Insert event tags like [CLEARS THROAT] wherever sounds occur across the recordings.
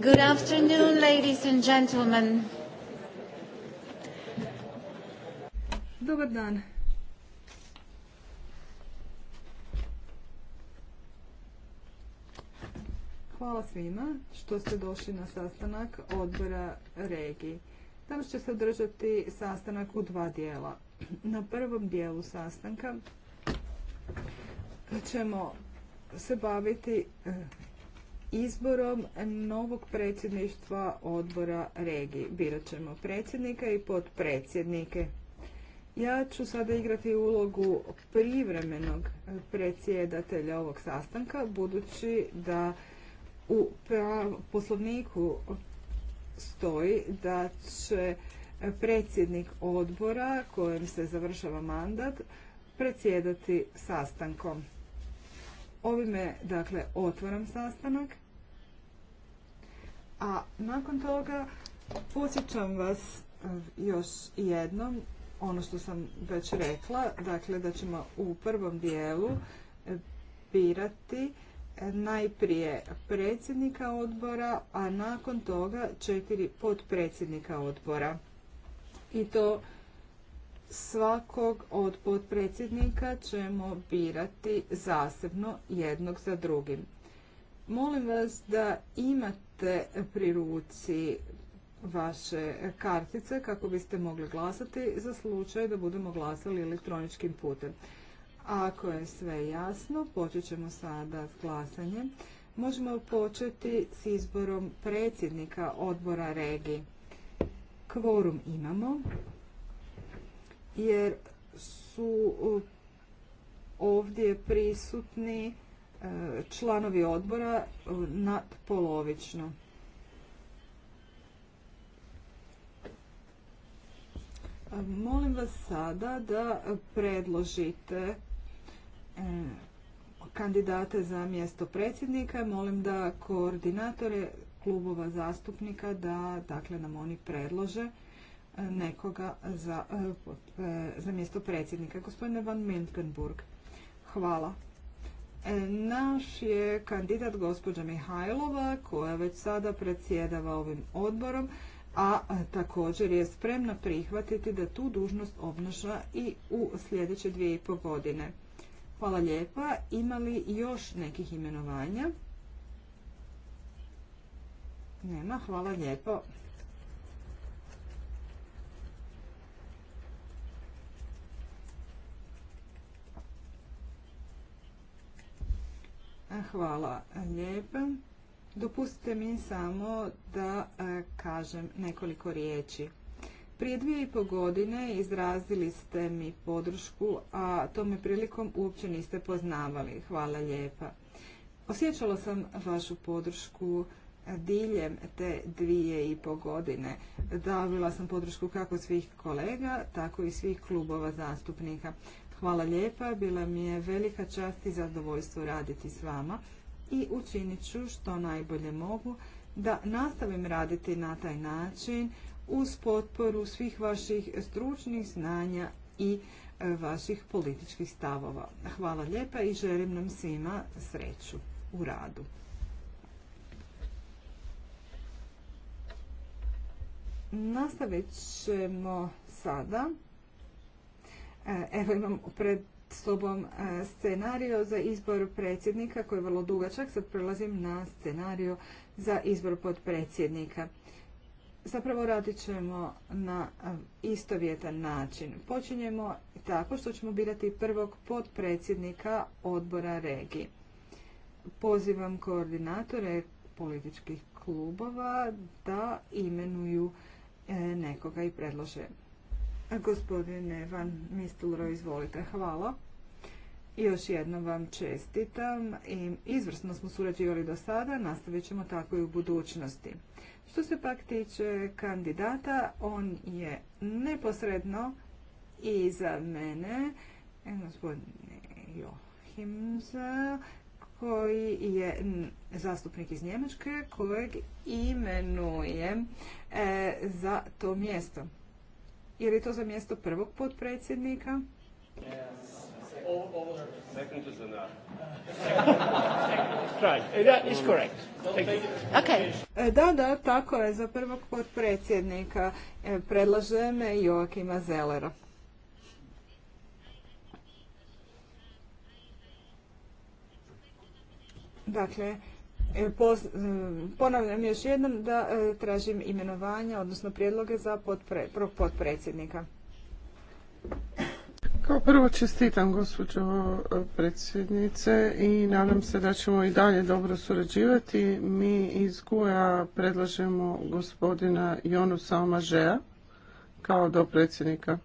Good afternoon, ladies and gentlemen. Dobar dan. Hvala svima što ste došli na sastanak odbora regiji. Danas će se održati sastanak u dva dijela. Na prvom dijelu sastanka ćemo se baviti eh, izborom novog predsjedništva odbora regiji. Birat ćemo predsjednika i podpredsjednike. Ja ću sada igrati ulogu privremenog predsjedatelja ovog sastanka, budući da u poslovniku stoji da će predsjednik odbora kojem se završava mandat predsjedati sastankom. Ovime, dakle, otvaram sastanak. A nakon toga posjećam vas e, još jednom ono što sam već rekla, dakle da ćemo u prvom dijelu e, birati e, najprije predsjednika odbora, a nakon toga četiri podpredsjednika odbora. I to svakog od potpredsjednika ćemo birati zasebno jednog za drugim. Molim vas da imate pri ruci vaše kartice kako biste mogli glasati za slučaj da budemo glasali elektroničkim putem. Ako je sve jasno, počet ćemo sada s glasanjem. Možemo početi s izborom predsjednika odbora regiji. Kvorum imamo jer su ovdje prisutni e, članovi odbora e, nadpolovično. E, molim vas sada da predložite kandidate za mjesto predsjednika. Molim da koordinatore klubova zastupnika da dakle, nam oni predlože nekoga eh, za, mjesto predsjednika. Gospodine Van Miltenburg, hvala. E, naš je kandidat gospođa Mihajlova koja već sada predsjedava ovim odborom, a također je spremna prihvatiti da tu dužnost obnaša i u sljedeće dvije i po godine. Hvala lijepa. Ima li još nekih imenovanja? Nema, hvala lijepo. Hvala lijepa. Dopustite mi samo da e, kažem nekoliko riječi. Prije dvije i po godine izrazili ste mi podršku, a to me prilikom uopće niste poznavali. Hvala lijepa. Osjećala sam vašu podršku diljem te dvije i po godine. Davila sam podršku kako svih kolega, tako i svih klubova zastupnika. Hvala lijepa, bila mi je velika čast i zadovoljstvo raditi s vama i učinit ću što najbolje mogu da nastavim raditi na taj način uz potporu svih vaših stručnih znanja i e, vaših političkih stavova. Hvala lijepa i želim nam svima sreću u radu. Nastavit ćemo sada E, evo imam pred sobom e, scenario za izbor predsjednika koji je vrlo dugačak. Sad prelazim na scenario za izbor podpredsjednika. Zapravo radit ćemo na e, istovjetan način. Počinjemo tako što ćemo birati prvog podpredsjednika odbora regije. Pozivam koordinatore političkih klubova da imenuju nekoga i predlože Gospodine Van Mistelro, izvolite. Hvala. I još jednom vam čestitam. I izvrsno smo surađivali do sada, nastavit ćemo tako i u budućnosti. Što se pak tiče kandidata, on je neposredno iza mene, e, gospodin Johims, koji je zastupnik iz Njemačke, kojeg imenuje e, za to mjesto. Je li to za mjesto prvog potpredsjednika? Da, da, tako je. Za prvog potpredsjednika e, predlažem e, Joakima Zelera. Dakle, E, e, ponavljam još jednom da e, tražim imenovanja, odnosno prijedloge za potpredsjednika. Kao prvo čestitam gospođo predsjednice i nadam se da ćemo i dalje dobro surađivati. Mi iz GUA predlažemo gospodina Jonusa Salmažeja kao do predsjednika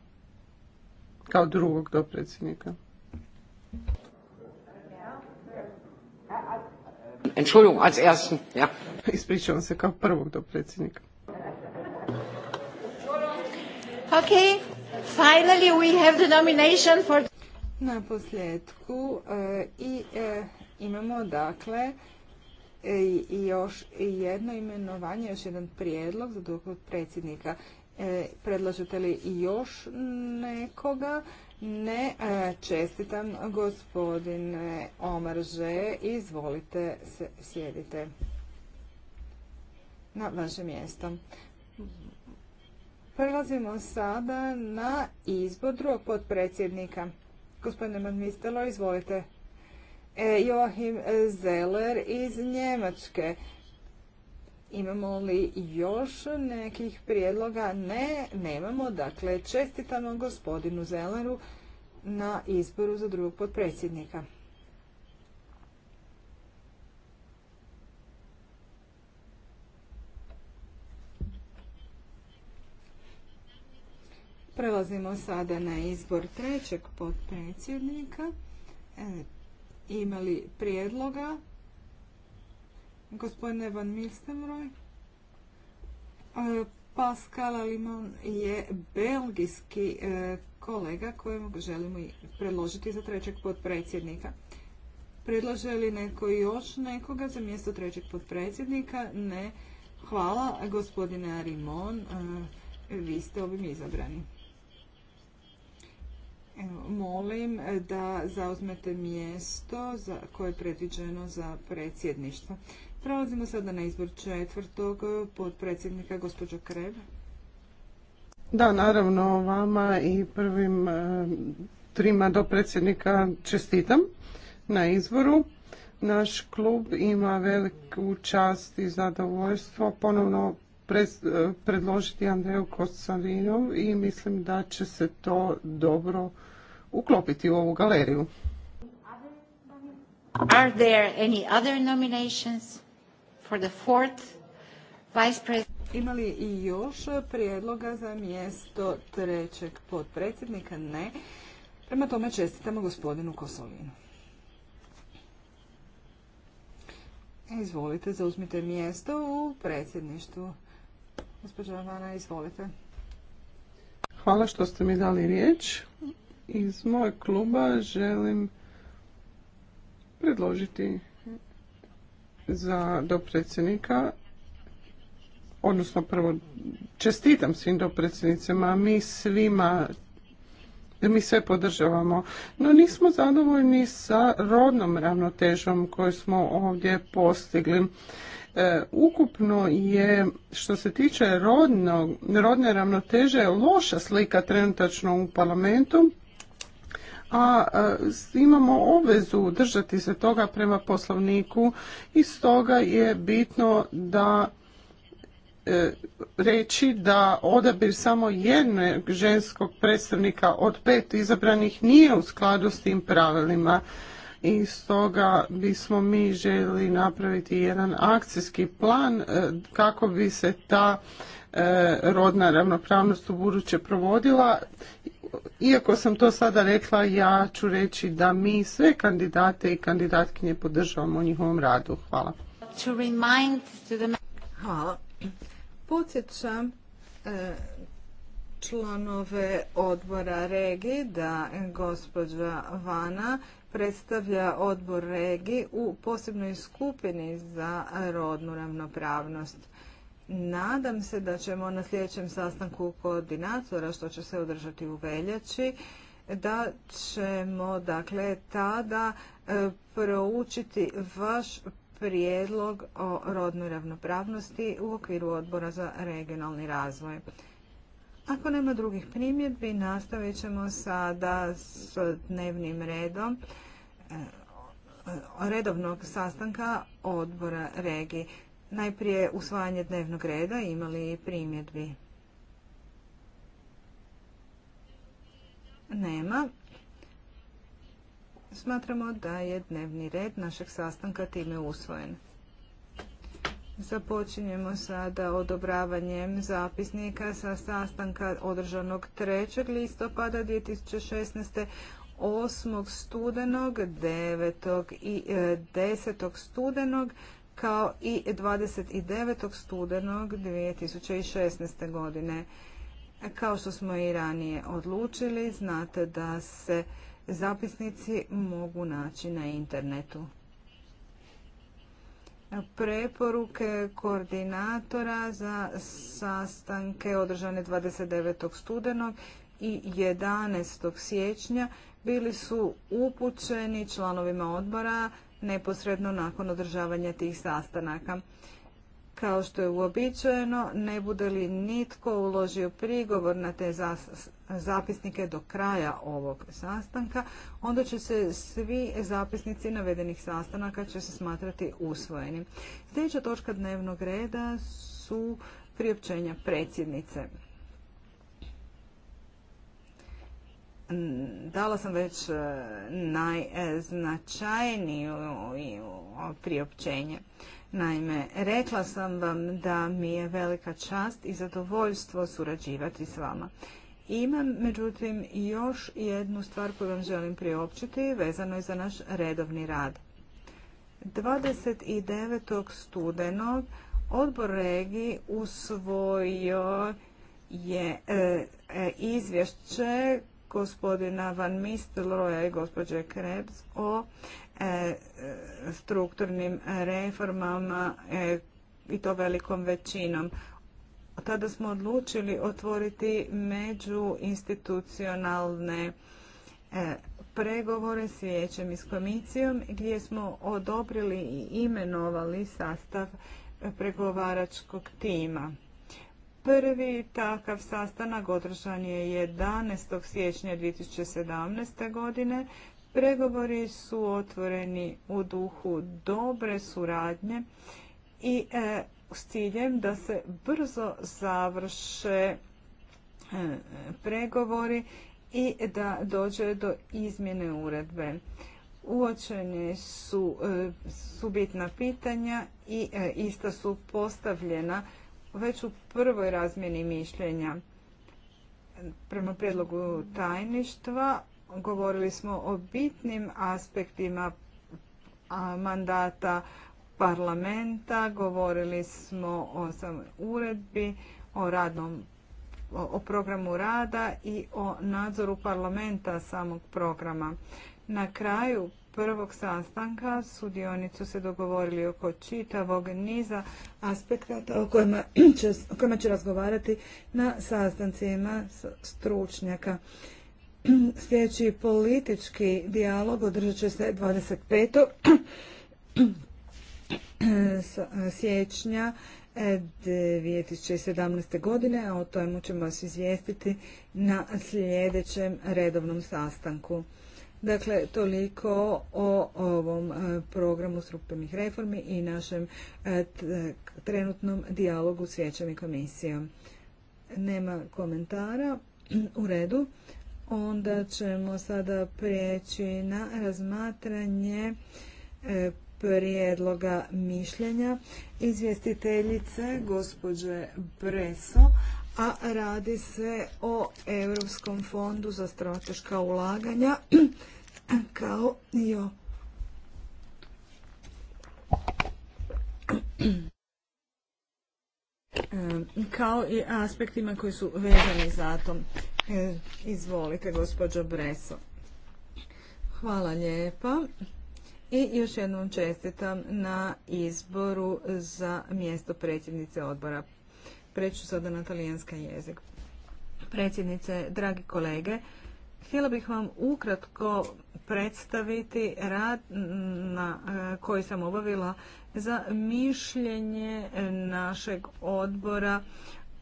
kao drugog dopredsjednika. Entschuldigung, als ersten. Ja. [LAUGHS] Ispričavam se kao prvog do predsjednika. Okay, finally we have the nomination for... Na posljedku e, i e, imamo dakle e, i još jedno imenovanje, još jedan prijedlog za drugog predsjednika. E, predlažete li još nekoga ne, čestitam gospodine Omarže, izvolite, sjedite na vaše mjesto. Prelazimo sada na izbor drugog potpredsjednika. Gospodine Manmistelo, izvolite. E, Joachim Zeller iz Njemačke Imamo li još nekih prijedloga? Ne, nemamo. Dakle, čestitamo gospodinu Zelaru na izboru za drugog potpredsjednika. Prelazimo sada na izbor trećeg potpredsjednika. E, ima imali prijedloga? gospodine Van Milstenroj. Eh, Pascal Limon je belgijski eh, kolega kojemu želimo predložiti za trećeg podpredsjednika. Predlaže li neko još nekoga za mjesto trećeg podpredsjednika? Ne. Hvala, gospodine Arimon. Eh, vi ste ovim izabrani. molim da zauzmete mjesto koje je predviđeno za predsjedništvo. Prelazimo sada na izbor četvrtog podpredsjednika gospođo Kreve. Da, naravno vama i prvim eh, trima do predsjednika čestitam na izboru. Naš klub ima veliku čast i zadovoljstvo ponovno eh, predložiti Andreju Kostalinov i mislim da će se to dobro uklopiti u ovu galeriju. Are there any other nominations? for the Ima li i još prijedloga za mjesto trećeg potpredsjednika? Ne. Prema tome čestitamo gospodinu Kosolinu. E, izvolite, zauzmite mjesto u predsjedništu. Gospođa Vana, izvolite. Hvala što ste mi dali riječ. Iz mojeg kluba želim predložiti za dopredsjednika, odnosno prvo čestitam svim dopredsjednicima, mi svima mi sve podržavamo, no nismo zadovoljni sa rodnom ravnotežom koju smo ovdje postigli. E, ukupno je, što se tiče rodne ravnoteže, loša slika trenutačno u parlamentu a imamo obvezu držati se toga prema poslovniku i stoga je bitno da e, reći da odabir samo jednog ženskog predstavnika od pet izabranih nije u skladu s tim pravilima i stoga bismo mi željeli napraviti jedan akcijski plan e, kako bi se ta e, rodna ravnopravnost u buduće provodila iako sam to sada rekla, ja ću reći da mi sve kandidate i kandidatkinje podržavamo u njihovom radu. Hvala. Hvala. Podsjećam e, članove odbora Regi da gospođa Vana predstavlja odbor Regi u posebnoj skupini za rodnu ravnopravnost. Nadam se da ćemo na sljedećem sastanku koordinatora, što će se održati u veljači, da ćemo dakle tada e, proučiti vaš prijedlog o rodnoj ravnopravnosti u okviru odbora za regionalni razvoj. Ako nema drugih primjedbi, nastavit ćemo sada s dnevnim redom e, redovnog sastanka odbora regije. Najprije usvajanje dnevnog reda, imali primjedbi? Nema. Smatramo da je dnevni red našeg sastanka time usvojen. Započinjemo sada odobravanjem zapisnika sa sastanka održanog 3. listopada 2016. 8. studenog, 9. i 10. E, studenog, kao i 29. studenog 2016. godine. Kao što smo i ranije odlučili, znate da se zapisnici mogu naći na internetu. Preporuke koordinatora za sastanke održane 29. studenog i 11. siječnja bili su upućeni članovima odbora neposredno nakon održavanja tih sastanaka. Kao što je uobičajeno, ne bude li nitko uložio prigovor na te zapisnike do kraja ovog sastanka, onda će se svi zapisnici navedenih sastanaka će se smatrati usvojenim. Sljedeća točka dnevnog reda su priopćenja predsjednice. Dala sam već e, najznačajniju priopćenje. Naime, rekla sam vam da mi je velika čast i zadovoljstvo surađivati s vama. Imam, međutim, još jednu stvar koju vam želim priopćiti, vezano je za naš redovni rad. 29. studenog odbor regi usvojio je e, e, izvješće gospodina Van Mistelroja i gospođe Krebs o e, strukturnim reformama e, i to velikom većinom. Tada smo odlučili otvoriti međuinstitucionalne e, pregovore s vijećem i s komisijom gdje smo odobrili i imenovali sastav pregovaračkog tima. Prvi takav sastanak održan je 11. siječnja 2017. godine. Pregovori su otvoreni u duhu dobre suradnje i e, s ciljem da se brzo završe e, pregovori i da dođe do izmjene uredbe. Uočeni su, e, su bitna pitanja i ista su postavljena već u prvoj razmjeni mišljenja prema predlogu tajništva govorili smo o bitnim aspektima mandata parlamenta, govorili smo o uredbi, o radnom o programu rada i o nadzoru parlamenta samog programa. Na kraju prvog sastanka sudionicu se dogovorili oko čitavog niza aspekata o kojima [CLEARS THROAT] će, o kojima će razgovarati na sastancima stručnjaka. [CLEARS THROAT] Sljedeći politički dijalog održat će se 25. [CLEARS THROAT] siječnja 2017. E, godine, a o tome ćemo vas izvijestiti na sljedećem redovnom sastanku. Dakle, toliko o ovom e, programu strukturnih reformi i našem e, trenutnom dijalogu s vijećem komisijom. Nema komentara. [CLEARS THROAT] U redu. Onda ćemo sada prijeći na razmatranje e, prijedloga mišljenja izvjestiteljice gospođe Breso, a radi se o Europskom fondu za strateška ulaganja [CLEARS THROAT] kao i o [CLEARS THROAT] kao i aspektima koji su vezani za to. E, izvolite, gospođo Breso. Hvala lijepa. I još jednom čestitam na izboru za mjesto predsjednice odbora Preću sada na talijanski jezik. Predsjednice, dragi kolege, htjela bih vam ukratko predstaviti rad na e, koji sam obavila za mišljenje našeg odbora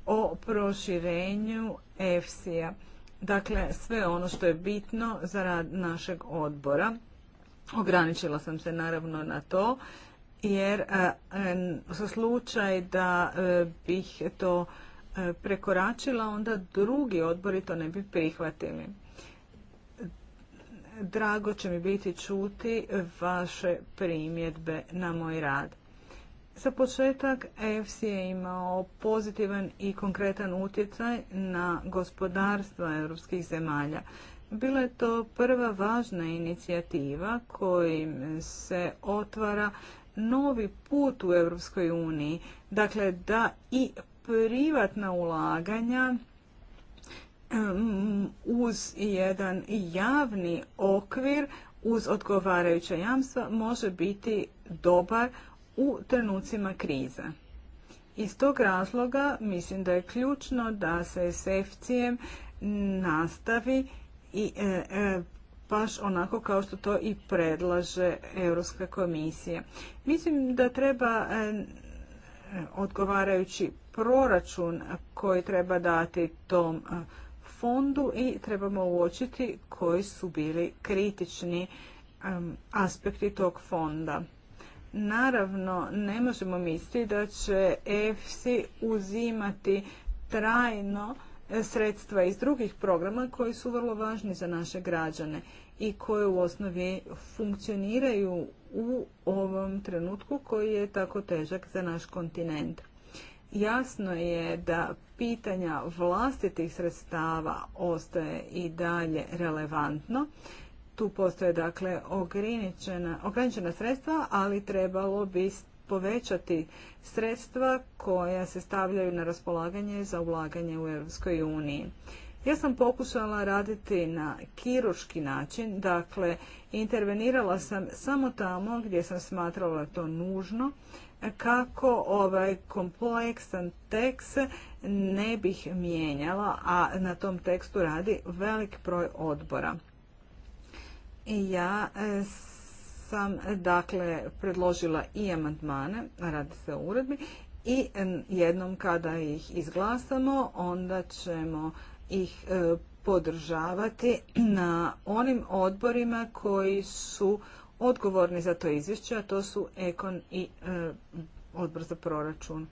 o proširenju EFSI-a. Dakle, sve ono što je bitno za rad našeg odbora. Ograničila sam se naravno na to jer e, za slučaj da e, bih to e, prekoračila, onda drugi odbori to ne bi prihvatili. Drago će mi biti čuti vaše primjedbe na moj rad. Za početak, EFS je imao pozitivan i konkretan utjecaj na gospodarstva europskih zemalja. Bila je to prva važna inicijativa kojim se otvara novi put u Europskoj uniji. Dakle, da i privatna ulaganja uz jedan javni okvir, uz odgovarajuća jamstva, može biti dobar u trenucima krize. Iz tog razloga mislim da je ključno da se s nastavi i e, e, baš onako kao što to i predlaže Europska komisija. Mislim da treba e, odgovarajući proračun koji treba dati tom e, fondu i trebamo uočiti koji su bili kritični e, aspekti tog fonda. Naravno, ne možemo misliti da će EFSI uzimati trajno sredstva iz drugih programa koji su vrlo važni za naše građane i koje u osnovi funkcioniraju u ovom trenutku koji je tako težak za naš kontinent. Jasno je da pitanja vlastitih sredstava ostaje i dalje relevantno. Tu postoje dakle ograničena, ograničena sredstva, ali trebalo bi povećati sredstva koja se stavljaju na raspolaganje za ulaganje u Europskoj uniji. Ja sam pokušala raditi na kiruški način, dakle intervenirala sam samo tamo gdje sam smatrala to nužno kako ovaj kompleksan tekst ne bih mijenjala, a na tom tekstu radi velik broj odbora. I ja e, sam dakle predložila i amandmane, radi se o uredbi, i jednom kada ih izglasamo onda ćemo ih e, podržavati na onim odborima koji su odgovorni za to izvješće, a to su Ekon i e, odbor za proračun.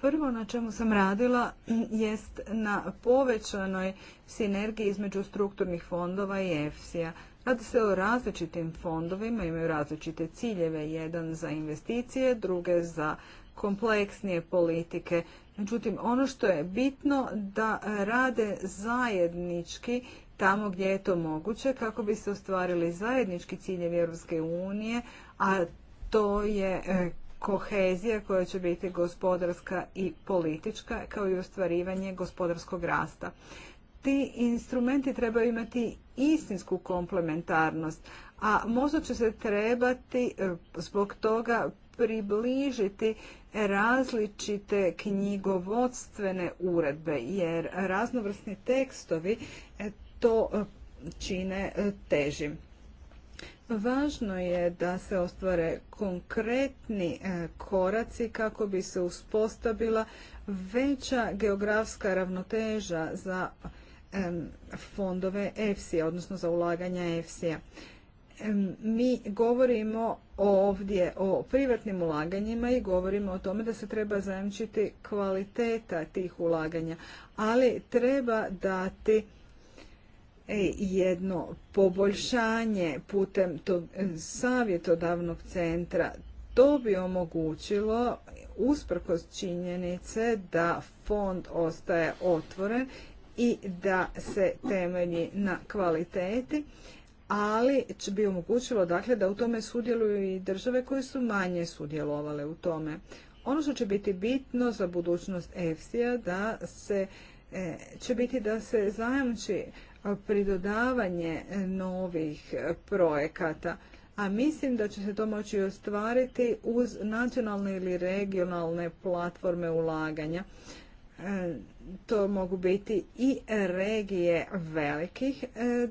Prvo na čemu sam radila jest na povećanoj sinergiji između strukturnih fondova i EFSI-a. Radi se o različitim fondovima, imaju različite ciljeve, jedan za investicije, druge za kompleksnije politike. Međutim, ono što je bitno da rade zajednički tamo gdje je to moguće kako bi se ostvarili zajednički ciljevi Europske unije, a to je e, kohezija koja će biti gospodarska i politička, kao i ostvarivanje gospodarskog rasta ti instrumenti trebaju imati istinsku komplementarnost, a možda će se trebati e, zbog toga približiti različite knjigovodstvene uredbe, jer raznovrsni tekstovi e, to e, čine težim. Važno je da se ostvare konkretni koraci kako bi se uspostavila veća geografska ravnoteža za fondove EFSI, odnosno za ulaganja EFSI-a. Mi govorimo ovdje o privatnim ulaganjima i govorimo o tome da se treba zajamčiti kvaliteta tih ulaganja, ali treba dati e, jedno poboljšanje putem tog savjetodavnog centra. To bi omogućilo usprkos činjenice da fond ostaje otvoren i da se temelji na kvaliteti, ali bi omogućilo dakle, da u tome sudjeluju i države koje su manje sudjelovale u tome. Ono što će biti bitno za budućnost EFSI-a da e, će biti da se zajamči e, pridodavanje e, novih projekata, a mislim da će se to moći ostvariti uz nacionalne ili regionalne platforme ulaganja to mogu biti i regije velikih e,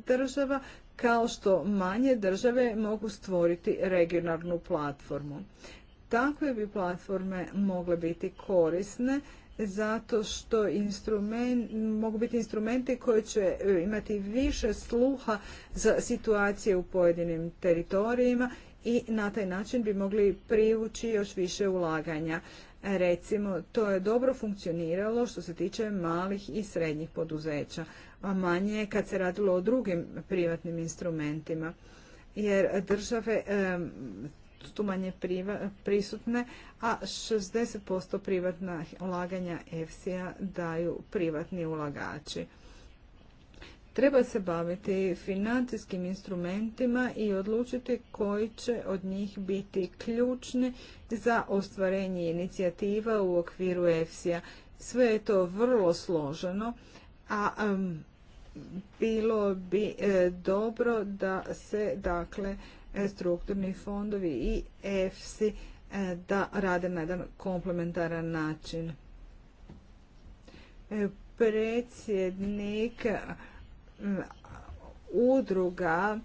država, kao što manje države mogu stvoriti regionalnu platformu. Takve bi platforme mogle biti korisne zato što mogu biti instrumenti koji će e, imati više sluha za situacije u pojedinim teritorijima i na taj način bi mogli privući još više ulaganja. Recimo, to je dobro funkcioniralo što se tiče malih i srednjih poduzeća, a manje kad se radilo o drugim privatnim instrumentima. Jer države su manje prisutne, a 60% privatna ulaganja EFSI-a daju privatni ulagači. Treba se baviti financijskim instrumentima i odlučiti koji će od njih biti ključni za ostvarenje inicijativa u okviru EFSI-a. Sve je to vrlo složeno, a bilo bi e, dobro da se dakle e, strukturni fondovi i EFSI e, da rade na jedan komplementaran način. predsjednik udruga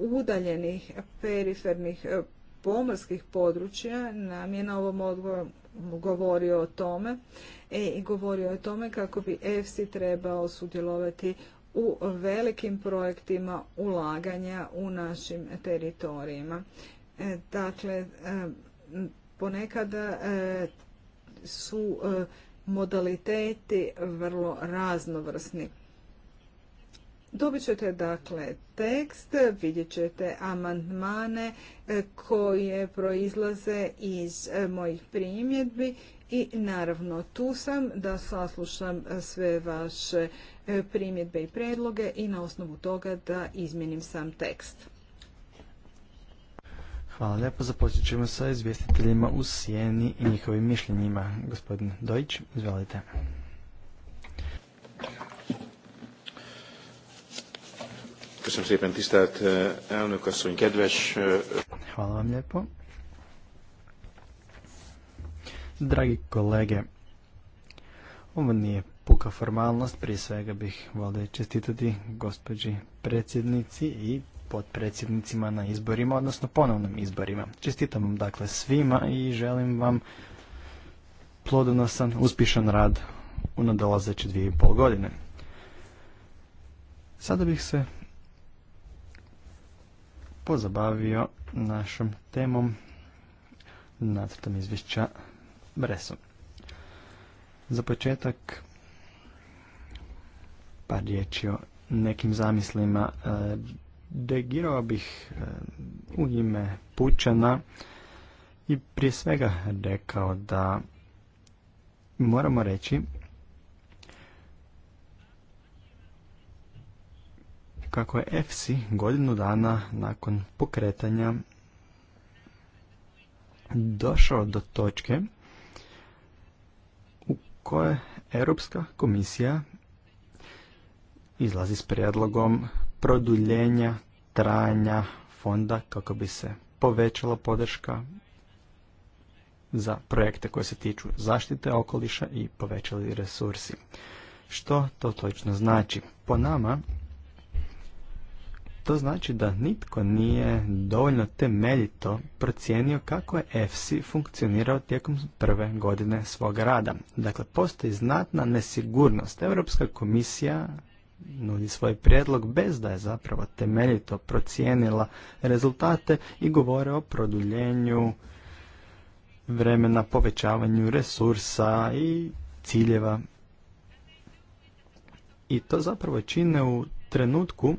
udaljenih perifernih e, pomorskih područja nam je na ovom odgovoru govorio o tome e, i govorio o tome kako bi EFSI trebao sudjelovati u velikim projektima ulaganja u našim teritorijima. E, dakle, ponekada su modaliteti vrlo raznovrsni. Dobit ćete dakle tekst, vidjet ćete amandmane e, koje proizlaze iz e, mojih primjedbi i naravno tu sam da saslušam e, sve vaše primjedbe i predloge i na osnovu toga da izmjenim sam tekst. Hvala lijepo. Započet ćemo sa izvjestiteljima u Sijeni i njihovim mišljenjima. Gospodin Dojić, izvolite. Eh, eh, Hvala vam lijepo. Dragi kolege, ovo nije puka formalnost, prije svega bih volio čestitati gospođi predsjednici i potpredsjednicima na izborima, odnosno ponovnim izborima. Čestitam vam dakle svima i želim vam plodonosan, uspješan rad u nadolazeće dvije i pol godine. Sada bih se pozabavio našom temom nacrtom izvješća Bresom. Za početak par riječi o nekim zamislima. E, degirao bih e, u ime Pučana i prije svega rekao da moramo reći kako je EFSI godinu dana nakon pokretanja došao do točke u koje Europska komisija izlazi s prijedlogom produljenja trajanja fonda kako bi se povećala podrška za projekte koje se tiču zaštite okoliša i povećali resursi. Što to točno znači? Po nama, to znači da nitko nije dovoljno temeljito procijenio kako je EFSI funkcionirao tijekom prve godine svog rada. Dakle, postoji znatna nesigurnost. Europska komisija nudi svoj prijedlog bez da je zapravo temeljito procijenila rezultate i govore o produljenju vremena, povećavanju resursa i ciljeva. I to zapravo čine u trenutku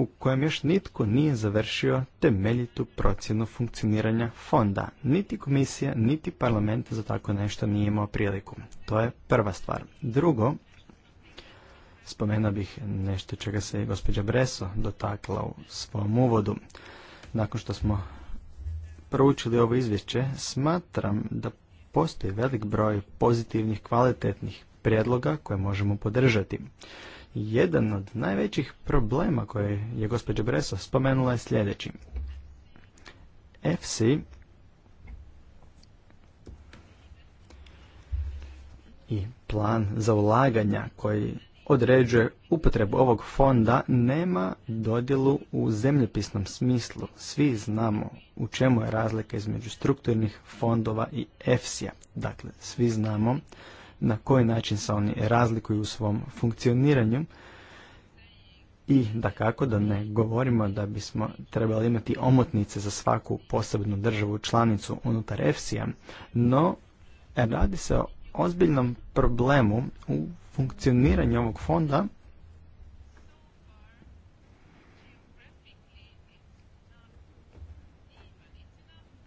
u kojem još nitko nije završio temeljitu procjenu funkcioniranja fonda. Niti komisija, niti parlament za tako nešto nije imao priliku. To je prva stvar. Drugo, spomenuo bih nešto čega se i gospođa Breso dotakla u svom uvodu. Nakon što smo proučili ovo izvješće, smatram da postoji velik broj pozitivnih, kvalitetnih prijedloga koje možemo podržati. Jedan od najvećih problema koje je gospođa Breso spomenula je sljedeći. FC i plan za ulaganja koji određuje upotrebu ovog fonda nema dodjelu u zemljopisnom smislu. Svi znamo u čemu je razlika između strukturnih fondova i EFSI-a. Dakle, svi znamo na koji način se oni razlikuju u svom funkcioniranju i da kako da ne govorimo da bismo trebali imati omotnice za svaku posebnu državu članicu unutar EFSI-a, no radi se o ozbiljnom problemu u funkcioniranju ovog fonda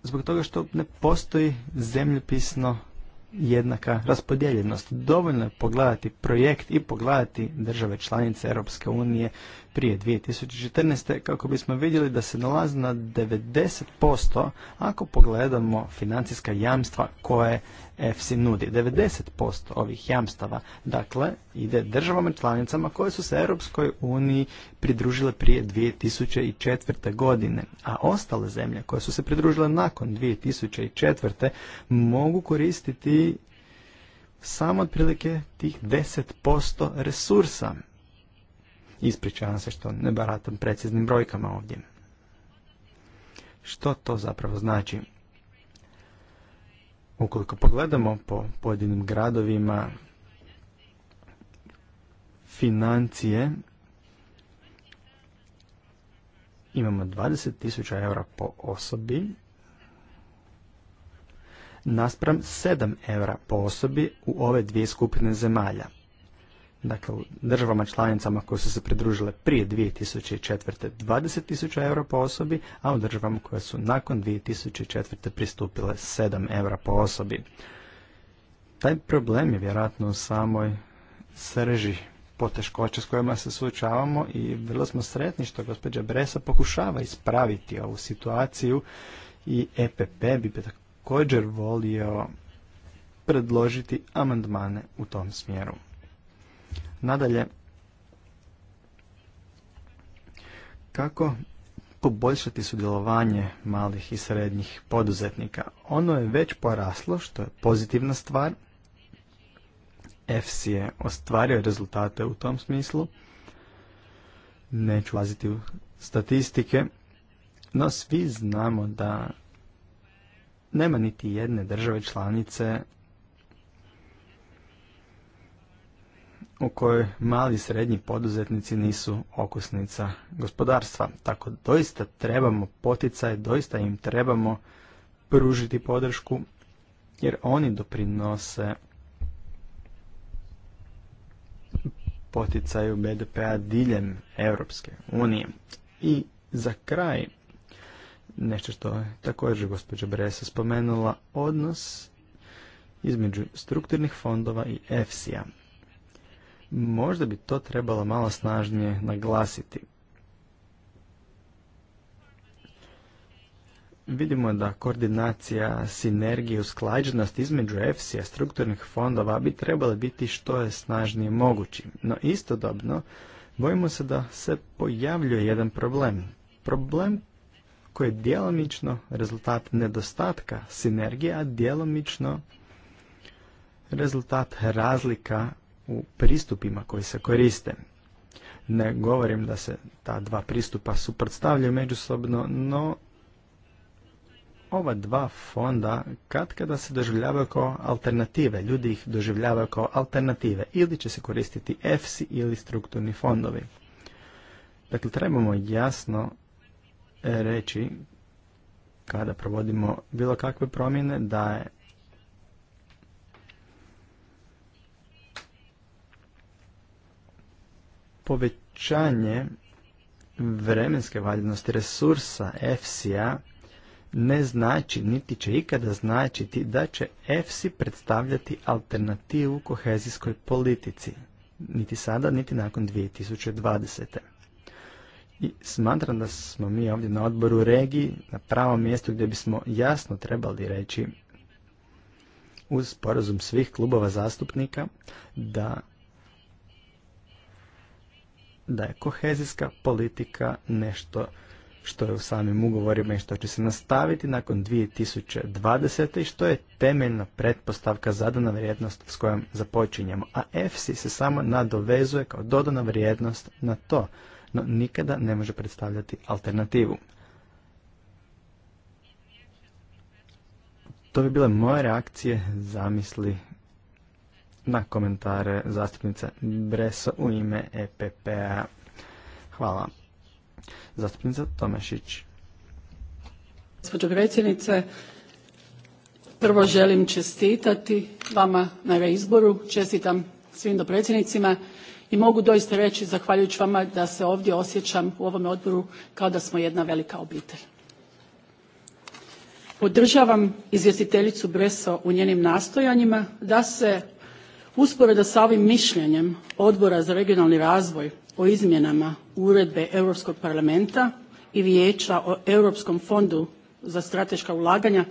zbog toga što ne postoji zemljopisno jednaka raspodijeljenost. Dovoljno je pogledati projekt i pogledati države članice Europske unije prije 2014. kako bismo vidjeli da se nalazi na 90% ako pogledamo financijska jamstva koje EFSI nudi. 90% ovih jamstava dakle ide državama članicama koje su se Europskoj uniji pridružile prije 2004. godine, a ostale zemlje koje su se pridružile nakon 2004. mogu koristiti samo otprilike tih 10% resursa Ispričavam se što ne baratam preciznim brojkama ovdje. Što to zapravo znači? Ukoliko pogledamo po pojedinim gradovima financije, imamo 20.000 eura po osobi, naspram 7 eura po osobi u ove dvije skupine zemalja. Dakle, u državama članicama koje su se pridružile prije 2004. 20.000 eura po osobi, a u državama koje su nakon 2004. pristupile 7 eura po osobi. Taj problem je vjerojatno u samoj srži poteškoće s kojima se suočavamo i vrlo smo sretni što gospođa Bresa pokušava ispraviti ovu situaciju i EPP bi također volio predložiti amandmane u tom smjeru. Nadalje, kako poboljšati sudjelovanje malih i srednjih poduzetnika? Ono je već poraslo, što je pozitivna stvar. EFSI je ostvario rezultate u tom smislu. Neću laziti u statistike, no svi znamo da nema niti jedne države članice u kojoj mali i srednji poduzetnici nisu okusnica gospodarstva. Tako doista trebamo poticaj, doista im trebamo pružiti podršku jer oni doprinose poticaju BDP-a diljem Europske unije. I za kraj, nešto što je također gospođa Bresa spomenula, odnos između strukturnih fondova i EFSI-a. Možda bi to trebalo malo snažnije naglasiti. Vidimo da koordinacija, sinergija, usklađenost između EFSI-a, strukturnih fondova bi trebala biti što je snažnije mogući. No istodobno, bojimo se da se pojavljuje jedan problem. Problem koji je djelomično rezultat nedostatka sinergija, a djelomično rezultat razlika u pristupima koji se koriste. Ne govorim da se ta dva pristupa suprotstavljaju međusobno, no ova dva fonda kad kada se doživljavaju kao alternative, ljudi ih doživljavaju kao alternative ili će se koristiti EFSI ili strukturni fondovi. Dakle, trebamo jasno reći kada provodimo bilo kakve promjene da je povećanje vremenske valjanosti resursa FCA ne znači, niti će ikada značiti da će FC predstavljati alternativu kohezijskoj politici, niti sada, niti nakon 2020. I smatram da smo mi ovdje na odboru regiji, na pravom mjestu gdje bismo jasno trebali reći uz porazum svih klubova zastupnika da da je kohezijska politika nešto što je u samim ugovorima i što će se nastaviti nakon 2020. i što je temeljna pretpostavka zadana vrijednost s kojom započinjemo, a EFSI se samo nadovezuje kao dodana vrijednost na to, no nikada ne može predstavljati alternativu. To bi bile moje reakcije, zamisli na komentare zastupnice Breso u ime EPP-a. Hvala. Zastupnica Tomešić. Gospođo predsjednice, prvo želim čestitati vama na reizboru, čestitam svim dopredsjednicima i mogu doista reći zahvaljujući vama da se ovdje osjećam u ovom odboru kao da smo jedna velika obitelj. Podržavam izvjestiteljicu Breso u njenim nastojanjima da se usporedo sa ovim mišljenjem odbora za regionalni razvoj o izmjenama uredbe europskog parlamenta i vijeća o europskom fondu za strateška ulaganja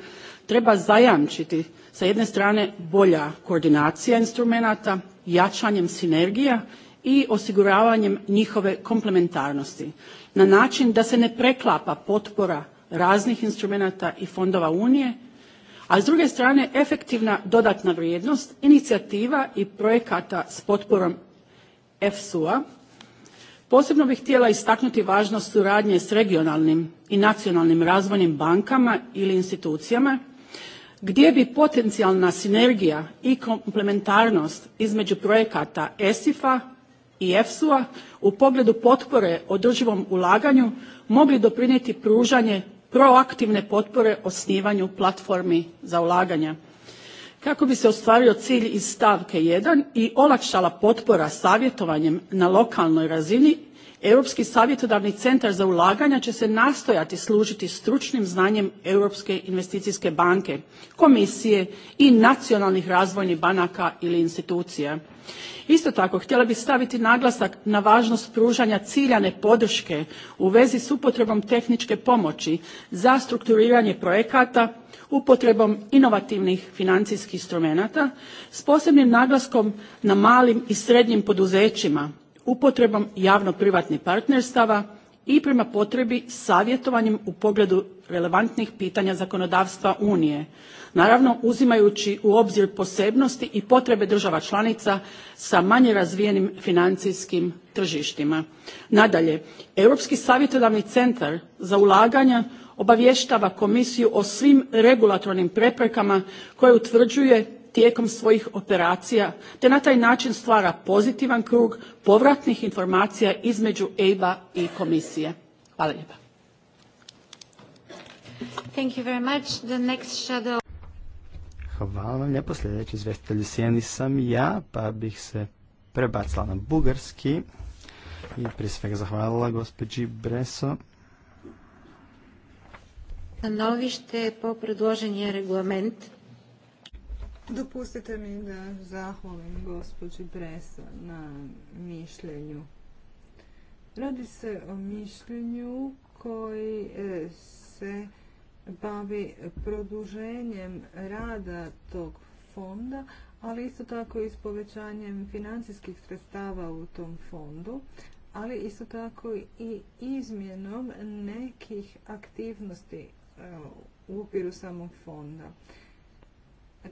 treba zajamčiti sa jedne strane bolja koordinacija instrumenata jačanjem sinergija i osiguravanjem njihove komplementarnosti na način da se ne preklapa potpora raznih instrumenata i fondova unije a s druge strane efektivna dodatna vrijednost inicijativa i projekata s potporom EFSU-a. Posebno bih htjela istaknuti važnost suradnje s regionalnim i nacionalnim razvojnim bankama ili institucijama gdje bi potencijalna sinergija i komplementarnost između projekata ESIF-a i EFSU-a u pogledu potpore održivom ulaganju mogli doprinijeti pružanje proaktivne potpore osnivanju platformi za ulaganja kako bi se ostvario cilj iz stavke 1 i olakšala potpora savjetovanjem na lokalnoj razini Europski savjetodavni centar za ulaganja će se nastojati služiti stručnim znanjem Europske investicijske banke, komisije i nacionalnih razvojnih banaka ili institucija. Isto tako, htjela bih staviti naglasak na važnost pružanja ciljane podrške u vezi s upotrebom tehničke pomoći za strukturiranje projekata, upotrebom inovativnih financijskih instrumenata s posebnim naglaskom na malim i srednjim poduzećima upotrebom javno-privatnih partnerstava i prema potrebi savjetovanjem u pogledu relevantnih pitanja zakonodavstva Unije, naravno uzimajući u obzir posebnosti i potrebe država članica sa manje razvijenim financijskim tržištima. Nadalje, Europski savjetodavni centar za ulaganja obavještava komisiju o svim regulatornim preprekama koje utvrđuje tijekom svojih operacija te na taj način stvara pozitivan krug povratnih informacija između eib i komisije. Hvala lijepa. Thank you Hvala vam lijepo. Sljedeći izvestitelj sjeni sam ja, pa bih se prebacila na bugarski i prije svega zahvalila gospođi Breso. Novište po predloženje regulamenta. Dopustite mi da zahvalim gospođi Bresa na mišljenju. Radi se o mišljenju koji e, se bavi produženjem rada tog fonda, ali isto tako i s povećanjem financijskih sredstava u tom fondu, ali isto tako i izmjenom nekih aktivnosti e, u okviru samog fonda.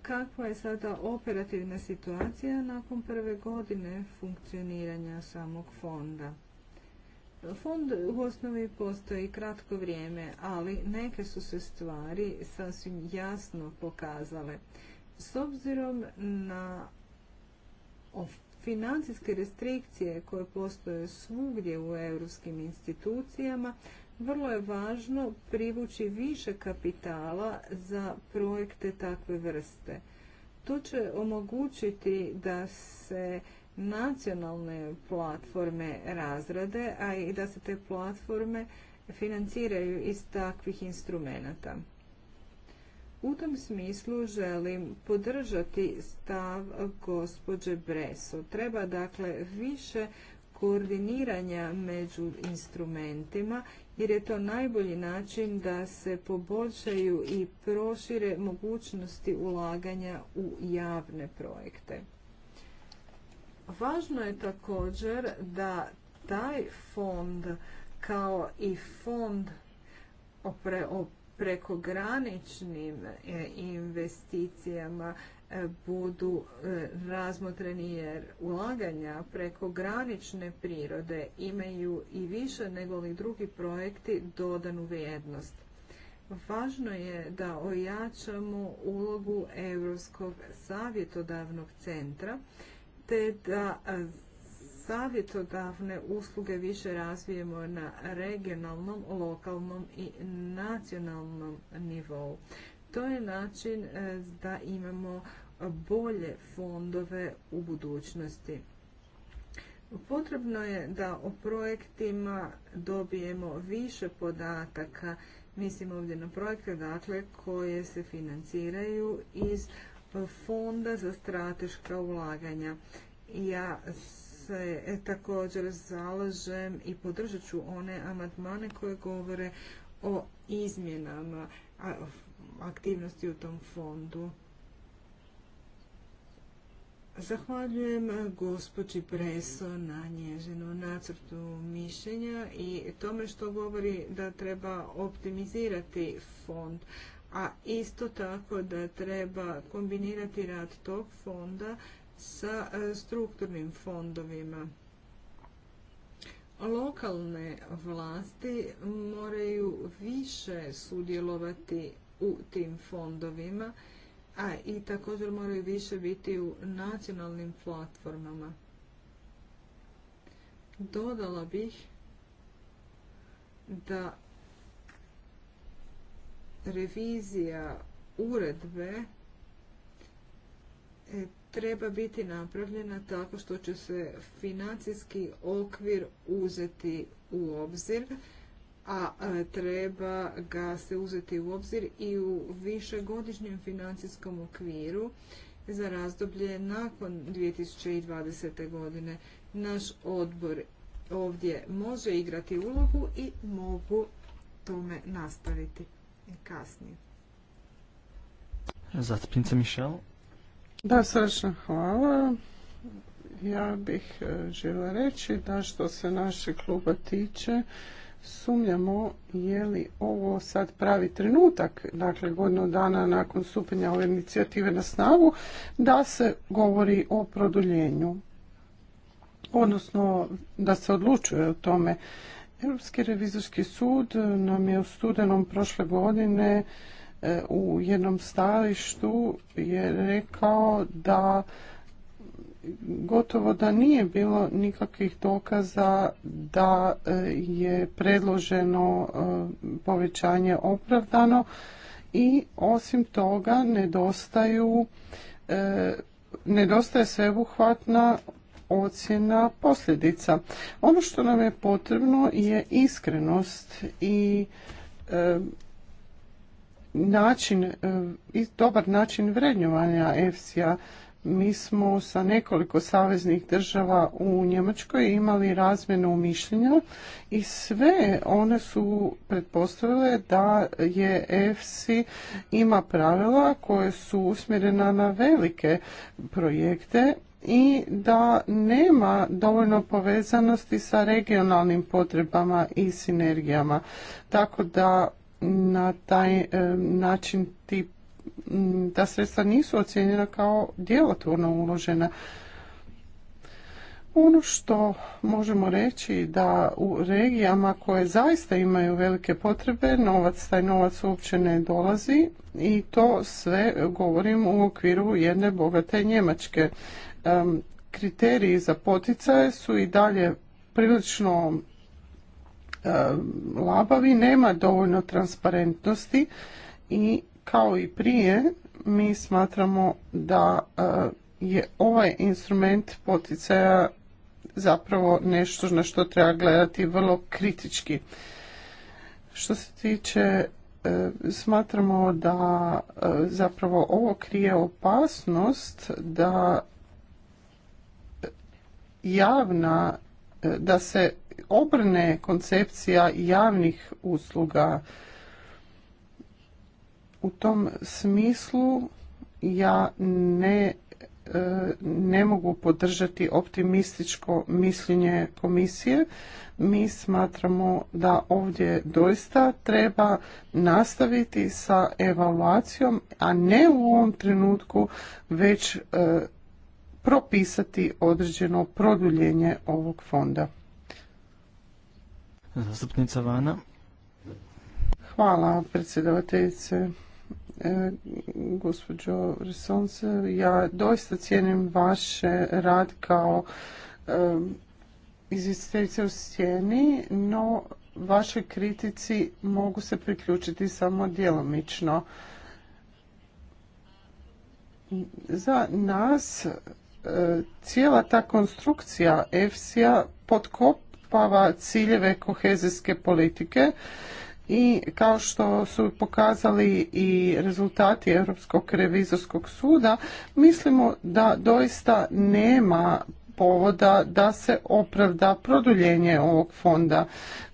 Kakva je sada operativna situacija nakon prve godine funkcioniranja samog fonda? Fond u osnovi postoji kratko vrijeme, ali neke su se stvari sasvim jasno pokazale. S obzirom na financijske restrikcije koje postoje svugdje u europskim institucijama, vrlo je važno privući više kapitala za projekte takve vrste. To će omogućiti da se nacionalne platforme razrade, a i da se te platforme financiraju iz takvih instrumenata. U tom smislu želim podržati stav gospođe Breso. Treba dakle više koordiniranja među instrumentima jer je to najbolji način da se poboljšaju i prošire mogućnosti ulaganja u javne projekte. Važno je također da taj fond kao i fond o prekograničnim e, investicijama budu e, razmotreni jer ulaganja preko granične prirode imaju i više nego li drugi projekti dodanu vrijednost. Važno je da ojačamo ulogu Europskog savjetodavnog centra te da e, savjetodavne usluge više razvijemo na regionalnom, lokalnom i nacionalnom nivou. To je način e, da imamo bolje fondove u budućnosti. Potrebno je da o projektima dobijemo više podataka. Mislim ovdje na projekte dakle, koje se financiraju iz Fonda za strateška ulaganja. Ja se e, također zalažem i podržat ću one amatmane koje govore o izmjenama aktivnosti u tom fondu. Zahvaljujem eh, gospođi Preso na nježenu nacrtu mišljenja i tome što govori da treba optimizirati fond, a isto tako da treba kombinirati rad tog fonda sa eh, strukturnim fondovima. Lokalne vlasti moraju više sudjelovati u tim fondovima, a i također moraju više biti u nacionalnim platformama. Dodala bih da revizija uredbe e, treba biti napravljena tako što će se financijski okvir uzeti u obzir a e, treba ga se uzeti u obzir i u višegodišnjem financijskom okviru za razdoblje nakon 2020. godine. Naš odbor ovdje može igrati ulogu i mogu tome nastaviti kasnije. Zastupnica Mišel. Da, srčno hvala. Ja bih e, žela reći da što se naše kluba tiče, sumnjamo je li ovo sad pravi trenutak, dakle godinu dana nakon stupanja ove inicijative na snagu, da se govori o produljenju, odnosno da se odlučuje o tome. Europski revizorski sud nam je u studenom prošle godine e, u jednom stavištu je rekao da gotovo da nije bilo nikakvih dokaza da e, je predloženo e, povećanje opravdano i osim toga nedostaju e, nedostaje sveobuhvatna ocjena posljedica. Ono što nam je potrebno je iskrenost i način i dobar način vrednjovanja EFSI-a mi smo sa nekoliko saveznih država u Njemačkoj imali razmjenu mišljenja i sve one su pretpostavile da je EFSI ima pravila koje su usmjerena na velike projekte i da nema dovoljno povezanosti sa regionalnim potrebama i sinergijama. Tako da na taj eh, način ti ta sredstva nisu ocijenjena kao djelotvorno uložena. Ono što možemo reći da u regijama koje zaista imaju velike potrebe, novac, taj novac uopće ne dolazi i to sve govorim u okviru jedne bogate Njemačke. Kriteriji za poticaje su i dalje prilično labavi, nema dovoljno transparentnosti i kao i prije, mi smatramo da e, je ovaj instrument poticaja zapravo nešto na što treba gledati vrlo kritički. Što se tiče e, smatramo da e, zapravo ovo krije opasnost da javna da se obrne koncepcija javnih usluga u tom smislu ja ne e, ne mogu podržati optimističko mišljenje komisije. Mi smatramo da ovdje doista treba nastaviti sa evaluacijom, a ne u ovom trenutku već e, propisati određeno produljenje ovog fonda. Zastupnica Vana. Hvala predsjedavateljice. E, gospođo Resonce, ja doista cijenim vaš rad kao e, izvjestiteljice u sjeni, no vaše kritici mogu se priključiti samo djelomično. Za nas e, cijela ta konstrukcija EFSI-a potkopava ciljeve kohezijske politike i kao što su pokazali i rezultati Europskog revizorskog suda, mislimo da doista nema povoda da se opravda produljenje ovog fonda.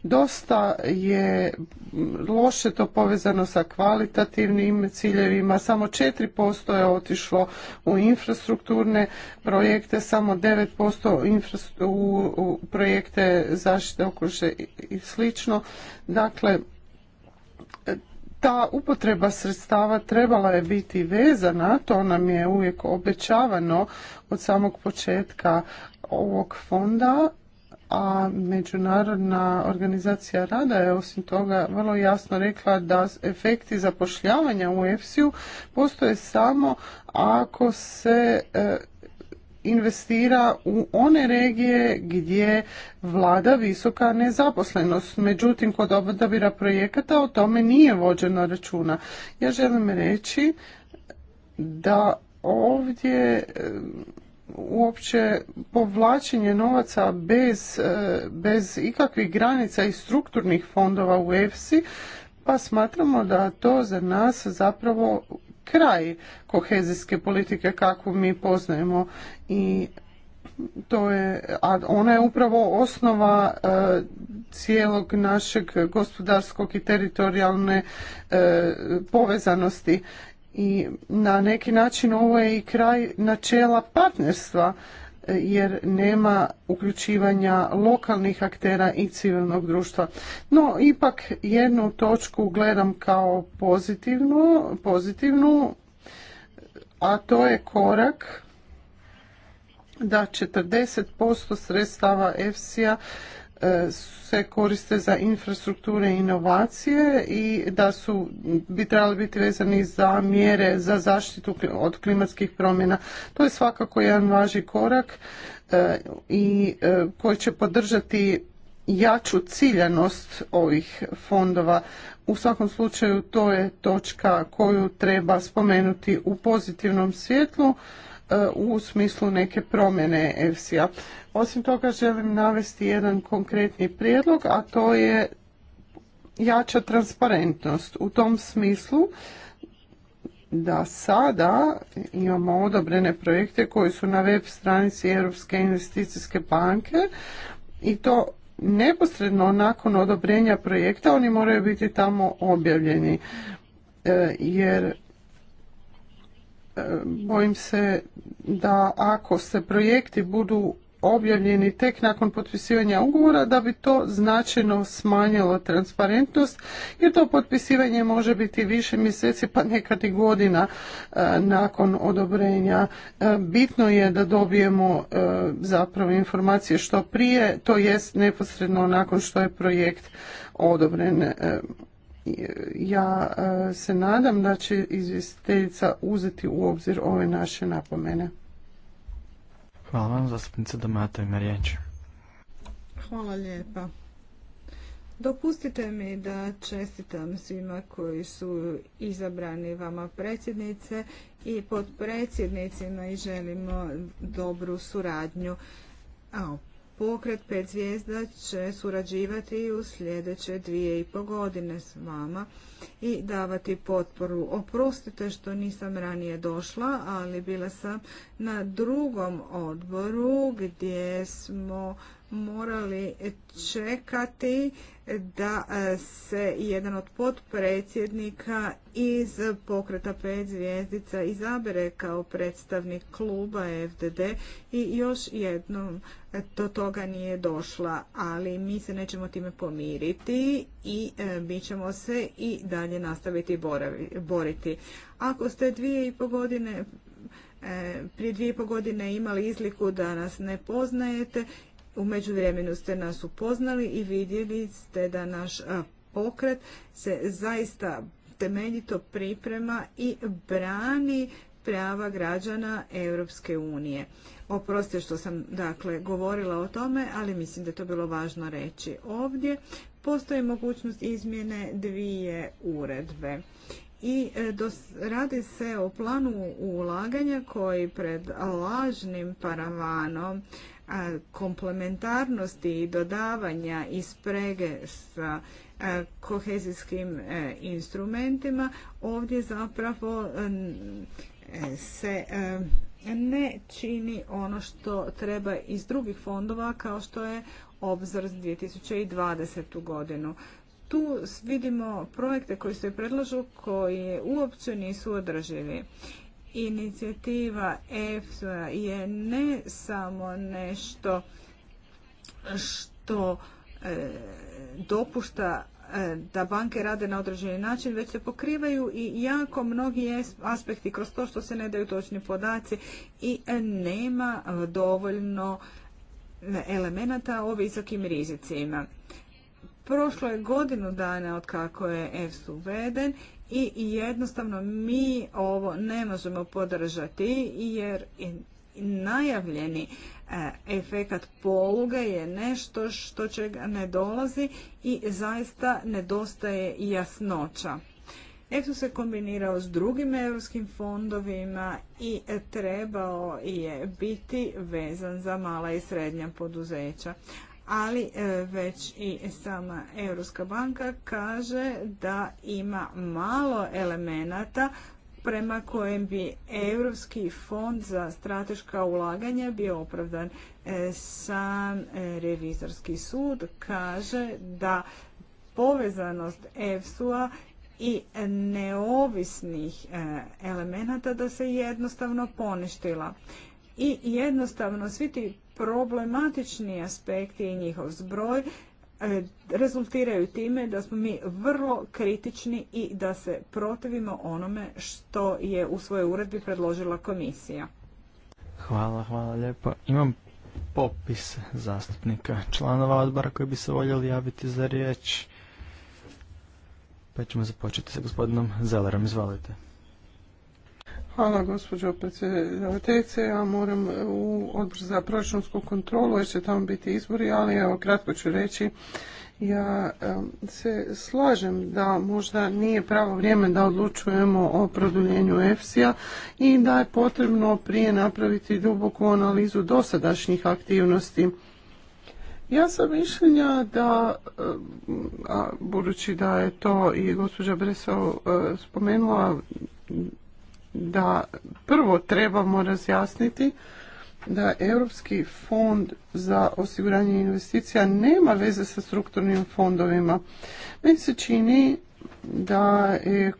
Dosta je loše to povezano sa kvalitativnim ciljevima, samo 4% je otišlo u infrastrukturne projekte, samo 9% u projekte zaštite okoliša i slično. Dakle, ta upotreba sredstava trebala je biti vezana, to nam je uvijek obećavano od samog početka ovog fonda, a Međunarodna organizacija rada je osim toga vrlo jasno rekla da efekti zapošljavanja u EFSI-u postoje samo ako se e, investira u one regije gdje vlada visoka nezaposlenost. Međutim, kod odabira projekata o tome nije vođeno računa. Ja želim reći da ovdje uopće povlačenje novaca bez, e, bez ikakvih granica i strukturnih fondova u EFSI, pa smatramo da to za nas zapravo kraj kohezijske politike kakvu mi poznajemo i to je, a ona je upravo osnova e, cijelog našeg gospodarskog i teritorijalne e, povezanosti i na neki način ovo je i kraj načela partnerstva jer nema uključivanja lokalnih aktera i civilnog društva. No, ipak jednu točku gledam kao pozitivnu, pozitivnu a to je korak da 40% sredstava EFSI-a E, se koriste za infrastrukture i inovacije i da su bi trebali biti vezani za mjere za zaštitu od klimatskih promjena. To je svakako jedan važi korak e, i e, koji će podržati jaču ciljanost ovih fondova. U svakom slučaju to je točka koju treba spomenuti u pozitivnom svjetlu E, u smislu neke promjene EFSI-a. Osim toga želim navesti jedan konkretni prijedlog, a to je jača transparentnost. U tom smislu da sada imamo odobrene projekte koji su na web stranici Europske investicijske banke i to neposredno nakon odobrenja projekta oni moraju biti tamo objavljeni e, jer bojim se da ako se projekti budu objavljeni tek nakon potpisivanja ugovora da bi to značajno smanjilo transparentnost jer to potpisivanje može biti više mjeseci pa nekad i godina e, nakon odobrenja. E, bitno je da dobijemo e, zapravo informacije što prije, to jest neposredno nakon što je projekt odobren ja e, se nadam da će izvjestiteljica uzeti u obzir ove naše napomene. Hvala vam, Hvala lijepa. Dopustite mi da čestitam svima koji su izabrani vama predsjednice i podpredsjednicima i želimo dobru suradnju Pokret pet zvijezda će surađivati u sljedeće dvije i po godine s vama i davati potporu. Oprostite što nisam ranije došla, ali bila sam na drugom odboru gdje smo morali čekati da e, se jedan od potpredsjednika iz pokreta pet zvijezdica izabere kao predstavnik kluba FDD i još jednom e, do toga nije došla, ali mi se nećemo time pomiriti i e, mi ćemo se i dalje nastaviti boriti. Ako ste dvije i po godine prije dvije i po godine imali izliku da nas ne poznajete u međuvremenu ste nas upoznali i vidjeli ste da naš pokret se zaista temeljito priprema i brani prava građana Europske unije. Oprostite što sam dakle govorila o tome, ali mislim da je to bilo važno reći ovdje. Postoji mogućnost izmjene dvije uredbe. I e, radi se o planu ulaganja koji pred lažnim paravanom komplementarnosti i dodavanja i sprege sa kohezijskim e, instrumentima ovdje zapravo e, se e, ne čini ono što treba iz drugih fondova kao što je obzor za 2020. godinu. Tu vidimo projekte koji se predlažu koji uopće nisu održivi inicijativa EFSA je ne samo nešto što e, dopušta e, da banke rade na određeni način, već se pokrivaju i jako mnogi aspekti kroz to što se ne daju točni podaci i nema dovoljno elemenata o visokim rizicima. Prošlo je godinu dana od kako je EFS uveden i jednostavno mi ovo ne možemo podržati jer najavljeni e, efekat poluge je nešto što čega ne dolazi i zaista nedostaje jasnoća. Eksus se kombinirao s drugim europskim fondovima i trebao je biti vezan za mala i srednja poduzeća ali e, već i sama Europska banka kaže da ima malo elemenata prema kojem bi Europski fond za strateška ulaganja bio opravdan. E, sam e, revizorski sud kaže da povezanost EFSU-a i neovisnih elemenata da se jednostavno poništila. I jednostavno svi ti problematični aspekti i njihov zbroj e, rezultiraju time da smo mi vrlo kritični i da se protivimo onome što je u svojoj uredbi predložila komisija. Hvala, hvala lijepo. Imam popis zastupnika članova odbora koji bi se voljeli javiti za riječ. Pa ćemo započeti sa gospodinom Zelerom. Izvolite. Hvala gospođo predsjedateljice. Ja moram u odbor za proračunsku kontrolu jer će tamo biti izbori, ali evo kratko ću reći. Ja se slažem da možda nije pravo vrijeme da odlučujemo o produljenju EFSI-a i da je potrebno prije napraviti duboku analizu dosadašnjih aktivnosti. Ja sam mišljenja da, a budući da je to i gospođa Bresov spomenula, da prvo trebamo razjasniti da Europski fond za osiguranje investicija nema veze sa strukturnim fondovima. Meni se čini da je,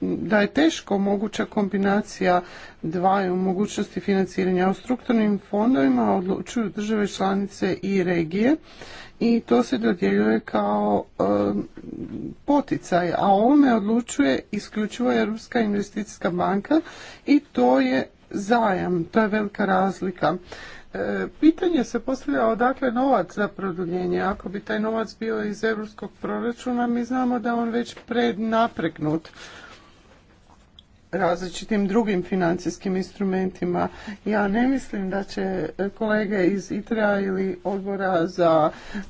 da je teško moguća kombinacija dvaju mogućnosti financiranja. u strukturnim fondovima odlučuju države članice i regije i to se dodjeljuje kao um, poticaj, a ovome odlučuje isključivo Europska investicijska banka i to je zajam, to je velika razlika. E, pitanje se postavlja odakle novac za produljenje. Ako bi taj novac bio iz europskog proračuna, mi znamo da je on već prednapregnut različitim drugim financijskim instrumentima. Ja ne mislim da će e, kolege iz ITRA ili odbora za e,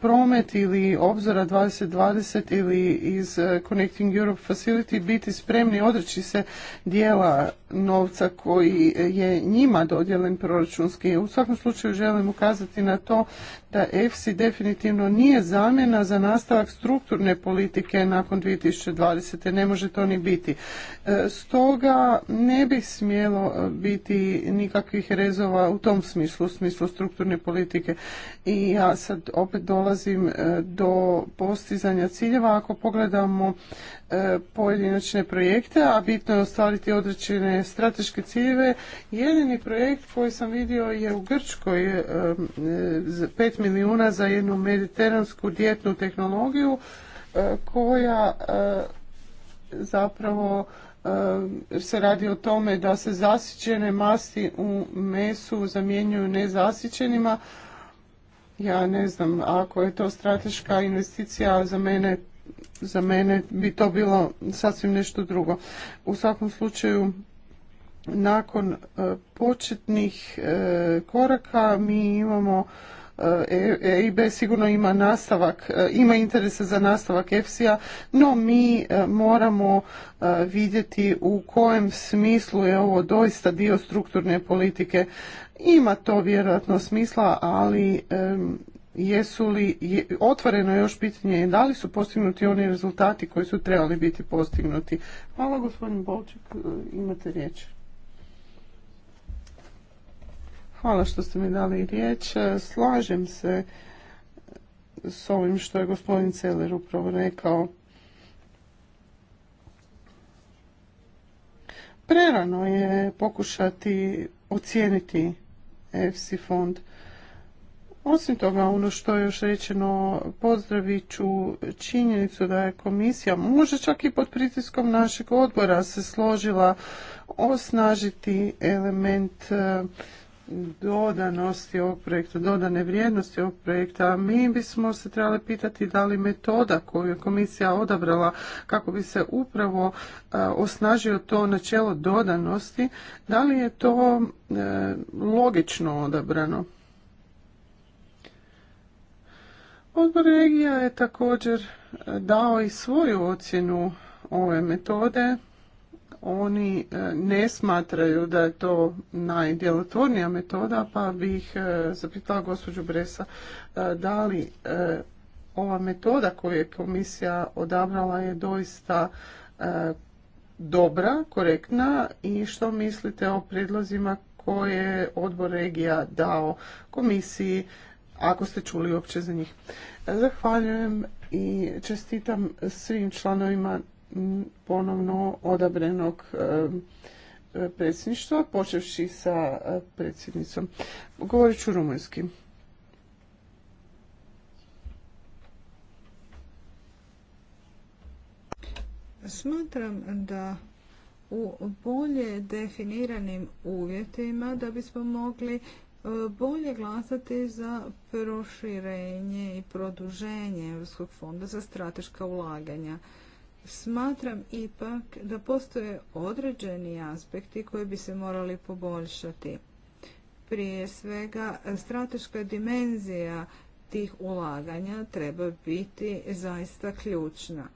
promet ili obzora 2020 ili iz e, Connecting Europe Facility biti spremni odreći se dijela novca koji je njima dodjelen proračunski. U svakom slučaju želim ukazati na to da EFSI definitivno nije zamjena za nastavak strukturne politike nakon 2020. Ne može to ni biti. E, stoga ne bi smjelo e, biti nikakvih rezova u tom smislu, u smislu strukturne politike. I ja sad opet dolazim e, do postizanja ciljeva. Ako pogledamo E, pojedinačne projekte, a bitno je ostvariti određene strateške ciljeve. Jedini projekt koji sam vidio je u Grčkoj 5 e, e, milijuna za jednu mediteransku dijetnu tehnologiju koja zapravo se radi o tome da se zasićene masti u mesu zamjenjuju nezasićenima. Ja ne znam, ako je to strateška investicija, za mene za mene bi to bilo sasvim nešto drugo. U svakom slučaju nakon e, početnih e, koraka mi imamo EIB e sigurno ima nastavak, ima interese za nastavak EFSI-a, no mi moramo vidjeti u kojem smislu je ovo doista dio strukturne politike. Ima to vjerojatno smisla, ali jesu li, je, otvoreno još pitanje da li su postignuti oni rezultati koji su trebali biti postignuti. Hvala gospodin Bolček, e, imate riječ. Hvala što ste mi dali riječ. E, slažem se e, s ovim što je gospodin Celer upravo rekao. Prerano je pokušati ocijeniti EFSI fond. Osim toga, ono što je još rečeno, pozdravit ću činjenicu da je komisija, može čak i pod pritiskom našeg odbora, se složila osnažiti element e, dodanosti ovog projekta, dodane vrijednosti ovog projekta. Mi bismo se trebali pitati da li metoda koju je komisija odabrala kako bi se upravo e, osnažio to načelo dodanosti, da li je to e, logično odabrano. Odbor regija je također e, dao i svoju ocjenu ove metode. Oni e, ne smatraju da je to najdjelotvornija metoda, pa bih e, zapitala gospođu Bresa da li ova metoda koju je komisija odabrala je doista dobra, korektna i što mislite o prijedlozima koje je odbor regija dao komisiji ako ste čuli uopće za njih. Zahvaljujem i čestitam svim članovima ponovno odabrenog eh, predsjedništva, počevši sa eh, predsjednicom. Govorit ću rumunjski. Smatram da u bolje definiranim uvjetima da bismo mogli bolje glasati za proširenje i produženje Europskog fonda za strateška ulaganja. Smatram ipak da postoje određeni aspekti koji bi se morali poboljšati. Prije svega, strateška dimenzija tih ulaganja treba biti zaista ključna.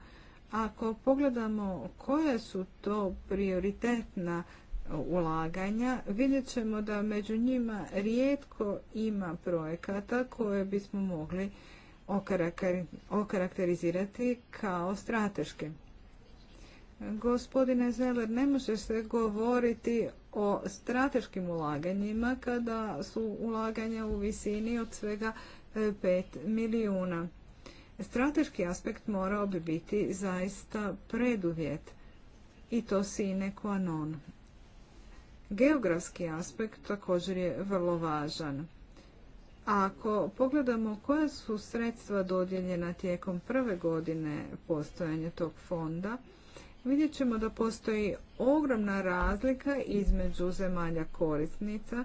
Ako pogledamo koja su to prioritetna ulaganja, vidjet ćemo da među njima rijetko ima projekata koje bismo mogli okarakterizirati kao strateške. Gospodine Zeller, ne može se govoriti o strateškim ulaganjima kada su ulaganja u visini od svega 5 e, milijuna. Strateški aspekt morao bi biti zaista preduvjet i to sine qua non. Geografski aspekt također je vrlo važan. Ako pogledamo koja su sredstva dodijeljena tijekom prve godine postojanja tog fonda, vidjet ćemo da postoji ogromna razlika između zemalja korisnica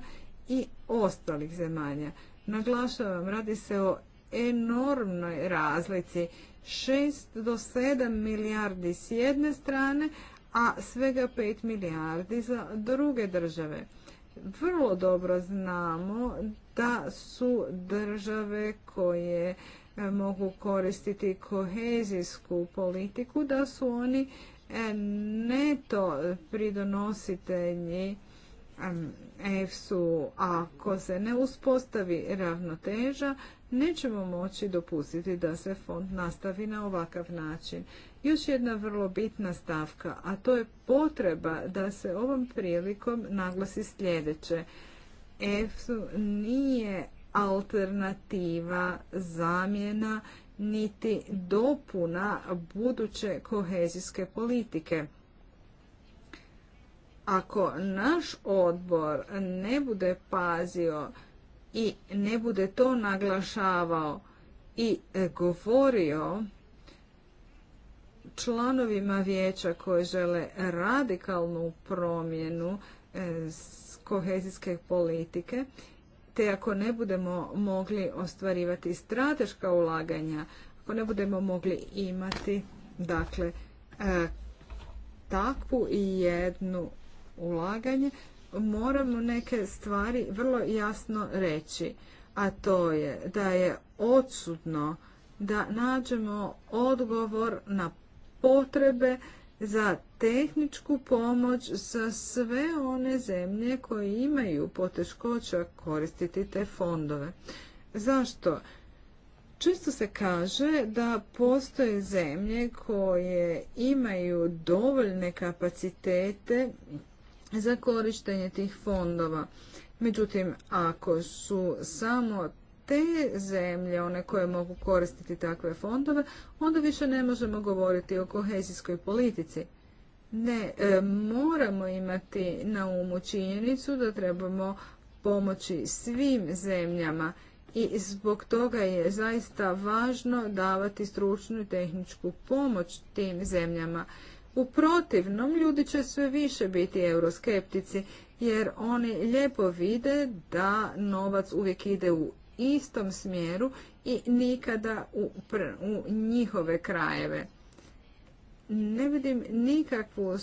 i ostalih zemalja. Naglašavam, radi se o enormnoj razlici. 6 do 7 milijardi s jedne strane, a svega 5 milijardi za druge države. Vrlo dobro znamo da su države koje e, mogu koristiti kohezijsku politiku, da su oni e, neto pridonositelji e, EFSU. Ako se ne uspostavi ravnoteža, nećemo moći dopustiti da se fond nastavi na ovakav način. Još jedna vrlo bitna stavka, a to je potreba da se ovom prilikom naglasi sljedeće. EFSU nije alternativa zamjena niti dopuna buduće kohezijske politike. Ako naš odbor ne bude pazio i ne bude to naglašavao i e, govorio članovima vijeća koji žele radikalnu promjenu e, kohezijske politike, te ako ne budemo mogli ostvarivati strateška ulaganja, ako ne budemo mogli imati dakle e, takvu i jednu ulaganje, moramo neke stvari vrlo jasno reći, a to je da je odsudno da nađemo odgovor na potrebe za tehničku pomoć za sve one zemlje koje imaju poteškoća koristiti te fondove. Zašto? Često se kaže da postoje zemlje koje imaju dovoljne kapacitete za korištenje tih fondova. Međutim, ako su samo te zemlje, one koje mogu koristiti takve fondove, onda više ne možemo govoriti o kohezijskoj politici. Ne, e, moramo imati na umu činjenicu da trebamo pomoći svim zemljama i zbog toga je zaista važno davati stručnu i tehničku pomoć tim zemljama. U protivnom, ljudi će sve više biti euroskeptici, jer oni lijepo vide da novac uvijek ide u istom smjeru i nikada u, njihove krajeve. Ne vidim nikakvu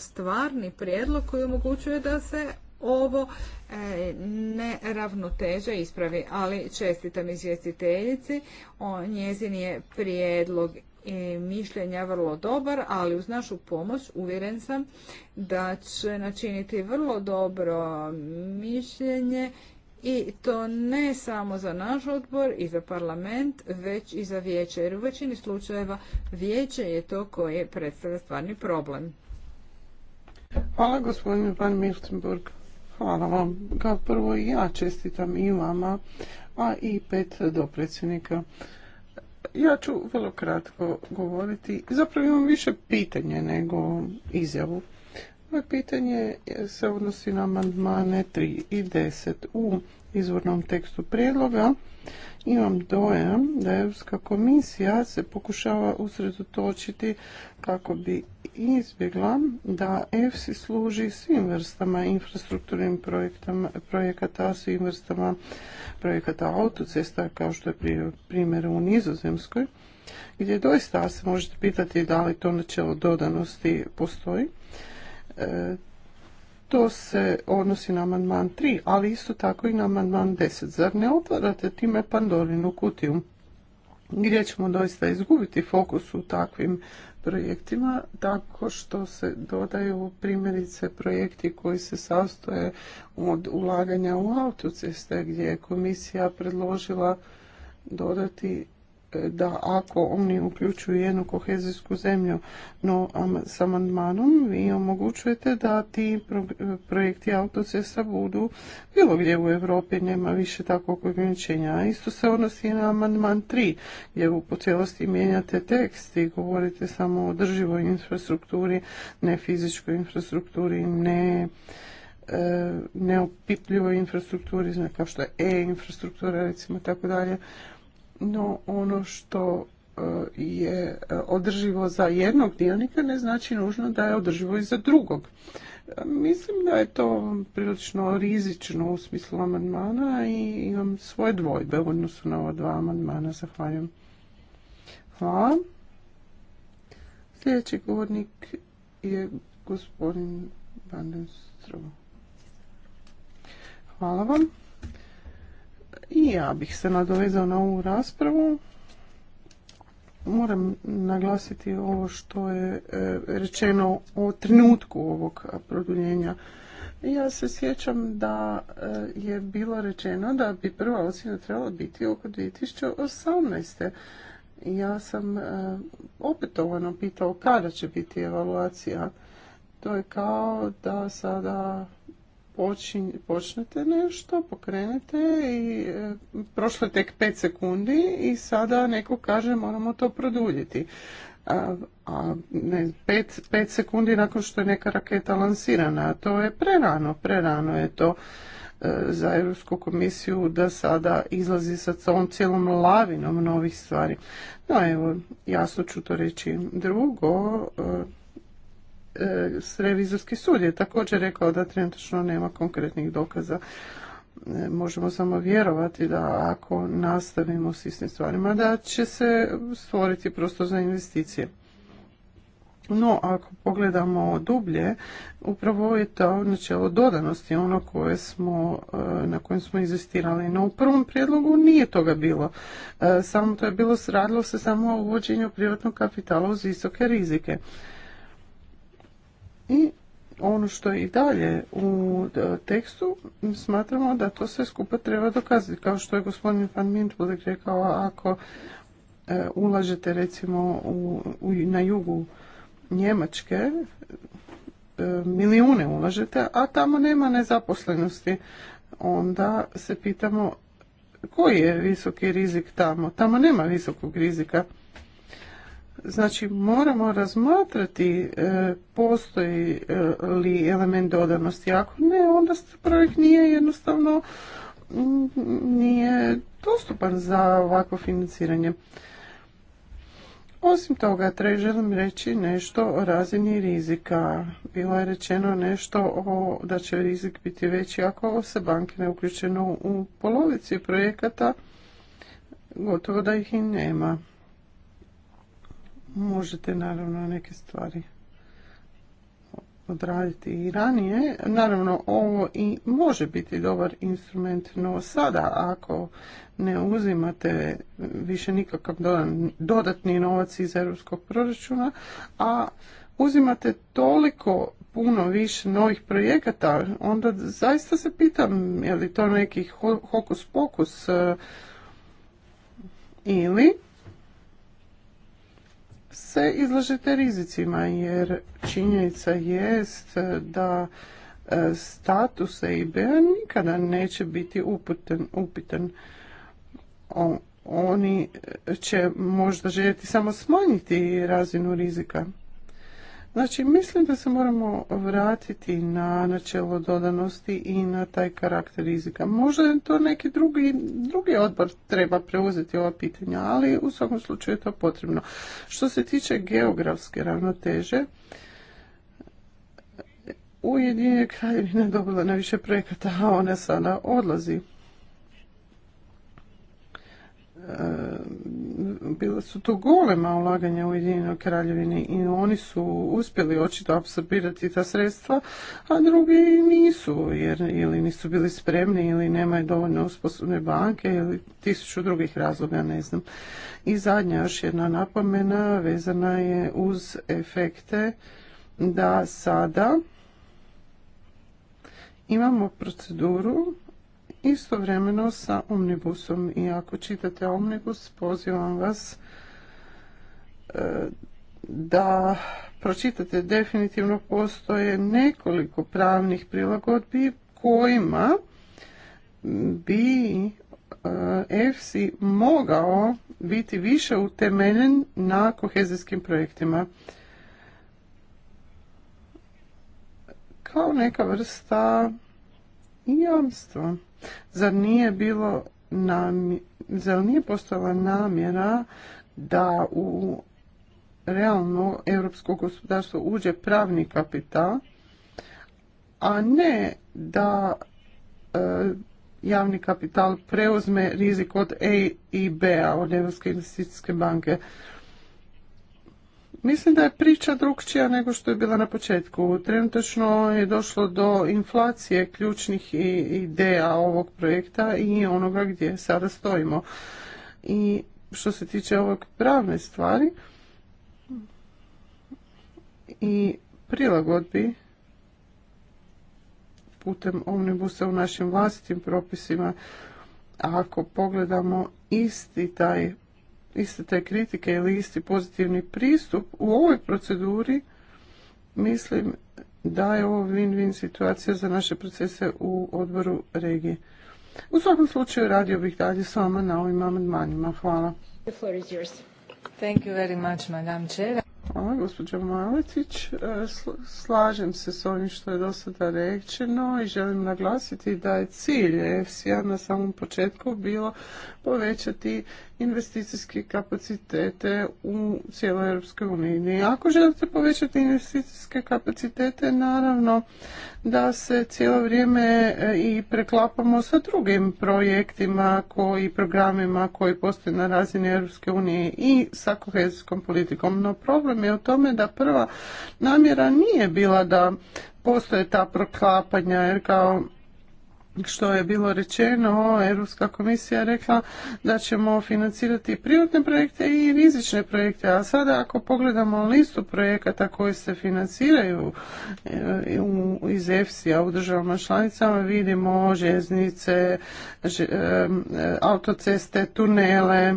stvarni prijedlog koji omogućuje da se ovo e, neravnoteža ispravi, ali čestitam izvjestiteljici, o, njezin je prijedlog i mišljenja vrlo dobar, ali uz našu pomoć uvjeren sam da će načiniti vrlo dobro mišljenje i to ne samo za naš odbor i za parlament, već i za vijeće, jer u većini slučajeva vijeće je to koje predstavlja stvarni problem. Hvala gospodine Van Miltenburg. Hvala vam. Kao prvo ja čestitam i vama, a i pet dopredsjednika. Ja ću vrlo kratko govoriti. Zapravo imam više pitanje nego izjavu. Moje pitanje se odnosi na amandmane 3 i 10 u izvornom tekstu prijedloga imam dojam da Europska komisija se pokušava usredotočiti kako bi izbjegla da EFSI služi svim vrstama infrastrukturnim projekata, svim vrstama projekata autocesta, kao što je primjer u Nizozemskoj, gdje doista se možete pitati da li to načelo dodanosti postoji e, to se odnosi na amandman 3, ali isto tako i na amandman 10. Zar ne otvarate time Pandorinu kutiju? Gdje ćemo doista izgubiti fokus u takvim projektima tako što se dodaju primjerice projekti koji se sastoje od ulaganja u autoceste gdje je komisija predložila dodati da ako oni uključuju jednu kohezijsku zemlju no s amandmanom vi omogućujete da ti projekti autocesta budu bilo gdje u Europi nema više takvog ograničenja. Isto se odnosi na amandman 3 gdje u cijelosti mijenjate tekst i govorite samo o održivoj infrastrukturi, ne fizičkoj infrastrukturi, ne e, neopipljivoj infrastrukturi, kao što je e-infrastruktura recimo tako dalje. No ono što e, je e, održivo za jednog dionika ne znači nužno da je održivo i za drugog. E, mislim da je to prilično rizično u smislu amandmana i imam svoje dvojbe u odnosu na ova dva amandmana. Zahvaljujem. Hvala. Sljedeći govornik je gospodin Bandenstrovo. Hvala vam. I ja bih se nadovezao na ovu raspravu. Moram naglasiti ovo što je e, rečeno o trenutku ovog produljenja. Ja se sjećam da e, je bilo rečeno da bi prva ocjena trebala biti oko 2018. Ja sam e, opetovano pitao kada će biti evaluacija. To je kao da sada počnete nešto, pokrenete i e, prošlo je tek 5 sekundi i sada neko kaže moramo to produljiti. A, ne, pet, sekundi nakon što je neka raketa lansirana, a to je prerano, prerano je to e, za Europsku komisiju da sada izlazi sa ovom cijelom lavinom novih stvari. No evo, jasno ću to reći. Drugo, e, E, revizorski sud je također rekao da trenutno nema konkretnih dokaza. E, možemo samo vjerovati da ako nastavimo s istim stvarima da će se stvoriti prostor za investicije. No, ako pogledamo dublje, upravo je to načelo dodanosti ono koje smo, e, na kojem smo inzistirali. No, u prvom prijedlogu nije toga bilo. Samo to je bilo, radilo se samo o uvođenju privatnog kapitala uz visoke rizike. I ono što je i dalje u e, tekstu, smatramo da to sve skupa treba dokazati. Kao što je gospodin Van Mintbudek rekao, ako e, ulažete recimo na jugu Njemačke, e, milijune ulažete, a tamo nema nezaposlenosti, onda se pitamo koji je visoki rizik tamo. Tamo nema visokog rizika. Znači moramo razmatrati e, postoji e, li element dodanosti. Ako ne, onda projekt nije jednostavno nije dostupan za ovako financiranje. Osim toga, treba želim reći nešto o razini rizika. Bilo je rečeno nešto o, da će rizik biti veći ako se banke ne uključeno u polovici projekata, gotovo da ih i nema možete naravno neke stvari odraditi i ranije. Naravno, ovo i može biti dobar instrument, no sada ako ne uzimate više nikakav dodatni novac iz europskog proračuna, a uzimate toliko puno više novih projekata, onda zaista se pitam je li to neki hokus pokus e, ili se izlažete rizicima jer činjenica jest da e, status eib nikada neće biti uputen, upitan. Oni će možda željeti samo smanjiti razinu rizika. Znači, mislim da se moramo vratiti na načelo dodanosti i na taj karakter rizika. Možda je to neki drugi, drugi odbor treba preuzeti ova pitanja, ali u svakom slučaju je to potrebno. Što se tiče geografske ravnoteže, je krajina dobila više projekata, a ona sada odlazi. E, bila su to golema ulaganja u Ujedinjenoj kraljevini i oni su uspjeli očito apsorbirati ta sredstva, a drugi nisu, jer ili nisu bili spremni ili nemaju dovoljno usposobne banke ili tisuću drugih razloga, ne znam. I zadnja još jedna napomena vezana je uz efekte da sada imamo proceduru istovremeno sa omnibusom. I ako čitate omnibus, pozivam vas e, da pročitate definitivno postoje nekoliko pravnih prilagodbi kojima bi EFSI mogao biti više utemeljen na kohezijskim projektima. Kao neka vrsta jamstva. Zar nije bilo nam, zar nije postojala namjera da u realno europsko gospodarstvo uđe pravni kapital, a ne da e, javni kapital preuzme rizik od EIB-a, od Europske investicijske banke. Mislim da je priča drugčija nego što je bila na početku. Trenutačno je došlo do inflacije ključnih ideja ovog projekta i onoga gdje sada stojimo. I što se tiče ovog pravne stvari i prilagodbi putem omnibusa u našim vlastitim propisima, ako pogledamo isti taj iste te kritike ili isti pozitivni pristup u ovoj proceduri, mislim da je ovo win-win situacija za naše procese u odboru regije. U svakom slučaju radio bih dalje s vama na ovim amandmanima. Hvala. Thank you very much, Madam Hvala, gospođo Maletić. E, slažem se s ovim što je do sada rečeno i želim naglasiti da je cilj EFSI-a na samom početku bilo povećati investicijske kapacitete u cijeloj Europskoj uniji. Ako želite povećati investicijske kapacitete, naravno da se cijelo vrijeme e, i preklapamo sa drugim projektima koji programima koji postoje na razini Europske unije i sa kohezijskom politikom. No problem je u tome da prva namjera nije bila da postoje ta proklapanja jer kao što je bilo rečeno, Europska komisija rekla da ćemo financirati privatne projekte i rizične projekte, a sada ako pogledamo listu projekata koji se financiraju e, iz EFSI-a u državama članicama, vidimo željeznice, e, autoceste, tunele,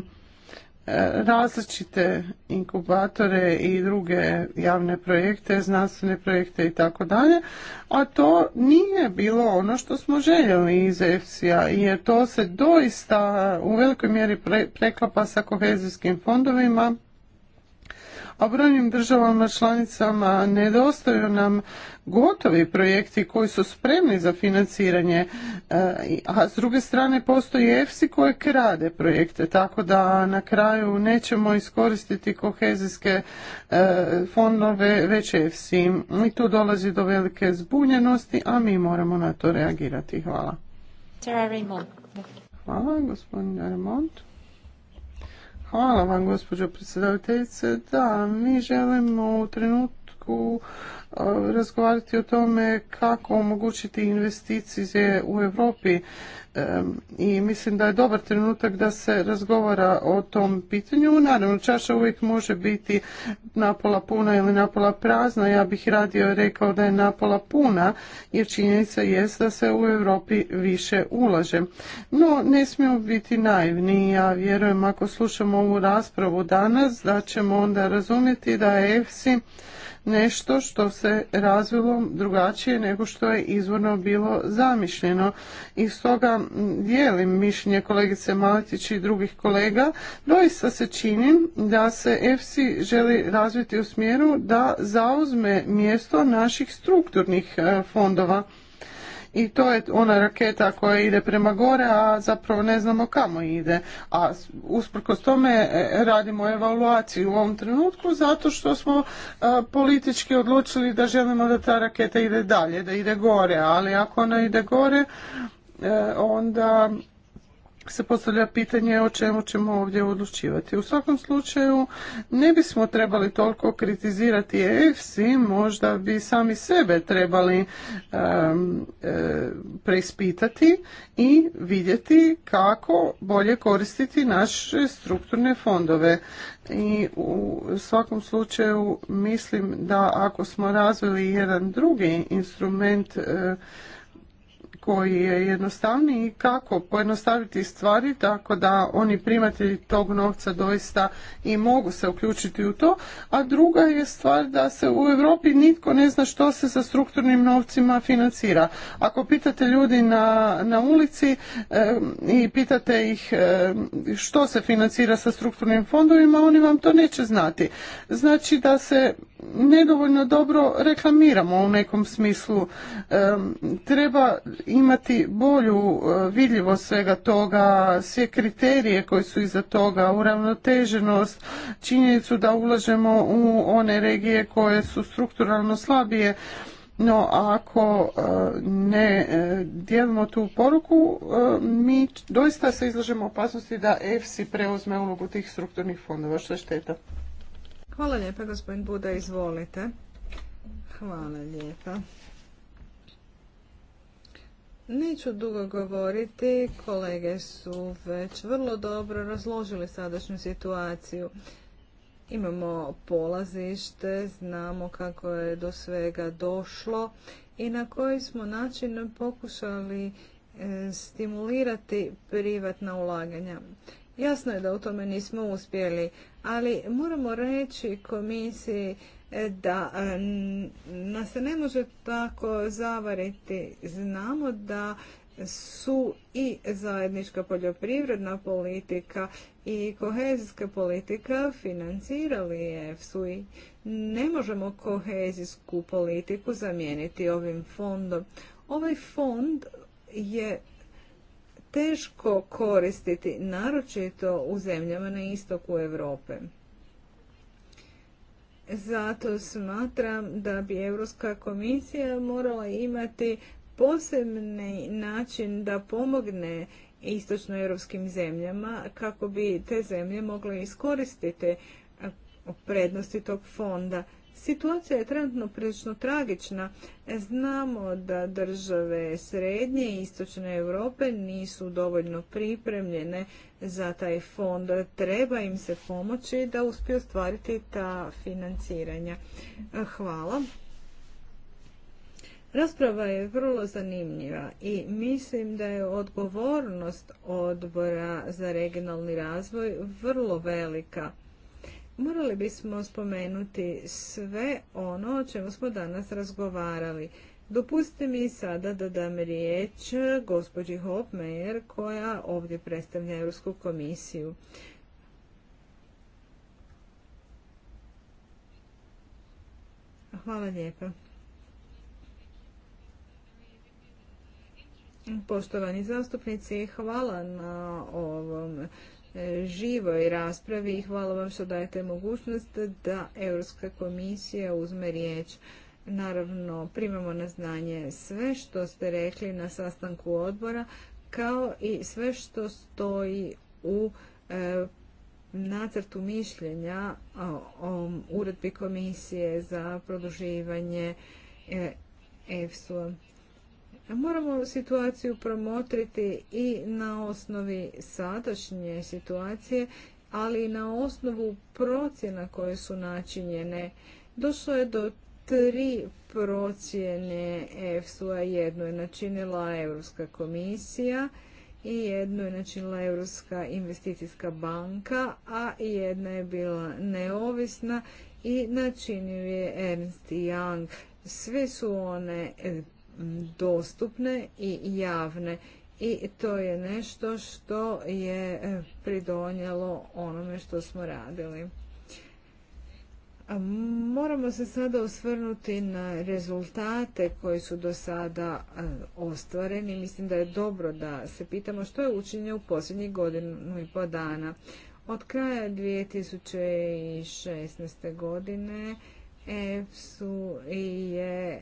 E, različite inkubatore i druge javne projekte, znanstvene projekte i tako dalje, a to nije bilo ono što smo željeli iz EFSI-a, jer to se doista u velikoj mjeri preklapa sa kohezijskim fondovima a brojnim državama članicama nedostaju nam gotovi projekti koji su spremni za financiranje, e, a s druge strane postoji EFSI koje krade projekte, tako da na kraju nećemo iskoristiti kohezijske e, fondove, već EFSI. I tu dolazi do velike zbunjenosti, a mi moramo na to reagirati. Hvala. Hvala, gospodin Hvala vam, gospođo predsjedavateljice Da, mi želimo u trenutku razgovarati o tome kako omogućiti investicije u Europi i mislim da je dobar trenutak da se razgovara o tom pitanju. Naravno, čaša uvijek može biti napola puna ili napola prazna. Ja bih radio rekao da je napola puna jer činjenica jest da se u Europi više ulaže. No, ne smijemo biti naivni. Ja vjerujem ako slušamo ovu raspravu danas da ćemo onda razumjeti da je EFSI nešto što se razvilo drugačije nego što je izvorno bilo zamišljeno. I stoga dijelim mišljenje kolegice Maletić i drugih kolega. Doista se čini da se EFSI želi razviti u smjeru da zauzme mjesto naših strukturnih e, fondova i to je ona raketa koja ide prema gore, a zapravo ne znamo kamo ide. A usprkos tome e, radimo evaluaciju u ovom trenutku zato što smo e, politički odlučili da želimo da ta raketa ide dalje, da ide gore, ali ako ona ide gore e, onda se postavlja pitanje o čemu ćemo ovdje odlučivati. U svakom slučaju ne bismo trebali toliko kritizirati EFSI, možda bi sami sebe trebali e, preispitati i vidjeti kako bolje koristiti naše strukturne fondove. I u svakom slučaju mislim da ako smo razvili jedan drugi instrument e, koji je jednostavniji i kako pojednostaviti stvari tako da oni primatelji tog novca doista i mogu se uključiti u to, a druga je stvar da se u Europi nitko ne zna što se sa strukturnim novcima financira. Ako pitate ljudi na, na ulici i pitate ih što se financira sa strukturnim fondovima, oni vam to neće znati. Znači da se nedovoljno dobro reklamiramo u nekom smislu. E, treba imati bolju e, vidljivost svega toga, sve kriterije koji su iza toga, uravnoteženost, činjenicu da ulažemo u one regije koje su strukturalno slabije. No, ako e, ne e, dijelimo tu poruku, mi doista se izlažemo opasnosti da EFSI preuzme ulogu tih strukturnih fondova, što je šteta. Hvala lijepa, gospodin Buda, izvolite. Hvala lijepa. Neću dugo govoriti, kolege su već vrlo dobro razložili sadašnju situaciju. Imamo polazište, znamo kako je do svega došlo i na koji smo način pokušali e, stimulirati privatna ulaganja. Jasno je da u tome nismo uspjeli, ali moramo reći komisiji E, da e, nas se ne može tako zavariti. Znamo da su i zajednička poljoprivredna politika i kohezijska politika financirali EFSU i ne možemo kohezijsku politiku zamijeniti ovim fondom. Ovaj fond je teško koristiti, naročito u zemljama na istoku Europe. Zato smatram da bi Europska komisija morala imati posebni način da pomogne istočnoeuropskim zemljama kako bi te zemlje mogle iskoristiti prednosti tog fonda. Situacija je trenutno prilično tragična. E, znamo da države srednje i istočne Europe nisu dovoljno pripremljene za taj fond. Treba im se pomoći da uspiju ostvariti ta financiranja. E, hvala. Rasprava je vrlo zanimljiva i mislim da je odgovornost odbora za regionalni razvoj vrlo velika morali bismo spomenuti sve ono o čemu smo danas razgovarali. Dopustite mi sada da dam riječ gospođi Hopmeyer koja ovdje predstavlja Europsku komisiju. Hvala lijepa. Poštovani zastupnici, hvala na ovom E, živoj raspravi i hvala vam što dajete mogućnost da Europska komisija uzme riječ. Naravno, primamo na znanje sve što ste rekli na sastanku odbora, kao i sve što stoji u e, nacrtu mišljenja o, uredbi komisije za produživanje e, efsu Moramo situaciju promotriti i na osnovi sadašnje situacije, ali i na osnovu procjena koje su načinjene. Došlo je do tri procjene EFSU-a. Jednu je načinila Europska komisija i jednu je načinila Europska investicijska banka, a jedna je bila neovisna i načinio je Ernst Young. Sve su one dostupne i javne i to je nešto što je e, pridonjelo onome što smo radili. Moramo se sada osvrnuti na rezultate koji su do sada e, ostvareni. Mislim da je dobro da se pitamo što je učinjeno u posljednjih godinu i po dana. Od kraja 2016. godine EFSU je e,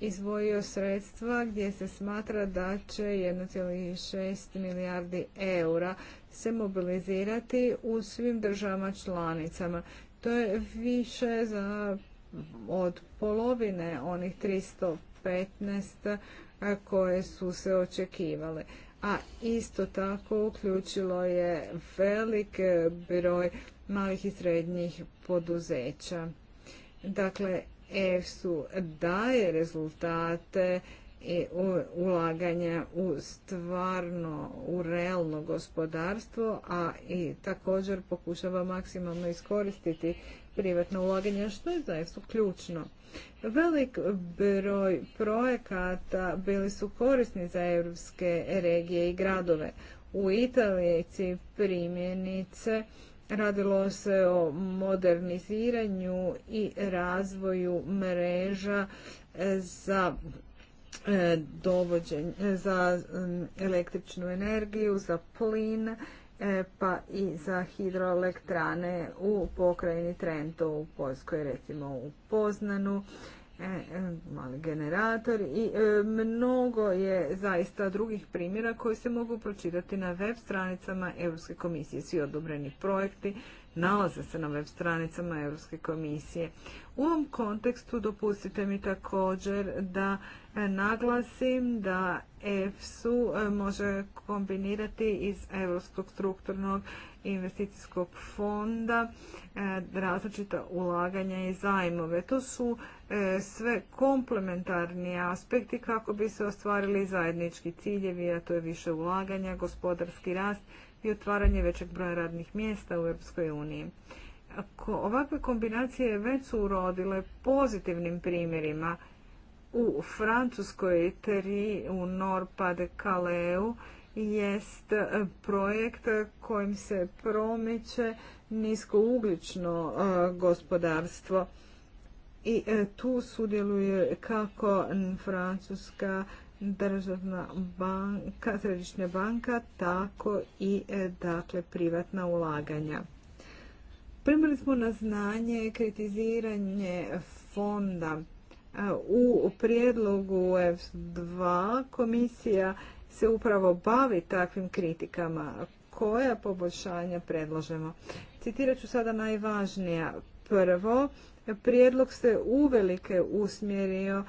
izdvojio sredstva gdje se smatra da će 1,6 milijardi eura se mobilizirati u svim državama članicama. To je više za od polovine onih 315 koje su se očekivale. A isto tako uključilo je velik e, broj malih i srednjih poduzeća. Dakle, EFSU daje rezultate i ulaganja u stvarno, u realno gospodarstvo, a i također pokušava maksimalno iskoristiti privatno ulaganje, što je zaista ključno. Velik broj projekata bili su korisni za europske regije i gradove. U Italijici primjenice Radilo se o moderniziranju i razvoju mreža e, za e, dovođenje za mm, električnu energiju, za plin, e, pa i za hidroelektrane u pokrajini Trento, u Poljskoj recimo u Poznanu E, e, mali generator i e, mnogo je zaista drugih primjera koji se mogu pročitati na web stranicama Europske komisije. Svi odobreni projekti nalaze se na web stranicama Europske komisije. U ovom kontekstu dopustite mi također da naglasim da EFSU može kombinirati iz Europskog strukturnog investicijskog fonda, e, različita ulaganja i zajmove. To su e, sve komplementarni aspekti kako bi se ostvarili zajednički ciljevi, a to je više ulaganja, gospodarski rast i otvaranje većeg broja radnih mjesta u Europskoj uniji. Ovakve kombinacije već su urodile pozitivnim primjerima. U Francuskoj tri u Norpad Kaleu jest e, projekt kojim se promiče niskouglično e, gospodarstvo. I e, tu sudjeluje kako Francuska državna banka, središnja banka, tako i dakle privatna ulaganja. Primili smo na znanje kritiziranje fonda. U prijedlogu F2 komisija se upravo bavi takvim kritikama, koja poboljšanja predlažemo. Citirat ću sada najvažnija. Prvo, prijedlog se uvelike usmjerio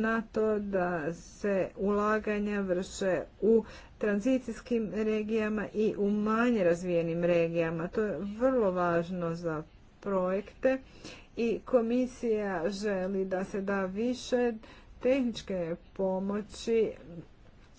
na to da se ulaganja vrše u tranzicijskim regijama i u manje razvijenim regijama. To je vrlo važno za projekte i komisija želi da se da više tehničke pomoći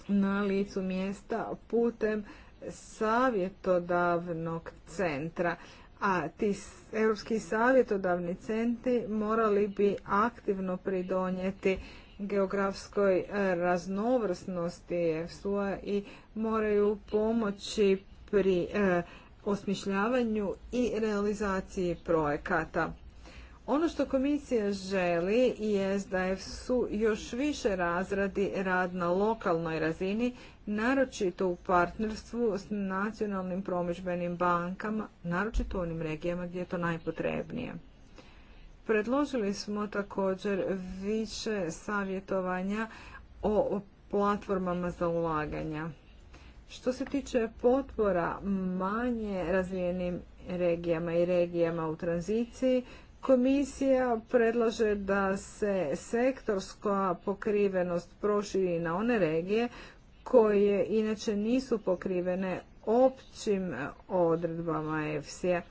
na licu mjesta putem savjetodavnog centra. A ti europski savjetodavni centri morali bi aktivno pridonijeti geografskoj e, raznovrsnosti efsu i moraju pomoći pri e, osmišljavanju i realizaciji projekata. Ono što komisija želi je da su još više razradi rad na lokalnoj razini, naročito u partnerstvu s nacionalnim promičbenim bankama, naročito u onim regijama gdje je to najpotrebnije. Predložili smo također više savjetovanja o platformama za ulaganja. Što se tiče potpora manje razvijenim regijama i regijama u tranziciji, Komisija predlaže da se sektorska pokrivenost proširi na one regije koje inače nisu pokrivene općim odredbama EFSI-a.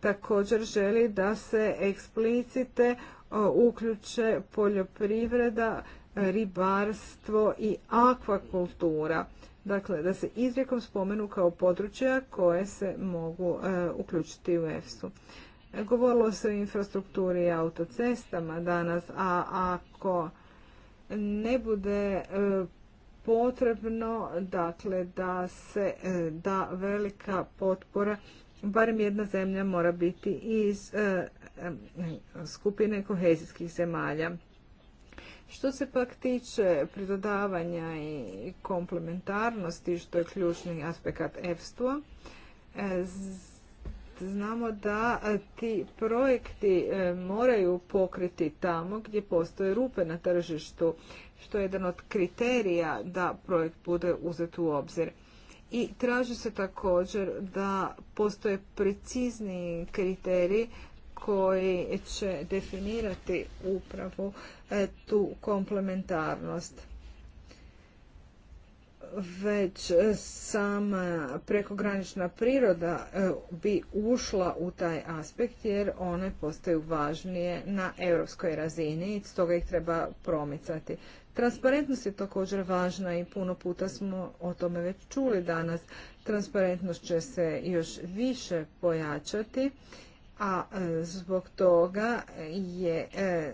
Također želi da se eksplicite e, uključe poljoprivreda, ribarstvo i akvakultura. Dakle, da se izrijekom spomenu kao područja koje se mogu e, uključiti u EFSU. Govorilo se o infrastrukturi i autocestama danas, a ako ne bude e, potrebno dakle, da se e, da velika potpora, barem jedna zemlja mora biti iz e, skupine kohezijskih zemalja. Što se pak tiče pridodavanja i komplementarnosti, što je ključni aspekt EFSTO-a, Znamo da ti projekti e, moraju pokriti tamo gdje postoje rupe na tržištu, što je jedan od kriterija da projekt bude uzet u obzir. I traži se također da postoje precizni kriteriji koji će definirati upravo e, tu komplementarnost već sama prekogranična priroda e, bi ušla u taj aspekt jer one postaju važnije na europskoj razini i stoga ih treba promicati. Transparentnost je također važna i puno puta smo o tome već čuli danas. Transparentnost će se još više pojačati, a e, zbog toga je e,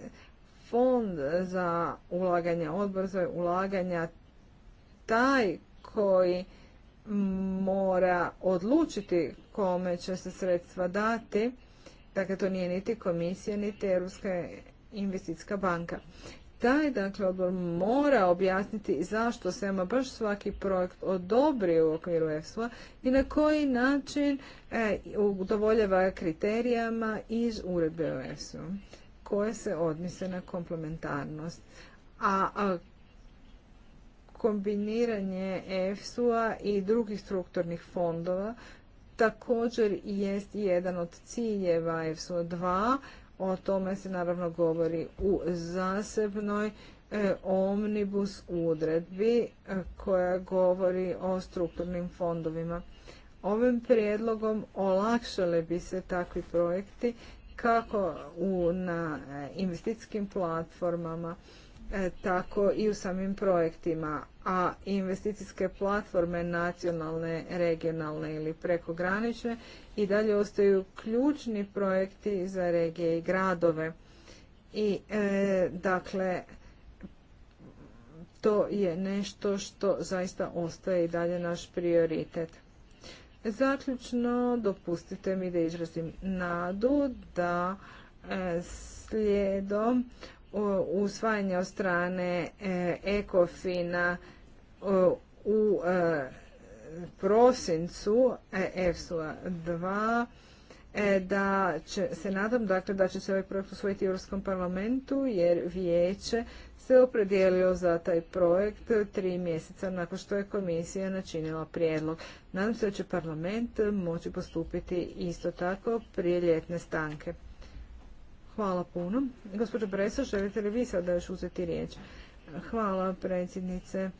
fond za ulaganja, odbor za ulaganja taj koji mora odlučiti kome će se sredstva dati. Dakle, to nije niti komisija, niti Europska investicijska banka. Taj, dakle, odbor mora objasniti zašto se ima baš svaki projekt odobri u okviru ESO-a i na koji način e, udovoljava kriterijama iz uredbe o koje se odnose na komplementarnost. a kombiniranje EFSU-a i drugih strukturnih fondova također jest jedan od ciljeva EFSU 2. O tome se naravno govori u zasebnoj e, omnibus udredbi e, koja govori o strukturnim fondovima. Ovim prijedlogom olakšale bi se takvi projekti kako u, na investicijskim platformama, E, tako i u samim projektima, a investicijske platforme nacionalne, regionalne ili prekogranične i dalje ostaju ključni projekti za regije i gradove. I e, dakle, to je nešto što zaista ostaje i dalje naš prioritet. Zaključno, dopustite mi da izrazim nadu da e, slijedom usvajanje od strane e, ECOFINA e, u e, prosincu EFSA 2 da će, se nadam dakle da će se ovaj projekt usvojiti u Europskom parlamentu jer vijeće se opredijelio za taj projekt tri mjeseca nakon što je komisija načinila prijedlog. Nadam se da će parlament moći postupiti isto tako prije ljetne stanke. Hvala puno. Gospođo Bresa, želite li vi sada još uzeti riječ? Hvala predsjednice.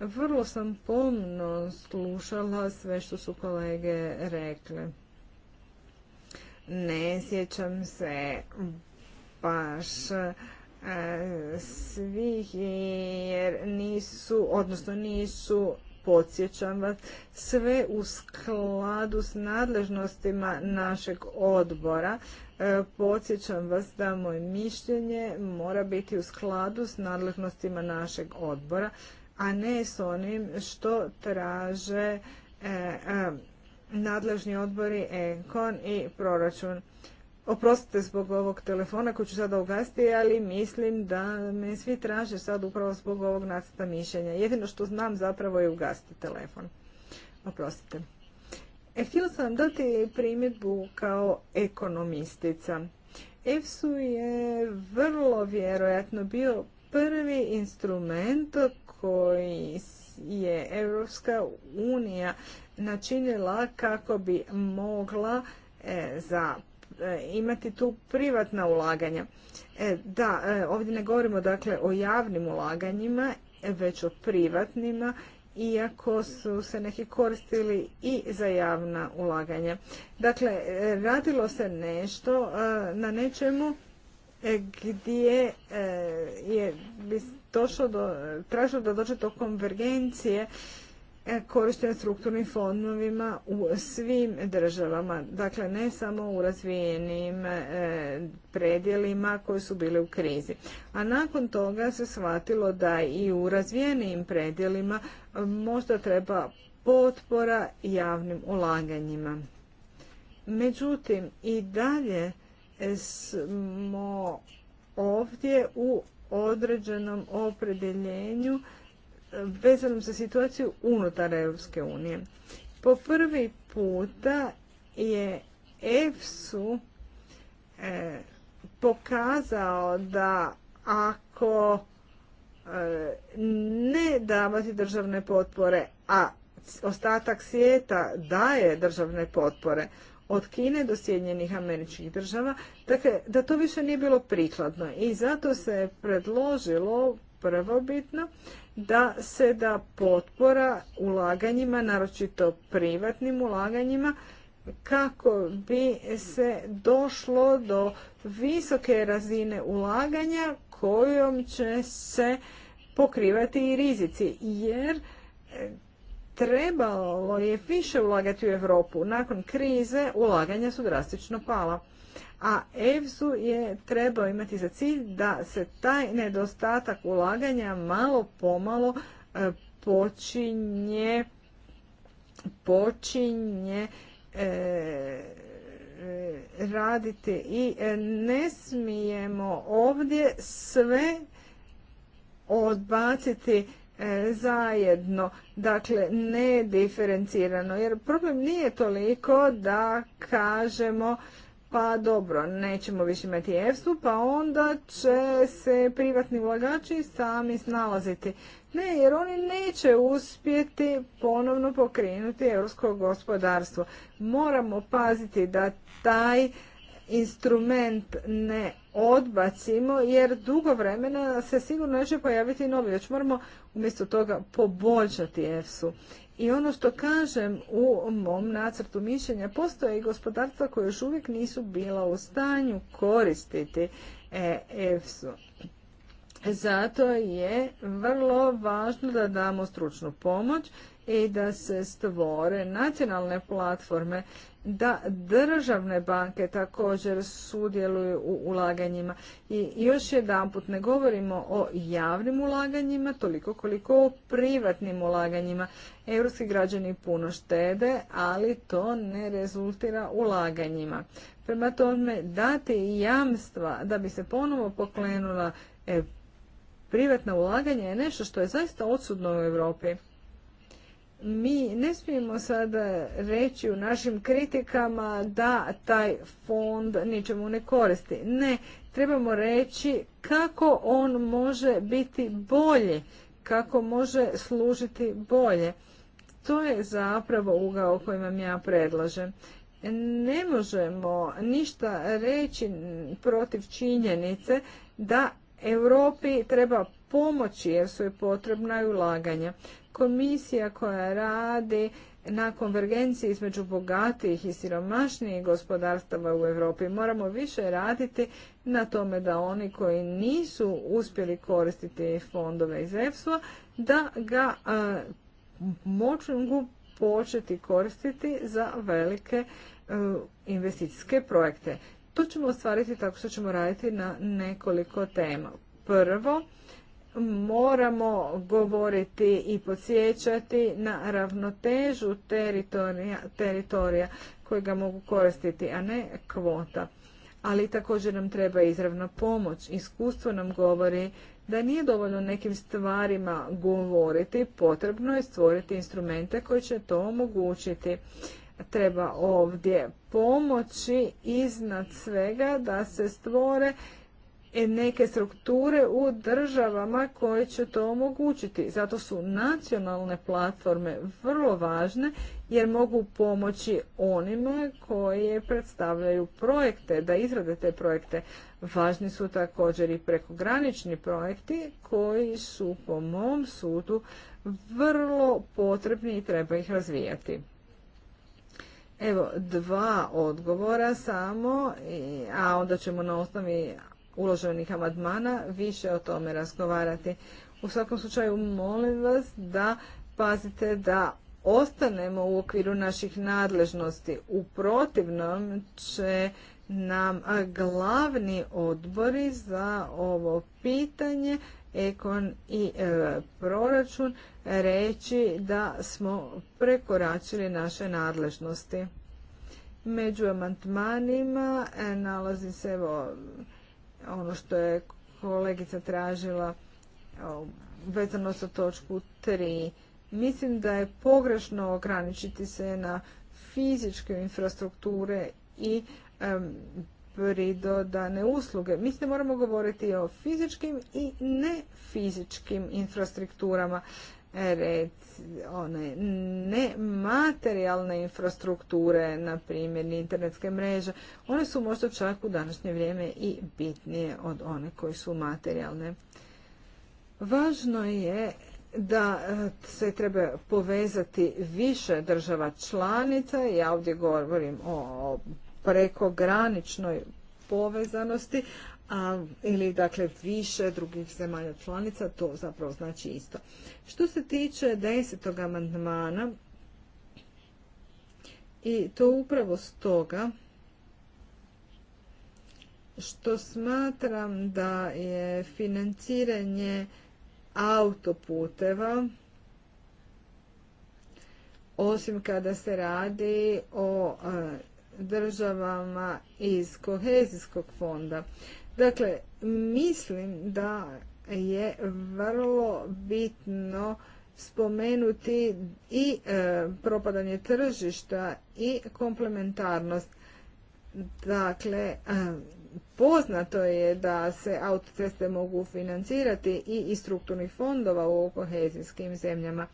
Vrlo sam pomno slušala sve što su kolege rekle. Ne sjećam se baš e, svih jer nisu, odnosno nisu podsjećam vas, sve u skladu s nadležnostima našeg odbora. E, podsjećam vas da moje mišljenje mora biti u skladu s nadležnostima našeg odbora, a ne s onim što traže e, e, nadležni odbori ENKON i proračun. Oprostite zbog ovog telefona koji ću sada ugasiti, ali mislim da me svi traže sad upravo zbog ovog nacrta mišljenja. Jedino što znam zapravo je ugasiti telefon. Oprostite. E, htjela sam dati primjedbu kao ekonomistica. EFSU je vrlo vjerojatno bio prvi instrument koji je Europska unija načinila kako bi mogla e, za E, imati tu privatna ulaganja. E, da, e, ovdje ne govorimo dakle o javnim ulaganjima, već o privatnima, iako su se neki koristili i za javna ulaganja. Dakle, radilo se nešto na nečemu gdje je došlo do, tražilo da dođe do konvergencije E, koriste strukturnim fondovima u svim državama. Dakle, ne samo u razvijenim e, predjelima koji su bili u krizi. A nakon toga se shvatilo da i u razvijenim predjelima e, možda treba potpora javnim ulaganjima. Međutim, i dalje smo ovdje u određenom opredjeljenju vezanom za situaciju unutar Europske unije. Po prvi puta je EFSU e, pokazao da ako e, ne davati državne potpore, a ostatak svijeta daje državne potpore od Kine do Sjedinjenih američkih država, dakle, da to više nije bilo prikladno i zato se predložilo prvobitno da se da potpora ulaganjima, naročito privatnim ulaganjima, kako bi se došlo do visoke razine ulaganja kojom će se pokrivati i rizici. Jer e, trebalo je više ulagati u Europu. Nakon krize ulaganja su drastično pala a EFSU je trebao imati za cilj da se taj nedostatak ulaganja malo pomalo e, počinje počinje e, raditi i e, ne smijemo ovdje sve odbaciti zajedno, dakle ne diferencirano, jer problem nije toliko da kažemo pa dobro, nećemo više imati EFSU, pa onda će se privatni ulagači sami snalaziti. Ne, jer oni neće uspjeti ponovno pokrenuti europsko gospodarstvo. Moramo paziti da taj instrument ne odbacimo, jer dugo vremena se sigurno neće pojaviti novi, već moramo umjesto toga poboljšati EFSU. I ono što kažem u mom nacrtu mišljenja, postoje i gospodarstva koje još uvijek nisu bila u stanju koristiti EFSU. Zato je vrlo važno da damo stručnu pomoć i da se stvore nacionalne platforme da državne banke također sudjeluju u ulaganjima. I još put ne govorimo o javnim ulaganjima toliko koliko o privatnim ulaganjima. Europski građani puno štede, ali to ne rezultira ulaganjima. Prema tome dati jamstva da bi se ponovo poklenula e, privatna ulaganja je nešto što je zaista odsudno u Europi mi ne smijemo sada reći u našim kritikama da taj fond ničemu ne koristi. Ne, trebamo reći kako on može biti bolji, kako može služiti bolje. To je zapravo ugao koji vam ja predlažem. Ne možemo ništa reći protiv činjenice da Europi treba pomoći jer su je potrebna i ulaganja. Komisija koja radi na konvergenciji između bogatijih i siromašnijih gospodarstava u Europi moramo više raditi na tome da oni koji nisu uspjeli koristiti fondove iz EFSO da ga a, mogu početi koristiti za velike e, investicijske projekte. To ćemo ostvariti tako što ćemo raditi na nekoliko tema. Prvo, moramo govoriti i podsjećati na ravnotežu teritorija, teritorija kojega mogu koristiti, a ne kvota. Ali također nam treba izravna pomoć. Iskustvo nam govori da nije dovoljno nekim stvarima govoriti, potrebno je stvoriti instrumente koji će to omogućiti. Treba ovdje pomoći iznad svega da se stvore neke strukture u državama koje će to omogućiti. Zato su nacionalne platforme vrlo važne jer mogu pomoći onima koje predstavljaju projekte, da izrade te projekte. Važni su također i prekogranični projekti koji su po mom sudu vrlo potrebni i treba ih razvijati. Evo, dva odgovora samo, a onda ćemo na osnovi uloženih amandmana više o tome razgovarati. U svakom slučaju molim vas da pazite da ostanemo u okviru naših nadležnosti. U protivnom će nam glavni odbori za ovo pitanje ekon i e, proračun reći da smo prekoračili naše nadležnosti. Među amantmanima e, nalazi se evo ono što je kolegica tražila vezano sa točku 3. Mislim da je pogrešno ograničiti se na fizičke infrastrukture i pridodane usluge. Mi se moramo govoriti o fizičkim i ne fizičkim infrastrukturama. Ne one infrastrukture, na primjer internetske mreže, one su možda čak u današnje vrijeme i bitnije od one koje su materijalne. Važno je da e, se treba povezati više država članica, ja ovdje govorim o prekograničnoj povezanosti, ili dakle više drugih zemalja članica, to zapravo znači isto. Što se tiče desetog amandmana, i to upravo stoga što smatram da je financiranje autoputeva osim kada se radi o državama iz kohezijskog fonda Dakle, mislim da je vrlo bitno spomenuti i e, propadanje tržišta i komplementarnost. Dakle, e, poznato je da se autoceste mogu financirati i iz strukturnih fondova u kohezijskim zemljama.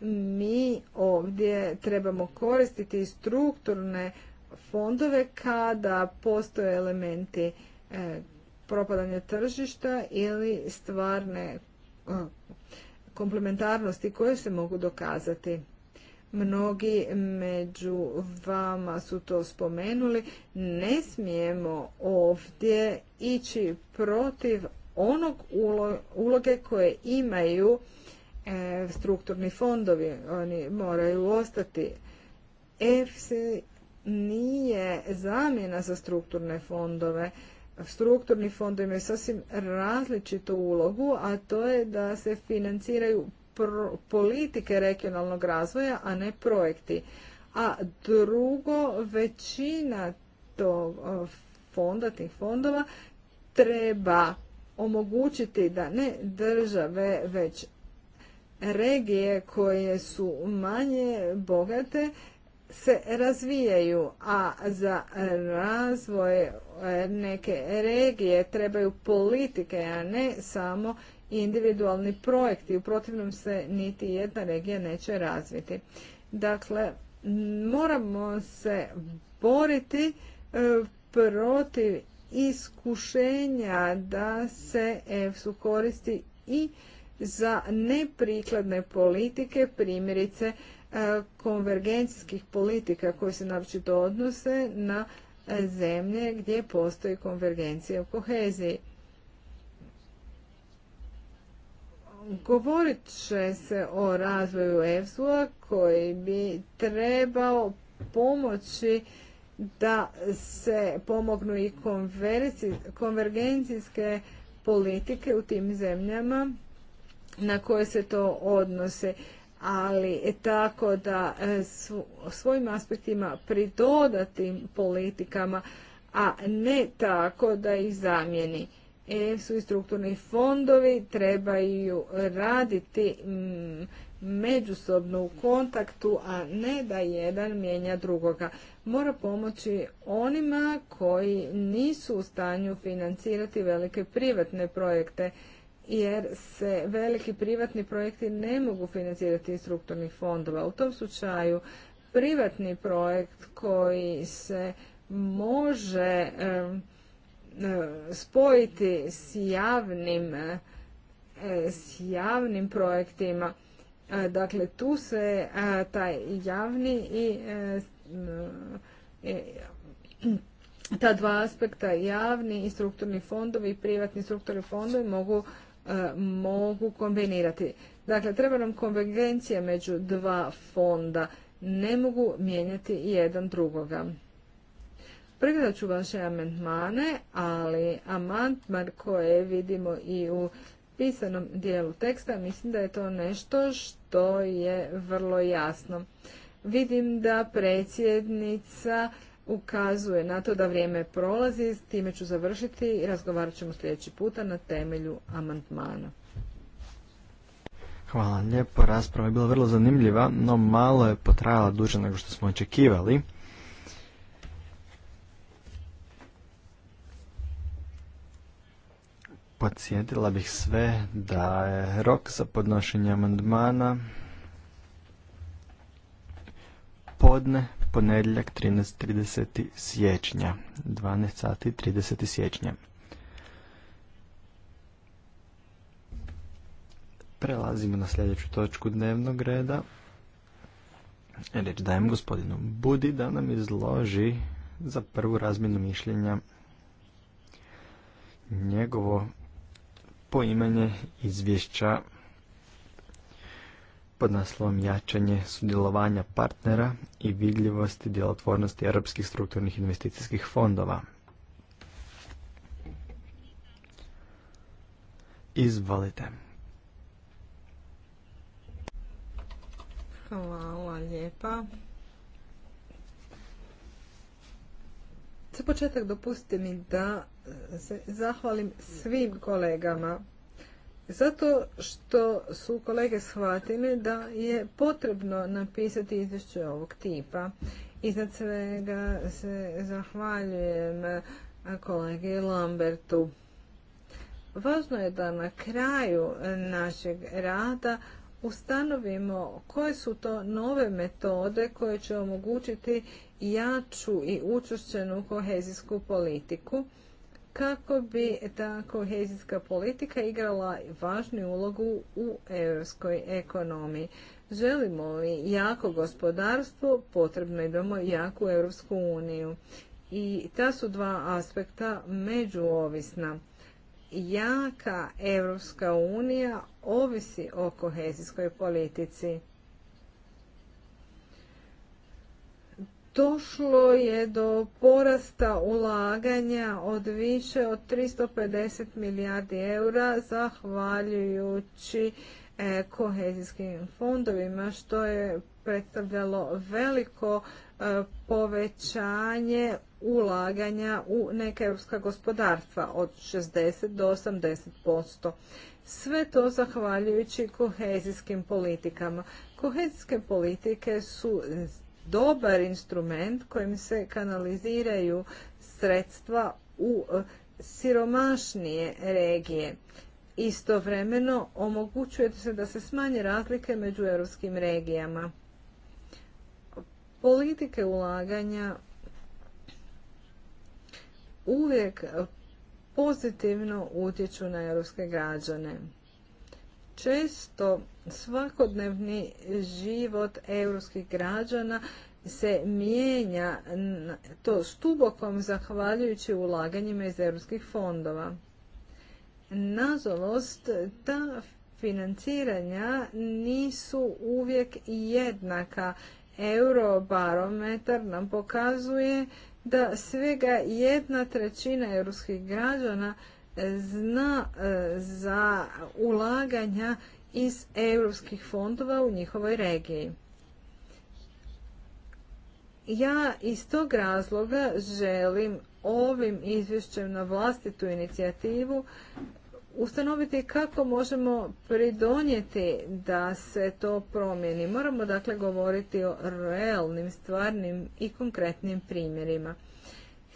Mi ovdje trebamo koristiti strukturne fondove kada postoje elementi e, propadanje tržišta ili stvarne komplementarnosti koje se mogu dokazati. Mnogi među vama su to spomenuli. Ne smijemo ovdje ići protiv onog uloge koje imaju e, strukturni fondovi. Oni moraju ostati. EFSI nije zamjena za strukturne fondove strukturni fondovi imaju sasvim različitu ulogu, a to je da se financiraju politike regionalnog razvoja, a ne projekti. A drugo, većina tog fonda, tih fondova, treba omogućiti da ne države, već regije koje su manje bogate se razvijaju, a za razvoj e, neke regije trebaju politike, a ne samo individualni projekti. U protivnom se niti jedna regija neće razviti. Dakle, moramo se boriti e, protiv iskušenja da se EFSU koristi i za neprikladne politike, primjerice E, konvergencijskih politika koje se naročito odnose na e, zemlje gdje postoji konvergencija u koheziji. Govorit će se o razvoju EFSU-a koji bi trebao pomoći da se pomognu i konvergencijske politike u tim zemljama na koje se to odnose ali e tako da e, svojim aspektima pridodati politikama, a ne tako da ih zamijeni. E, su i strukturni fondovi trebaju raditi mm, međusobno u kontaktu, a ne da jedan mijenja drugoga. Mora pomoći onima koji nisu u stanju financirati velike privatne projekte jer se veliki privatni projekti ne mogu financirati iz strukturnih fondova. U tom slučaju privatni projekt koji se može eh, spojiti s javnim, eh, s javnim projektima. Eh, dakle, tu se taj javni i ta dva aspekta, javni i strukturni fondovi i privatni strukturni fondovi mogu E, mogu kombinirati. Dakle, treba nam konvergencija među dva fonda. Ne mogu mijenjati jedan drugoga. Pregledat ću vaše amandmane, ali amandman koje vidimo i u pisanom dijelu teksta, mislim da je to nešto što je vrlo jasno. Vidim da predsjednica ukazuje na to da vrijeme prolazi, s time ću završiti i razgovarat ćemo sljedeći puta na temelju amantmana. Hvala lijepo, rasprava je bila vrlo zanimljiva, no malo je potrajala duže nego što smo očekivali. Podsjetila bih sve da je rok za podnošenje amandmana podne ponedjeljak 13.30 siječnja, 12.30. sati siječnja. Prelazimo na sljedeću točku dnevnog reda. Reč dajem gospodinu Budi da nam izloži za prvu razmjenu mišljenja njegovo poimanje izvješća pod naslovom jačanje sudjelovanja partnera i vidljivosti djelotvornosti europskih strukturnih investicijskih fondova. Izvolite. Hvala lijepa. Za početak dopustite mi da se zahvalim svim kolegama zato što su kolege shvatili da je potrebno napisati izvješće ovog tipa. Iznad svega se zahvaljujem kolegi Lambertu. Važno je da na kraju našeg rada ustanovimo koje su to nove metode koje će omogućiti jaču i učvršćenu kohezijsku politiku kako bi ta kohezijska politika igrala važnu ulogu u europskoj ekonomiji. Želimo li jako gospodarstvo, potrebno je imamo jaku Europsku uniju. I ta su dva aspekta međuovisna. Jaka Europska unija ovisi o kohezijskoj politici. došlo je do porasta ulaganja od više od 350 milijardi eura zahvaljujući e, kohezijskim fondovima što je predstavljalo veliko e, povećanje ulaganja u neka europska gospodarstva od 60 do 80%. Sve to zahvaljujući kohezijskim politikama. Kohezijske politike su dobar instrument kojim se kanaliziraju sredstva u e, siromašnije regije. Istovremeno omogućuje se da se smanje razlike među europskim regijama. Politike ulaganja uvijek pozitivno utječu na europske građane često svakodnevni život europskih građana se mijenja to stubokom zahvaljujući ulaganjima iz europskih fondova. Nažalost, ta financiranja nisu uvijek jednaka. Eurobarometar nam pokazuje da svega jedna trećina europskih građana zna e, za ulaganja iz europskih fondova u njihovoj regiji. Ja iz tog razloga želim ovim izvješćem na vlastitu inicijativu ustanoviti kako možemo pridonijeti da se to promijeni. Moramo dakle govoriti o realnim, stvarnim i konkretnim primjerima.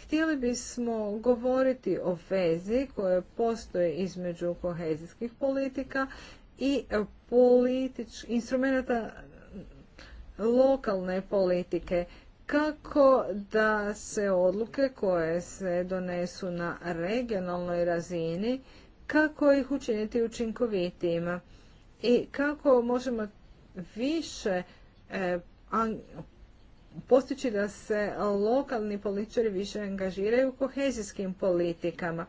Htjeli bismo govoriti o vezi koje postoje između kohezijskih politika i politič, instrumenta lokalne politike kako da se odluke koje se donesu na regionalnoj razini, kako ih učiniti učinkovitijima i kako možemo više e, postići da se lokalni političari više angažiraju u kohezijskim politikama.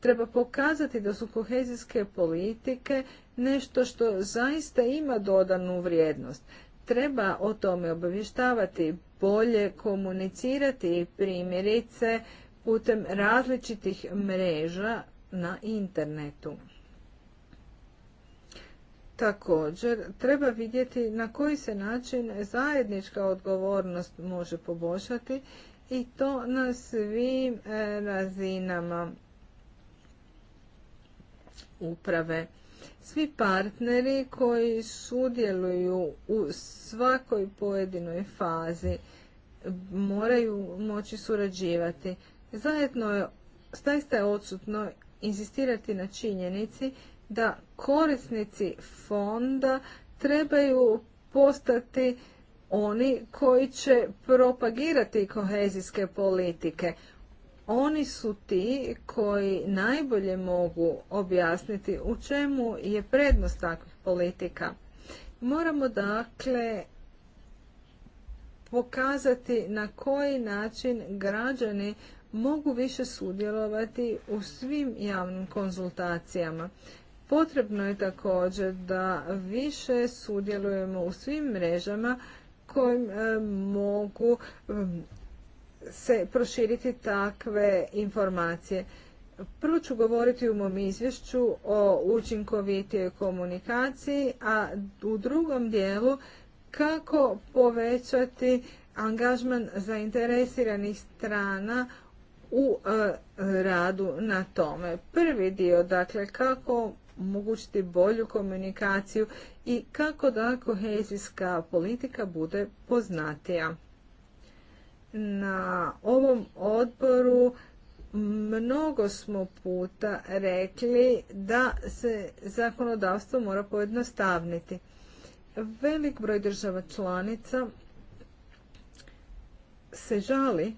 Treba pokazati da su kohezijske politike nešto što zaista ima dodanu vrijednost. Treba o tome obavještavati, bolje komunicirati primjerice putem različitih mreža na internetu. Također, treba vidjeti na koji se način zajednička odgovornost može poboljšati i to na svim e, razinama uprave. Svi partneri koji sudjeluju u svakoj pojedinoj fazi moraju moći surađivati. Zajedno je, zaista je odsutno inzistirati na činjenici da korisnici fonda trebaju postati oni koji će propagirati kohezijske politike. Oni su ti koji najbolje mogu objasniti u čemu je prednost takvih politika. Moramo dakle pokazati na koji način građani mogu više sudjelovati u svim javnim konzultacijama. Potrebno je također da više sudjelujemo u svim mrežama kojim e, mogu se proširiti takve informacije. Prvo ću govoriti u mom izvješću o učinkovitijoj komunikaciji, a u drugom dijelu kako povećati angažman zainteresiranih strana u e, radu na tome. Prvi dio, dakle, kako omogućiti bolju komunikaciju i kako da kohezijska politika bude poznatija. Na ovom odboru mnogo smo puta rekli da se zakonodavstvo mora pojednostavniti. Velik broj država članica se žali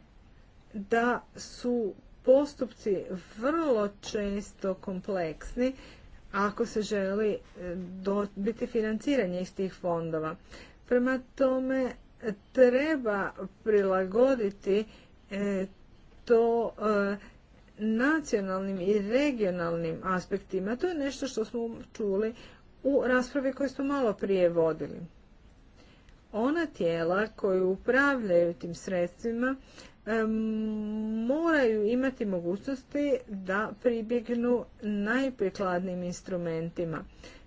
da su postupci vrlo često kompleksni ako se želi e, biti financiranje iz tih fondova. Prema tome treba prilagoditi e, to e, nacionalnim i regionalnim aspektima. To je nešto što smo čuli u raspravi koju smo malo prije vodili. Ona tijela koju upravljaju tim sredstvima moraju imati mogućnosti da pribjegnu najprikladnijim instrumentima.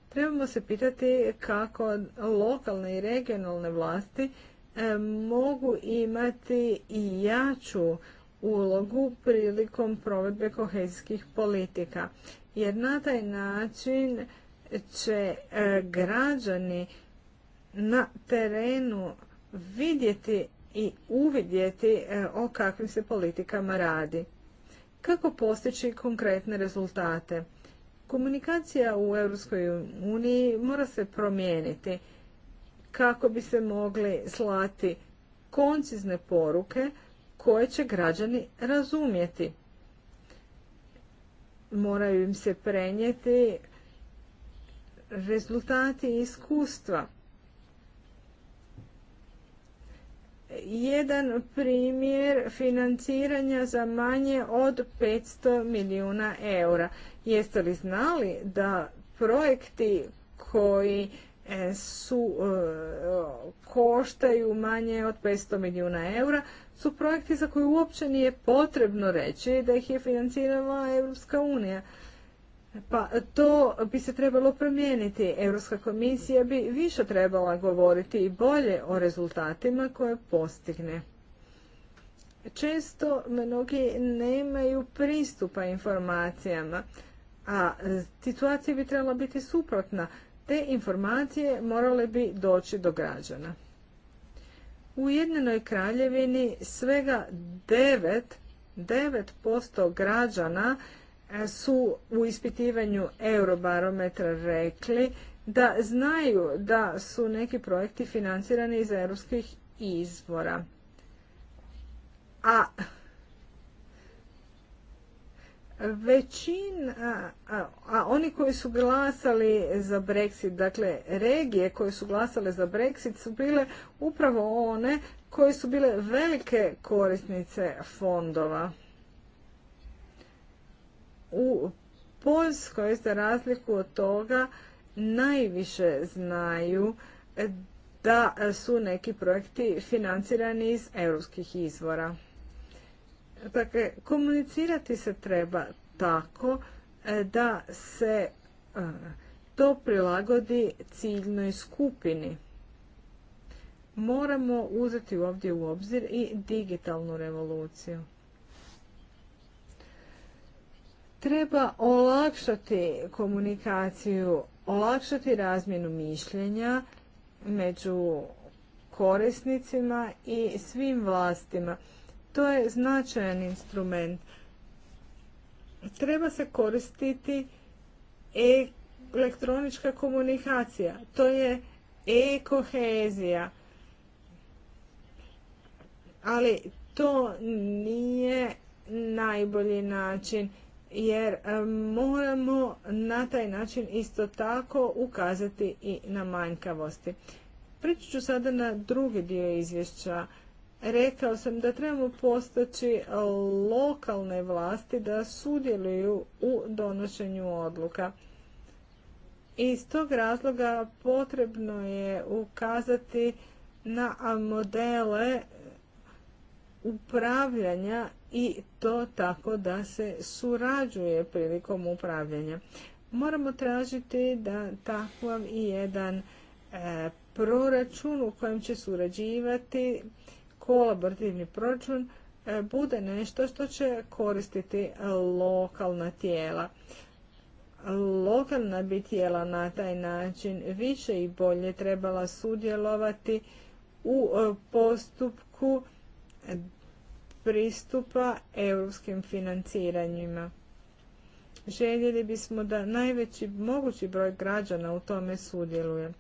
Trebamo se pitati kako lokalne i regionalne vlasti mogu imati i jaču ulogu prilikom provedbe kohezijskih politika. Jer na taj način će eh, građani na terenu vidjeti i uvidjeti e, o kakvim se politikama radi. Kako postići konkretne rezultate? Komunikacija u EU mora se promijeniti kako bi se mogli slati koncizne poruke koje će građani razumjeti. Moraju im se prenijeti rezultati iskustva jedan primjer financiranja za manje od 500 milijuna eura. Jeste li znali da projekti koji e, su e, koštaju manje od 500 milijuna eura su projekti za koje uopće nije potrebno reći da ih je financirala Europska unija. Pa to bi se trebalo promijeniti. Europska komisija bi više trebala govoriti i bolje o rezultatima koje postigne. Često mnogi nemaju pristupa informacijama, a situacija bi trebala biti suprotna. Te informacije morale bi doći do građana. U Jedinoj kraljevini svega 9%, 9 građana E, su u ispitivanju Eurobarometra rekli da znaju da su neki projekti financirani iz europskih izvora. A većina, a, a oni koji su glasali za Brexit, dakle regije koje su glasale za Brexit su bile upravo one koje su bile velike korisnice fondova. U Poljskoj, za razliku od toga, najviše znaju da su neki projekti financirani iz europskih izvora. Dakle, komunicirati se treba tako e, da se e, to prilagodi ciljnoj skupini. Moramo uzeti ovdje u obzir i digitalnu revoluciju. Treba olakšati komunikaciju, olakšati razmjenu mišljenja među korisnicima i svim vlastima. To je značajan instrument. Treba se koristiti elektronička komunikacija. To je ekohezija. Ali to nije najbolji način jer e, moramo na taj način isto tako ukazati i na manjkavosti. Prići ću sada na drugi dio izvješća. Rekao sam da trebamo postaći lokalne vlasti da sudjeluju u donošenju odluka. Iz tog razloga potrebno je ukazati na modele upravljanja i to tako da se surađuje prilikom upravljanja. Moramo tražiti da takav i jedan e, proračun u kojem će surađivati kolaborativni proračun e, bude nešto što će koristiti lokalna tijela. Lokalna bi tijela na taj način više i bolje trebala sudjelovati u e, postupku pristupa europskim financiranjima. Željeli bismo da najveći mogući broj građana u tome sudjeluje.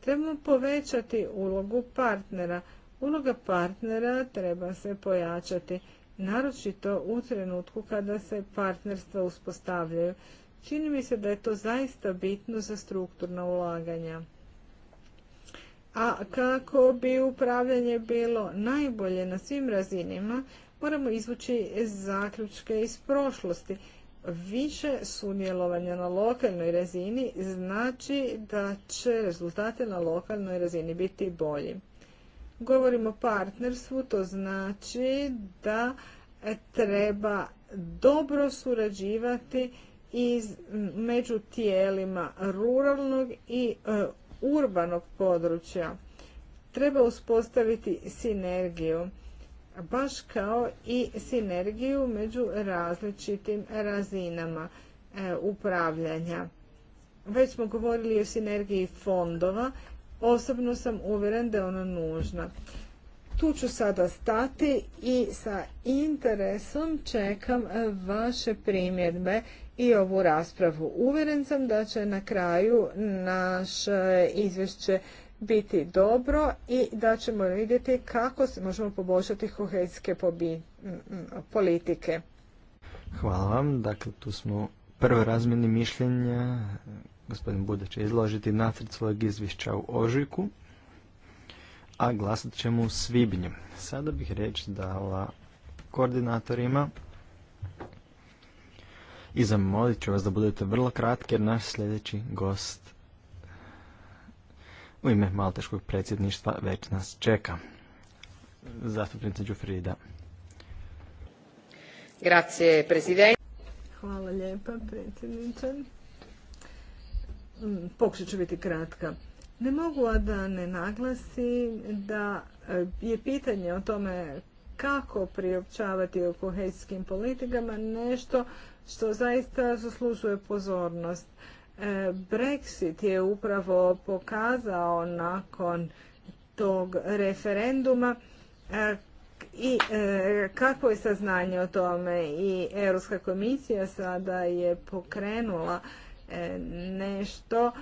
Trebamo povećati ulogu partnera. Uloga partnera treba se pojačati, naročito u trenutku kada se partnerstva uspostavljaju. Čini mi se da je to zaista bitno za strukturna ulaganja. A kako bi upravljanje bilo najbolje na svim razinima, moramo izvući zaključke iz prošlosti. Više sudjelovanja na lokalnoj razini znači da će rezultate na lokalnoj razini biti bolji. Govorimo o partnerstvu, to znači da treba dobro surađivati iz, među tijelima ruralnog i e, urbanog područja. Treba uspostaviti sinergiju, baš kao i sinergiju među različitim razinama e, upravljanja. Već smo govorili o sinergiji fondova, osobno sam uvjeren da je ona nužna. Tu ću sada stati i sa interesom čekam e, vaše primjedbe i ovu raspravu. Uvjeren sam da će na kraju naše izvješće biti dobro i da ćemo vidjeti kako se možemo poboljšati kohezijske politike. Hvala vam. Dakle, tu smo prvo razmjeni mišljenja. Gospodin Buda će izložiti nacrt svojeg izvješća u ožujku, a glasat ćemo u svibnju. Sada bih reći dala koordinatorima i zamolit ću vas da budete vrlo kratki jer naš sljedeći gost u ime Malteškog predsjedništva već nas čeka. Zastupnica Đufrida. Grazie, presidente. Hvala lijepa, predsjedniče. Mm, pokušat ću biti kratka. Ne mogu a da ne naglasim da e, je pitanje o tome kako priopćavati o kohezijskim politikama nešto što zaista zaslužuje pozornost. E, Brexit je upravo pokazao nakon tog referenduma e, i e, kakvo je saznanje o tome i Europska komisija sada je pokrenula nešto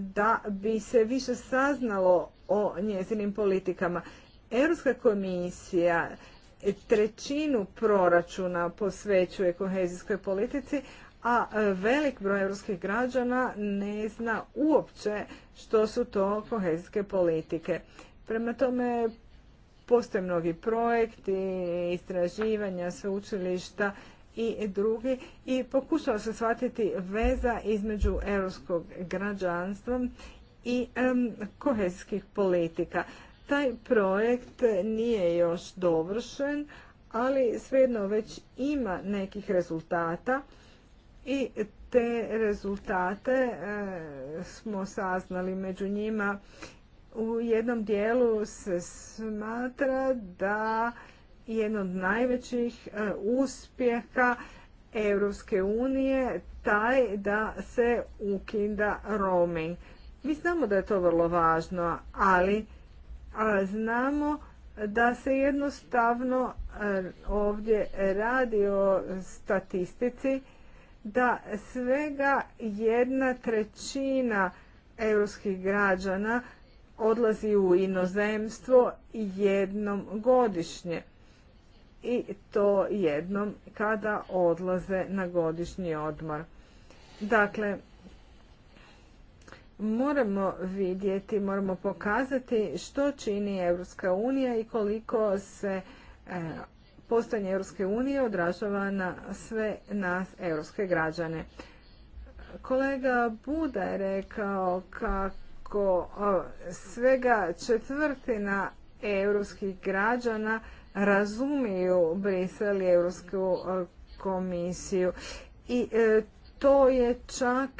da bi se više saznalo o njezinim politikama. Europska komisija trećinu proračuna posvećuje kohezijskoj politici, a e, velik broj europskih građana ne zna uopće što su to kohezijske politike. Prema tome, postoje mnogi projekti, istraživanja, sveučilišta i drugi i pokušava se shvatiti veza između europskog građanstva i kohezijskih politika. Taj projekt nije još dovršen, ali svejedno već ima nekih rezultata i te rezultate e, smo saznali među njima. U jednom dijelu se smatra da jedan od najvećih e, uspjeha Europske unije taj da se ukinda roaming. Mi znamo da je to vrlo važno, ali Znamo da se jednostavno eh, ovdje radi o statistici da svega jedna trećina europskih građana odlazi u inozemstvo jednom godišnje i to jednom kada odlaze na godišnji odmor. Dakle, moramo vidjeti, moramo pokazati što čini Europska unija i koliko se e, postojanje Europske unije odražava na sve nas europske građane. Kolega Buda je rekao kako svega četvrtina europskih građana razumiju Brisel i Europsku e, komisiju i e, to je čak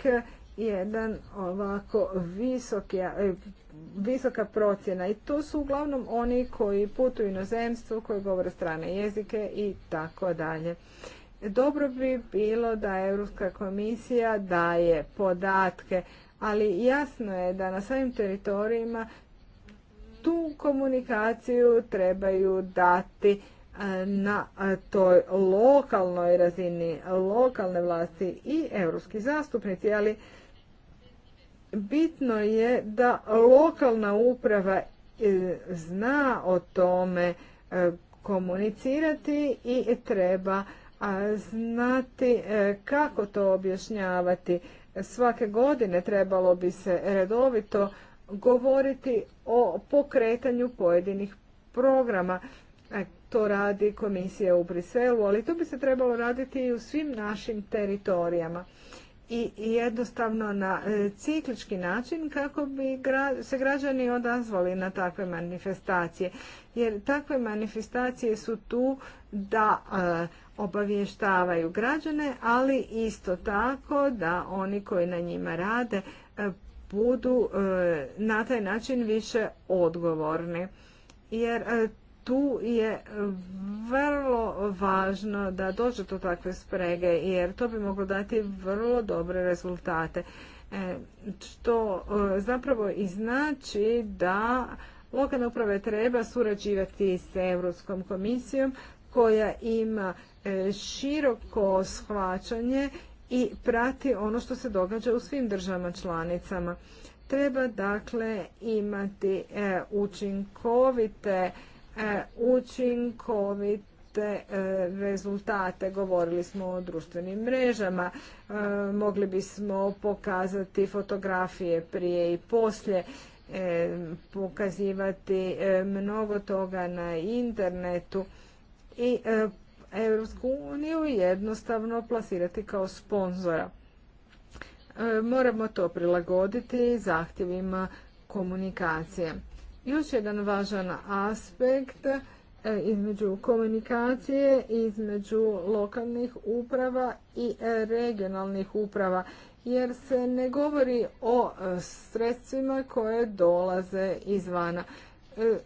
jedan ovako visoki, e, visoka procjena i to su uglavnom oni koji putuju zemstvu, koji govore strane jezike i tako dalje. Dobro bi bilo da Europska komisija daje podatke, ali jasno je da na svojim teritorijima tu komunikaciju trebaju dati e, na toj lokalnoj razini, lokalne vlasti i europski zastupnici, ali Bitno je da lokalna uprava e, zna o tome e, komunicirati i treba znati e, kako to objašnjavati. Svake godine trebalo bi se redovito govoriti o pokretanju pojedinih programa. To radi komisija u Briselu, ali to bi se trebalo raditi i u svim našim teritorijama i jednostavno na e, ciklički način kako bi se građani odazvali na takve manifestacije. Jer takve manifestacije su tu da e, obavještavaju građane, ali isto tako da oni koji na njima rade e, budu na taj način više odgovorni. Jer tu je vrlo važno da dođe do takve sprege jer to bi moglo dati vrlo dobre rezultate. E, što e, zapravo i znači da Lokalne uprave treba surađivati s Europskom komisijom koja ima e, široko shvaćanje i prati ono što se događa u svim državama članicama. Treba dakle imati učinkovite E, učinkovite e, rezultate. Govorili smo o društvenim mrežama, e, mogli bismo pokazati fotografije prije i poslije, pokazivati mnogo toga na internetu i Europsku uniju jednostavno plasirati kao sponzora. Moramo to prilagoditi zahtjevima komunikacije. Još jedan važan aspekt e, između komunikacije, između lokalnih uprava i regionalnih uprava, jer se ne govori o e, sredstvima koje dolaze izvana. E,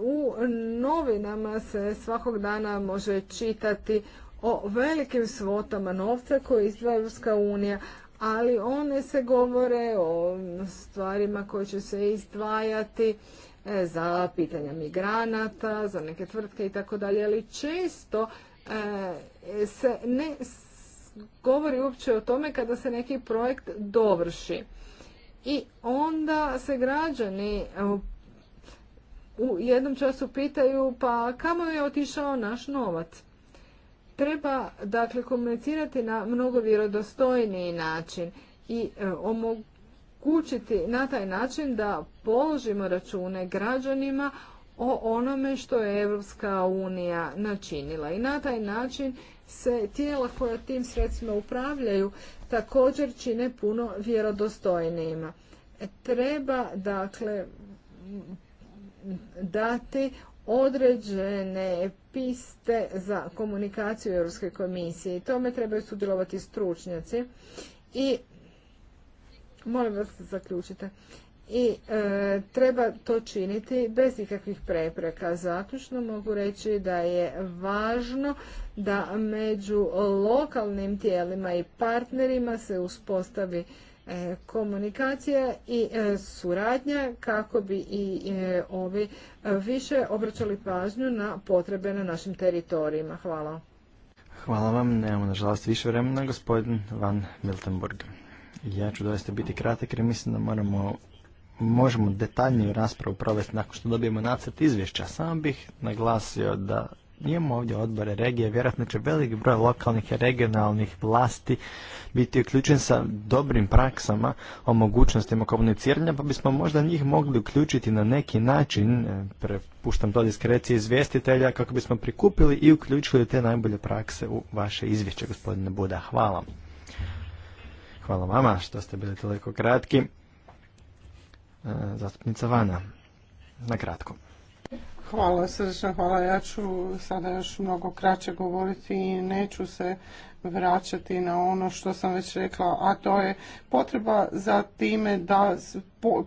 u novinama se svakog dana može čitati o velikim svotama novca koje izdvaja Europska unija, ali one se govore o stvarima koje će se izdvajati E, za pitanja migranata, za neke tvrtke i tako dalje, ali često e, se ne govori uopće o tome kada se neki projekt dovrši. I onda se građani e, u jednom času pitaju pa kamo je otišao naš novac? Treba dakle komunicirati na mnogo vjerodostojniji način i kučiti na taj način da položimo račune građanima o onome što je Europska unija načinila. I na taj način se tijela koja tim sredstvima upravljaju također čine puno vjerodostojnijima. Treba dakle dati određene piste za komunikaciju Europske komisije i tome trebaju sudjelovati stručnjaci i Molim vas zaključite. I e, treba to činiti bez ikakvih prepreka. Zaključno mogu reći da je važno da među lokalnim tijelima i partnerima se uspostavi e, komunikacija i e, suradnja kako bi i ovi više obraćali pažnju na potrebe na našim teritorijima. Hvala. Hvala vam. Nemamo nažalost više vremena. Gospodin Van Miltenburg. Ja ću doista biti kratak jer mislim da moramo možemo detaljniju raspravu provesti nakon što dobijemo nacrt izvješća. Samo bih naglasio da imamo ovdje odbore regije, vjerojatno će veliki broj lokalnih i regionalnih vlasti biti uključen sa dobrim praksama o mogućnostima komuniciranja, pa bismo možda njih mogli uključiti na neki način, e, prepuštam to diskrecije izvjestitelja, kako bismo prikupili i uključili te najbolje prakse u vaše izvješće, gospodine Buda. Hvala. Hvala vama što ste bili toliko kratki. E, zastupnica Vana, na kratko. Hvala, srdečno hvala. Ja ću sada još mnogo kraće govoriti i neću se vraćati na ono što sam već rekla, a to je potreba za time da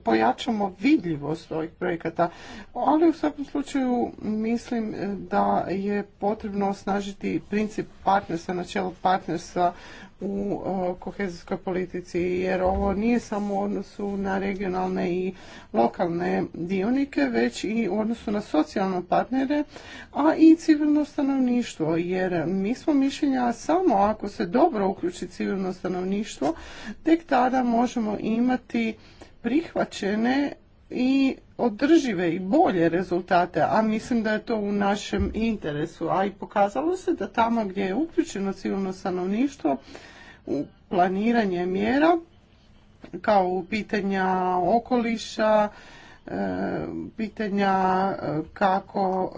pojačamo vidljivost ovih projekata. Ali u svakom slučaju mislim da je potrebno osnažiti princip partnerstva, načelo partnerstva u kohezijskoj politici jer ovo nije samo u odnosu na regionalne i lokalne dionike već i u odnosu na socijalne partnere a i civilno stanovništvo jer mi smo mišljenja samo ako se dobro uključi civilno stanovništvo tek tada možemo imati prihvaćene i održive i bolje rezultate, a mislim da je to u našem interesu. A i pokazalo se da tamo gdje je uključeno civilno stanovništvo u planiranje mjera, kao u pitanja okoliša, e, pitanja e, kako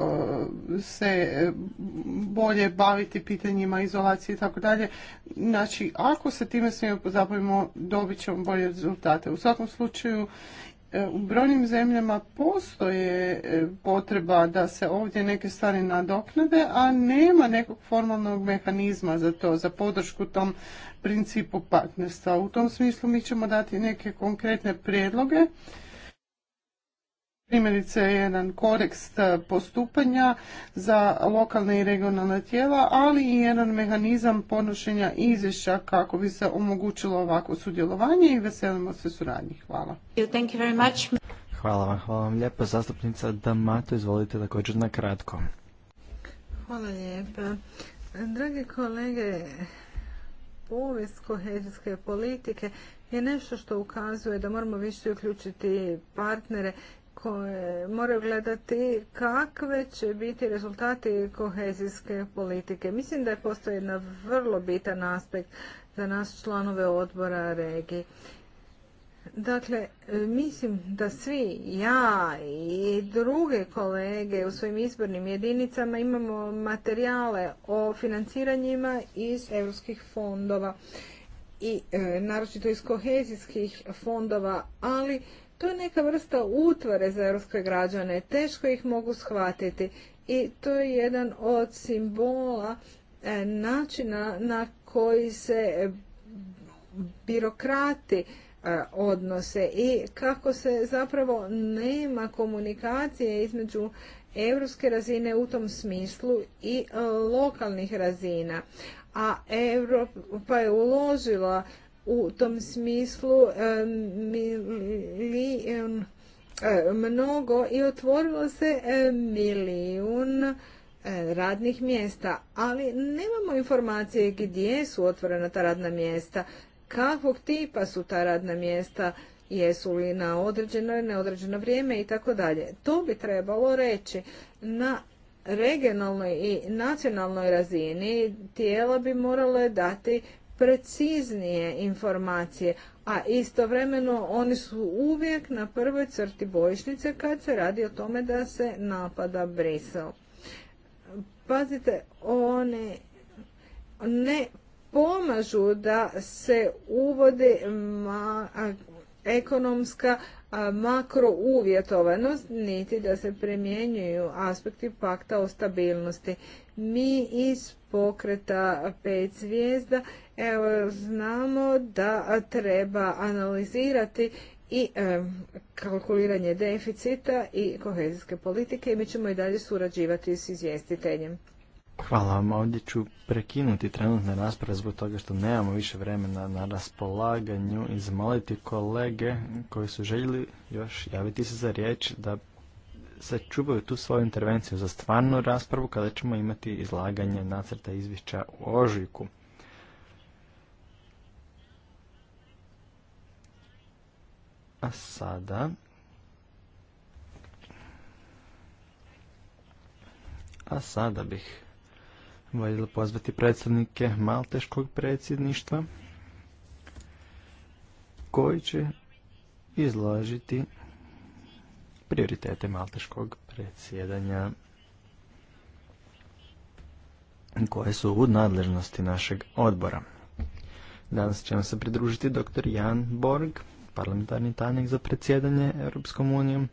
e, se bolje baviti pitanjima izolacije i tako dalje. Znači, ako se time svima pozabavimo, dobit ćemo bolje rezultate. U svakom slučaju E, u brojnim zemljama postoje e, potreba da se ovdje neke stvari nadoknade, a nema nekog formalnog mehanizma za to, za podršku tom principu partnerstva. U tom smislu mi ćemo dati neke konkretne prijedloge primjerice jedan kodeks postupanja za lokalne i regionalne tijela, ali i jedan mehanizam podnošenja izvješća kako bi se omogućilo ovako sudjelovanje i veselimo se suradnji. Hvala. Thank you very much. Hvala vam, hvala vam Zastupnica Damato, izvolite također na kratko. Hvala lijepa. Drage kolege, povijest kohezijske politike je nešto što ukazuje da moramo više uključiti partnere koje moraju gledati kakve će biti rezultati kohezijske politike. Mislim da je postoji jedna vrlo bitan aspekt za nas članove odbora regije. Dakle, mislim da svi, ja i druge kolege u svojim izbornim jedinicama imamo materijale o financiranjima iz europskih fondova i e, naročito iz kohezijskih fondova, ali to je neka vrsta utvore za europske građane, teško ih mogu shvatiti i to je jedan od simbola e, načina na koji se birokrati e, odnose i kako se zapravo nema komunikacije između europske razine u tom smislu i e, lokalnih razina. A Europa je uložila u tom smislu milijun mnogo i otvorilo se milijun radnih mjesta, ali nemamo informacije gdje su otvorena ta radna mjesta, kakvog tipa su ta radna mjesta, jesu li na određeno ili neodređeno vrijeme i tako dalje. To bi trebalo reći. Na regionalnoj i nacionalnoj razini tijela bi moralo dati preciznije informacije, a istovremeno oni su uvijek na prvoj crti bojišnice kad se radi o tome da se napada Brisel. Pazite, oni ne pomažu da se uvode ma ekonomska makrouvjetovanost, niti da se primjenjuju aspekti pakta o stabilnosti. Mi iz pokreta pet zvijezda Evo, znamo da treba analizirati i e, kalkuliranje deficita i kohezijske politike i mi ćemo i dalje surađivati s izvjestiteljem. Hvala vam, ovdje ću prekinuti trenutne rasprave zbog toga što nemamo više vremena na raspolaganju i zamoliti kolege koji su željeli još javiti se za riječ da sačuvaju tu svoju intervenciju za stvarnu raspravu kada ćemo imati izlaganje nacrta izvješća u ožujku. A sada... bih voljela pozvati predstavnike Malteškog predsjedništva koji će izložiti prioritete Malteškog predsjedanja koje su u nadležnosti našeg odbora. Danas ćemo se pridružiti dr. Jan Borg, parlamentarni tajnik za predsjedanje Europskom unijom.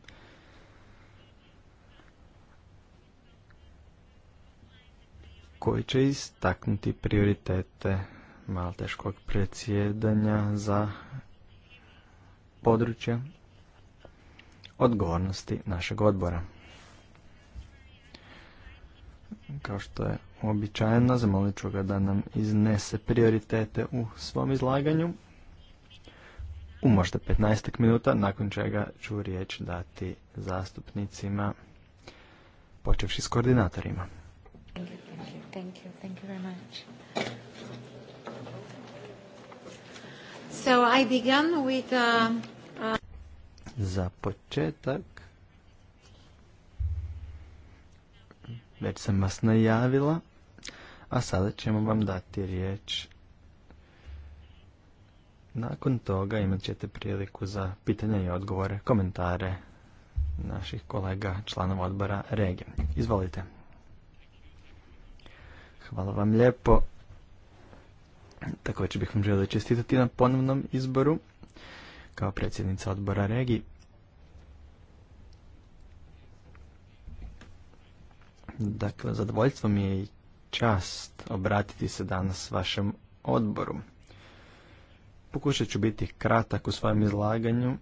koji će istaknuti prioritete malteškog predsjedanja za područje odgovornosti našeg odbora. Kao što je uobičajeno, zamolit ću ga da nam iznese prioritete u svom izlaganju u možda 15 minuta, nakon čega ću riječ dati zastupnicima, počevši s koordinatorima. Thank Za početak već sam vas najavila, a sada ćemo vam dati riječ nakon toga imat ćete priliku za pitanja i odgovore, komentare naših kolega članova odbora regije. Izvolite. Hvala vam lijepo. Također bih vam želio čestitati na ponovnom izboru kao predsjednica odbora regije. Dakle, zadovoljstvo mi je i čast obratiti se danas vašem odboru. Pokušat ću biti kratak u svojem izlaganju,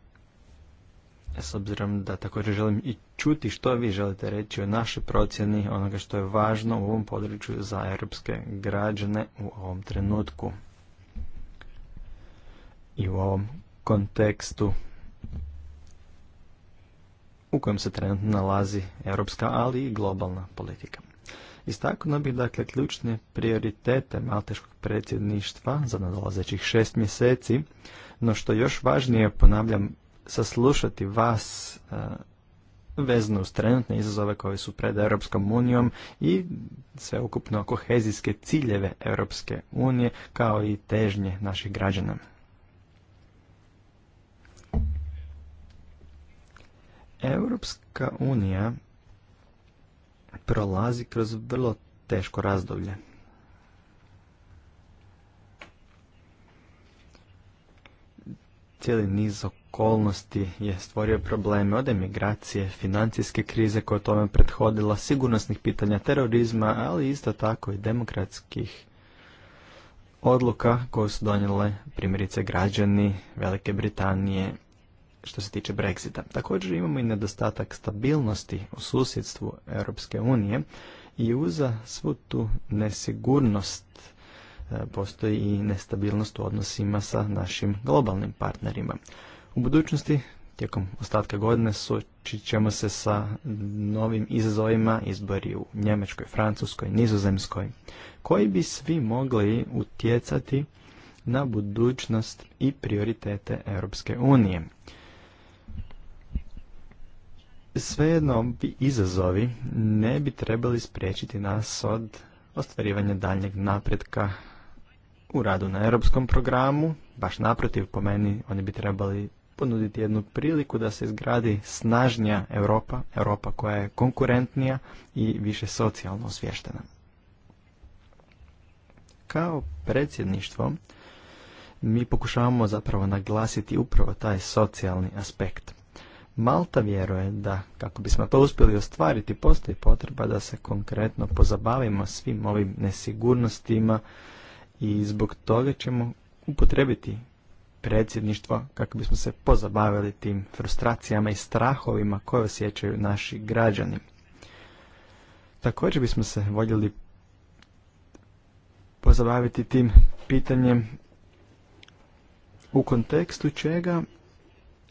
s obzirom da također želim i čuti što vi želite reći o našoj procjeni onoga što je važno u ovom području za europske građane u ovom trenutku i u ovom kontekstu u kojem se trenutno nalazi europska, ali i globalna politika. Istaknuo bih dakle ključne prioritete malteškog predsjedništva za nadolazećih šest mjeseci, no što još važnije ponavljam saslušati vas e, vezno uz trenutne izazove koje su pred Europskom unijom i sveukupno kohezijske ciljeve Europske unije kao i težnje naših građana. Europska unija prolazi kroz vrlo teško razdoblje. Cijeli niz okolnosti je stvorio probleme od emigracije, financijske krize koja je tome prethodila, sigurnosnih pitanja, terorizma, ali isto tako i demokratskih odluka koje su donijele primjerice građani Velike Britanije što se tiče Brexita. Također imamo i nedostatak stabilnosti u susjedstvu Europske unije i uza svu tu nesigurnost e, postoji i nestabilnost u odnosima sa našim globalnim partnerima. U budućnosti, tijekom ostatka godine, suočit ćemo se sa novim izazovima, izbori u Njemačkoj, Francuskoj, Nizozemskoj, koji bi svi mogli utjecati na budućnost i prioritete Europske unije. Svejedno, izazovi ne bi trebali spriječiti nas od ostvarivanja daljnjeg napretka u radu na europskom programu. Baš naprotiv, po meni, oni bi trebali ponuditi jednu priliku da se izgradi snažnija Europa, Europa koja je konkurentnija i više socijalno osvještena. Kao predsjedništvo mi pokušavamo zapravo naglasiti upravo taj socijalni aspekt. Malta vjeruje da kako bismo to uspjeli ostvariti postoji potreba da se konkretno pozabavimo svim ovim nesigurnostima i zbog toga ćemo upotrebiti predsjedništvo kako bismo se pozabavili tim frustracijama i strahovima koje osjećaju naši građani. Također bismo se voljeli pozabaviti tim pitanjem u kontekstu čega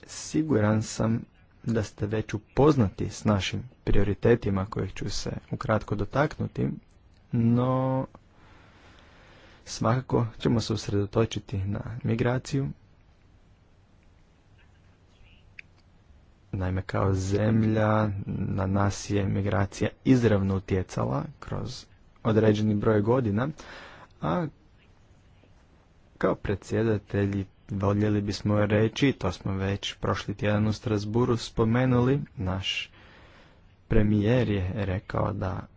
siguran sam da ste već upoznati s našim prioritetima kojih ću se ukratko dotaknuti, no svakako ćemo se usredotočiti na migraciju. Naime, kao zemlja na nas je migracija izravno utjecala kroz određeni broj godina, a kao predsjedatelji voljeli bismo reći, to smo već prošli tjedan u Strasburu spomenuli, naš premijer je rekao da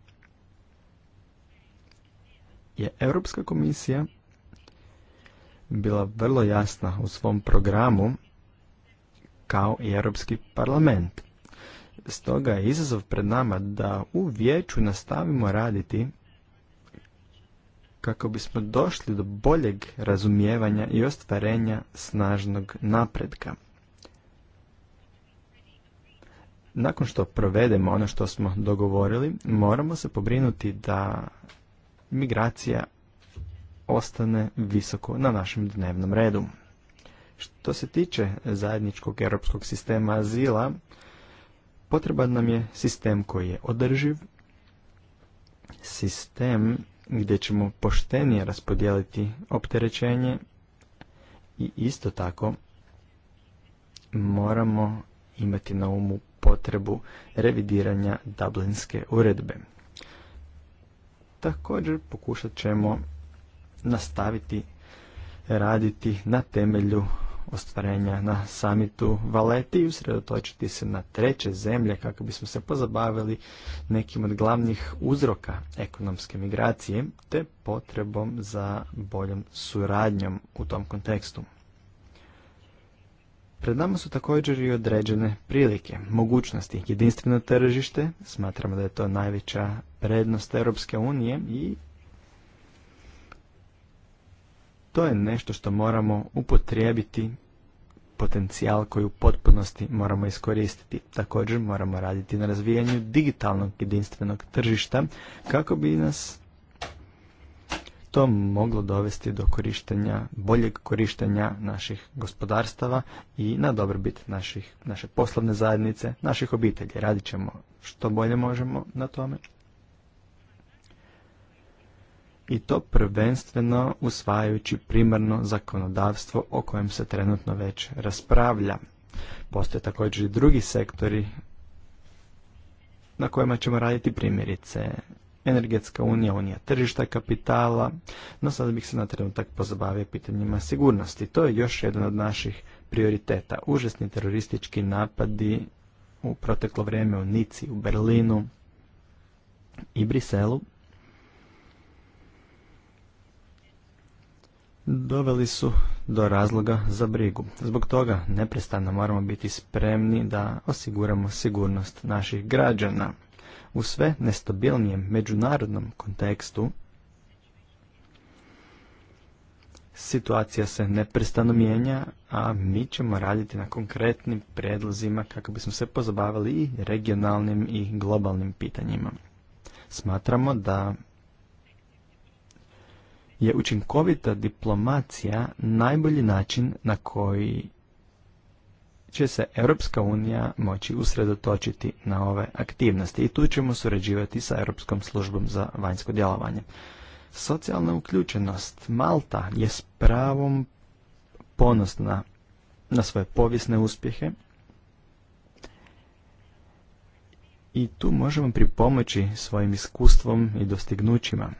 je Europska komisija bila vrlo jasna u svom programu kao i Europski parlament. Stoga je izazov pred nama da u vijeću nastavimo raditi kako bismo došli do boljeg razumijevanja i ostvarenja snažnog napredka. Nakon što provedemo ono što smo dogovorili, moramo se pobrinuti da migracija ostane visoko na našem dnevnom redu. Što se tiče zajedničkog europskog sistema azila, potreban nam je sistem koji je održiv, sistem gdje ćemo poštenije raspodijeliti opterećenje i isto tako moramo imati na umu potrebu revidiranja Dublinske uredbe. Također pokušat ćemo nastaviti raditi na temelju ostvarenja na samitu Valeti i usredotočiti se na treće zemlje kako bismo se pozabavili nekim od glavnih uzroka ekonomske migracije te potrebom za boljom suradnjom u tom kontekstu. Pred nama su također i određene prilike, mogućnosti. Jedinstveno tržište, smatramo da je to najveća prednost Europske unije i to je nešto što moramo upotrijebiti potencijal koji u potpunosti moramo iskoristiti. Također moramo raditi na razvijanju digitalnog jedinstvenog tržišta kako bi nas to moglo dovesti do korištenja, boljeg korištenja naših gospodarstava i na dobrobit naše poslovne zajednice, naših obitelji. Radit ćemo što bolje možemo na tome i to prvenstveno usvajajući primarno zakonodavstvo o kojem se trenutno već raspravlja. Postoje također i drugi sektori na kojima ćemo raditi primjerice energetska unija, unija tržišta kapitala, no sad bih se na trenutak pozabavio pitanjima sigurnosti. To je još jedan od naših prioriteta. Užasni teroristički napadi u proteklo vrijeme u Nici, u Berlinu i Briselu doveli su do razloga za brigu. Zbog toga neprestano moramo biti spremni da osiguramo sigurnost naših građana. U sve nestabilnijem međunarodnom kontekstu situacija se neprestano mijenja, a mi ćemo raditi na konkretnim predlozima kako bismo se pozabavili i regionalnim i globalnim pitanjima. Smatramo da je učinkovita diplomacija najbolji način na koji će se Europska unija moći usredotočiti na ove aktivnosti i tu ćemo surađivati sa Europskom službom za vanjsko djelovanje. Socijalna uključenost Malta je s pravom ponosna na svoje povijesne uspjehe i tu možemo pripomoći svojim iskustvom i dostignućima.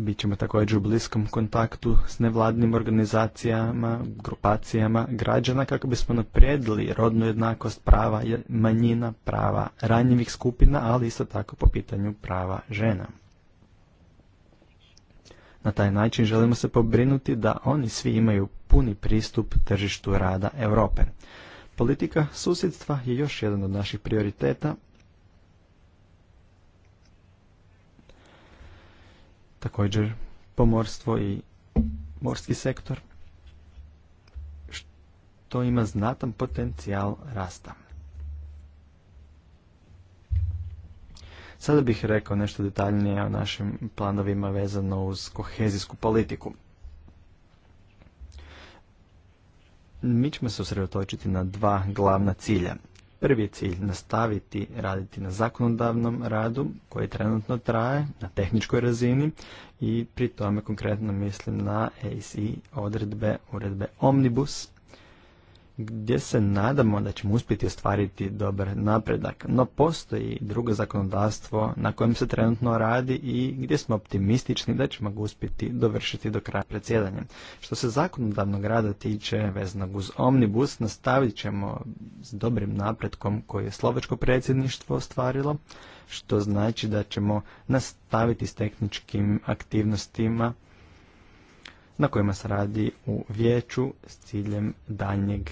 Bićemo također u bliskom kontaktu s nevladnim organizacijama, grupacijama građana kako bismo naprijedili rodnu jednakost prava manjina, prava ranjivih skupina, ali isto tako po pitanju prava žena. Na taj način želimo se pobrinuti da oni svi imaju puni pristup tržištu rada Europe. Politika susjedstva je još jedan od naših prioriteta, također pomorstvo i morski sektor, što ima znatan potencijal rasta. Sada bih rekao nešto detaljnije o našim planovima vezano uz kohezijsku politiku. Mi ćemo se usredotočiti na dva glavna cilja – Prvi je cilj nastaviti raditi na zakonodavnom radu koji trenutno traje na tehničkoj razini i pri tome konkretno mislim na AC odredbe, uredbe Omnibus gdje se nadamo da ćemo uspjeti ostvariti dobar napredak. No postoji drugo zakonodavstvo na kojem se trenutno radi i gdje smo optimistični da ćemo ga uspjeti dovršiti do kraja predsjedanja. Što se zakonodavnog rada tiče vezanog uz omnibus, nastavit ćemo s dobrim napretkom koje je slovačko predsjedništvo ostvarilo, što znači da ćemo nastaviti s tehničkim aktivnostima na kojima se radi u vijeću s ciljem danjeg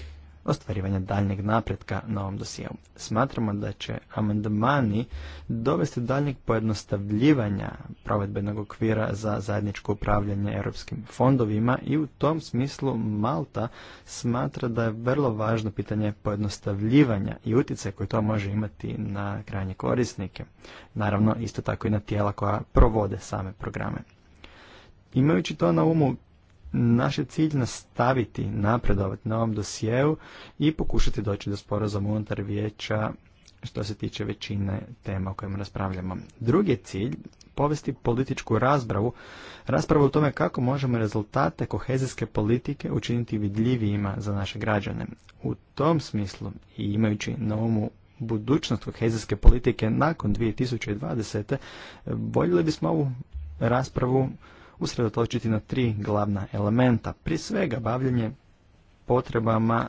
ostvarivanja daljnjeg napretka na ovom dosijelu. Smatramo da će amandmani dovesti daljnjeg pojednostavljivanja provedbenog okvira za zajedničko upravljanje europskim fondovima i u tom smislu Malta smatra da je vrlo važno pitanje pojednostavljivanja i utjecaj koji to može imati na krajnje korisnike. Naravno, isto tako i na tijela koja provode same programe. Imajući to na umu, naš je cilj nastaviti napredovati na ovom dosjeu i pokušati doći do sporazuma unutar vijeća što se tiče većine tema o kojima raspravljamo. Drugi je cilj povesti političku raspravu, raspravu o tome kako možemo rezultate kohezijske politike učiniti vidljivijima za naše građane. U tom smislu i imajući na umu budućnost kohezijske politike nakon 2020. voljeli bismo ovu raspravu usredotočiti na tri glavna elementa. Prije svega bavljanje potrebama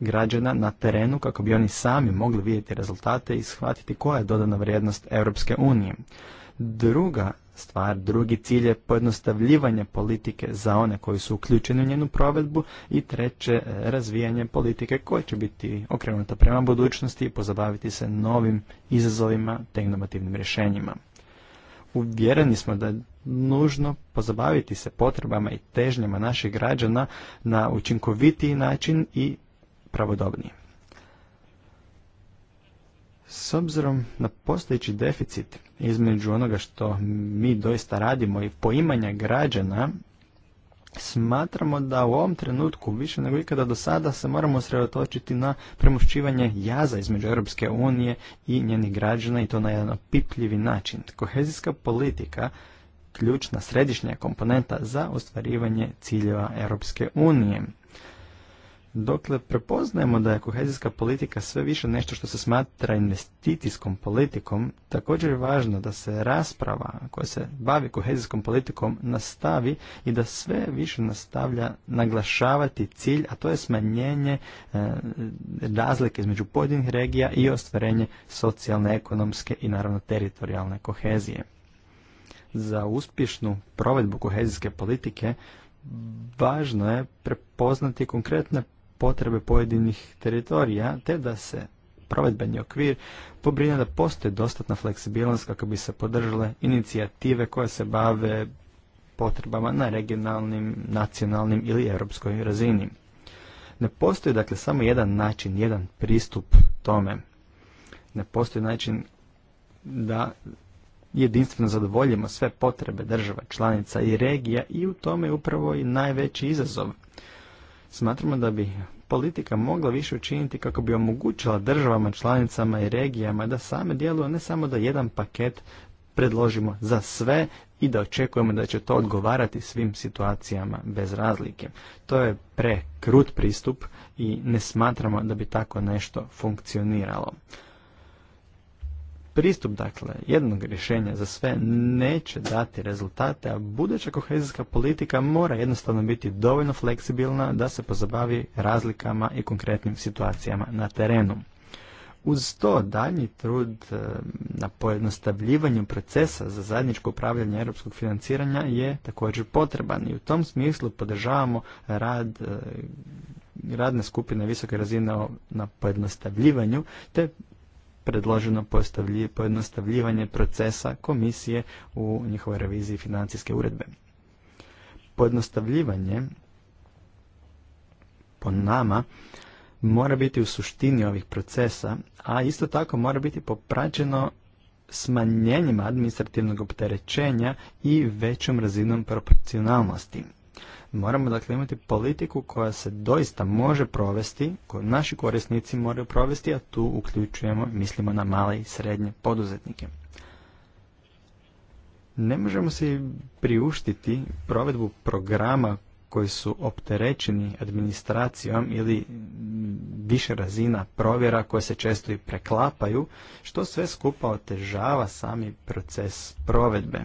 građana na terenu kako bi oni sami mogli vidjeti rezultate i shvatiti koja je dodana vrijednost Europske unije. Druga stvar, drugi cilj je pojednostavljivanje politike za one koji su uključeni u njenu provedbu i treće, razvijanje politike koja će biti okrenuta prema budućnosti i pozabaviti se novim izazovima te inovativnim rješenjima. Uvjereni smo da nužno pozabaviti se potrebama i težnjama naših građana na učinkovitiji način i pravodobniji. S obzirom na postojeći deficit između onoga što mi doista radimo i poimanja građana, smatramo da u ovom trenutku više nego ikada do sada se moramo sredotočiti na premošćivanje jaza između Europske unije i njenih građana i to na jedan opipljivi način. Kohezijska politika ključna središnja komponenta za ostvarivanje ciljeva Europske unije. Dokle prepoznajemo da je kohezijska politika sve više nešto što se smatra investicijskom politikom, također je važno da se rasprava koja se bavi kohezijskom politikom nastavi i da sve više nastavlja naglašavati cilj, a to je smanjenje e, razlike između pojedinih regija i ostvarenje socijalne, ekonomske i naravno teritorijalne kohezije za uspješnu provedbu kohezijske politike važno je prepoznati konkretne potrebe pojedinih teritorija te da se provedbeni okvir pobrine da postoji dostatna fleksibilnost kako bi se podržale inicijative koje se bave potrebama na regionalnim, nacionalnim ili europskoj razini. Ne postoji dakle samo jedan način, jedan pristup tome. Ne postoji način da jedinstveno zadovoljimo sve potrebe država, članica i regija i u tome je upravo i najveći izazov. Smatramo da bi politika mogla više učiniti kako bi omogućila državama, članicama i regijama da same djeluju, ne samo da jedan paket predložimo za sve i da očekujemo da će to odgovarati svim situacijama bez razlike. To je prekrut pristup i ne smatramo da bi tako nešto funkcioniralo. Pristup, dakle, jednog rješenja za sve neće dati rezultate, a buduća kohezijska politika mora jednostavno biti dovoljno fleksibilna da se pozabavi razlikama i konkretnim situacijama na terenu. Uz to daljnji trud eh, na pojednostavljivanju procesa za zajedničko upravljanje europskog financiranja je također potreban i u tom smislu podržavamo rad eh, radne skupine visoke razine na pojednostavljivanju te predloženo pojednostavljivanje procesa komisije u njihovoj reviziji financijske uredbe. Pojednostavljivanje po nama mora biti u suštini ovih procesa, a isto tako mora biti popraćeno smanjenjima administrativnog opterećenja i većom razinom proporcionalnosti. Moramo dakle imati politiku koja se doista može provesti, koju naši korisnici moraju provesti, a tu uključujemo, mislimo na male i srednje poduzetnike. Ne možemo se priuštiti provedbu programa koji su opterećeni administracijom ili više razina provjera koje se često i preklapaju, što sve skupa otežava sami proces provedbe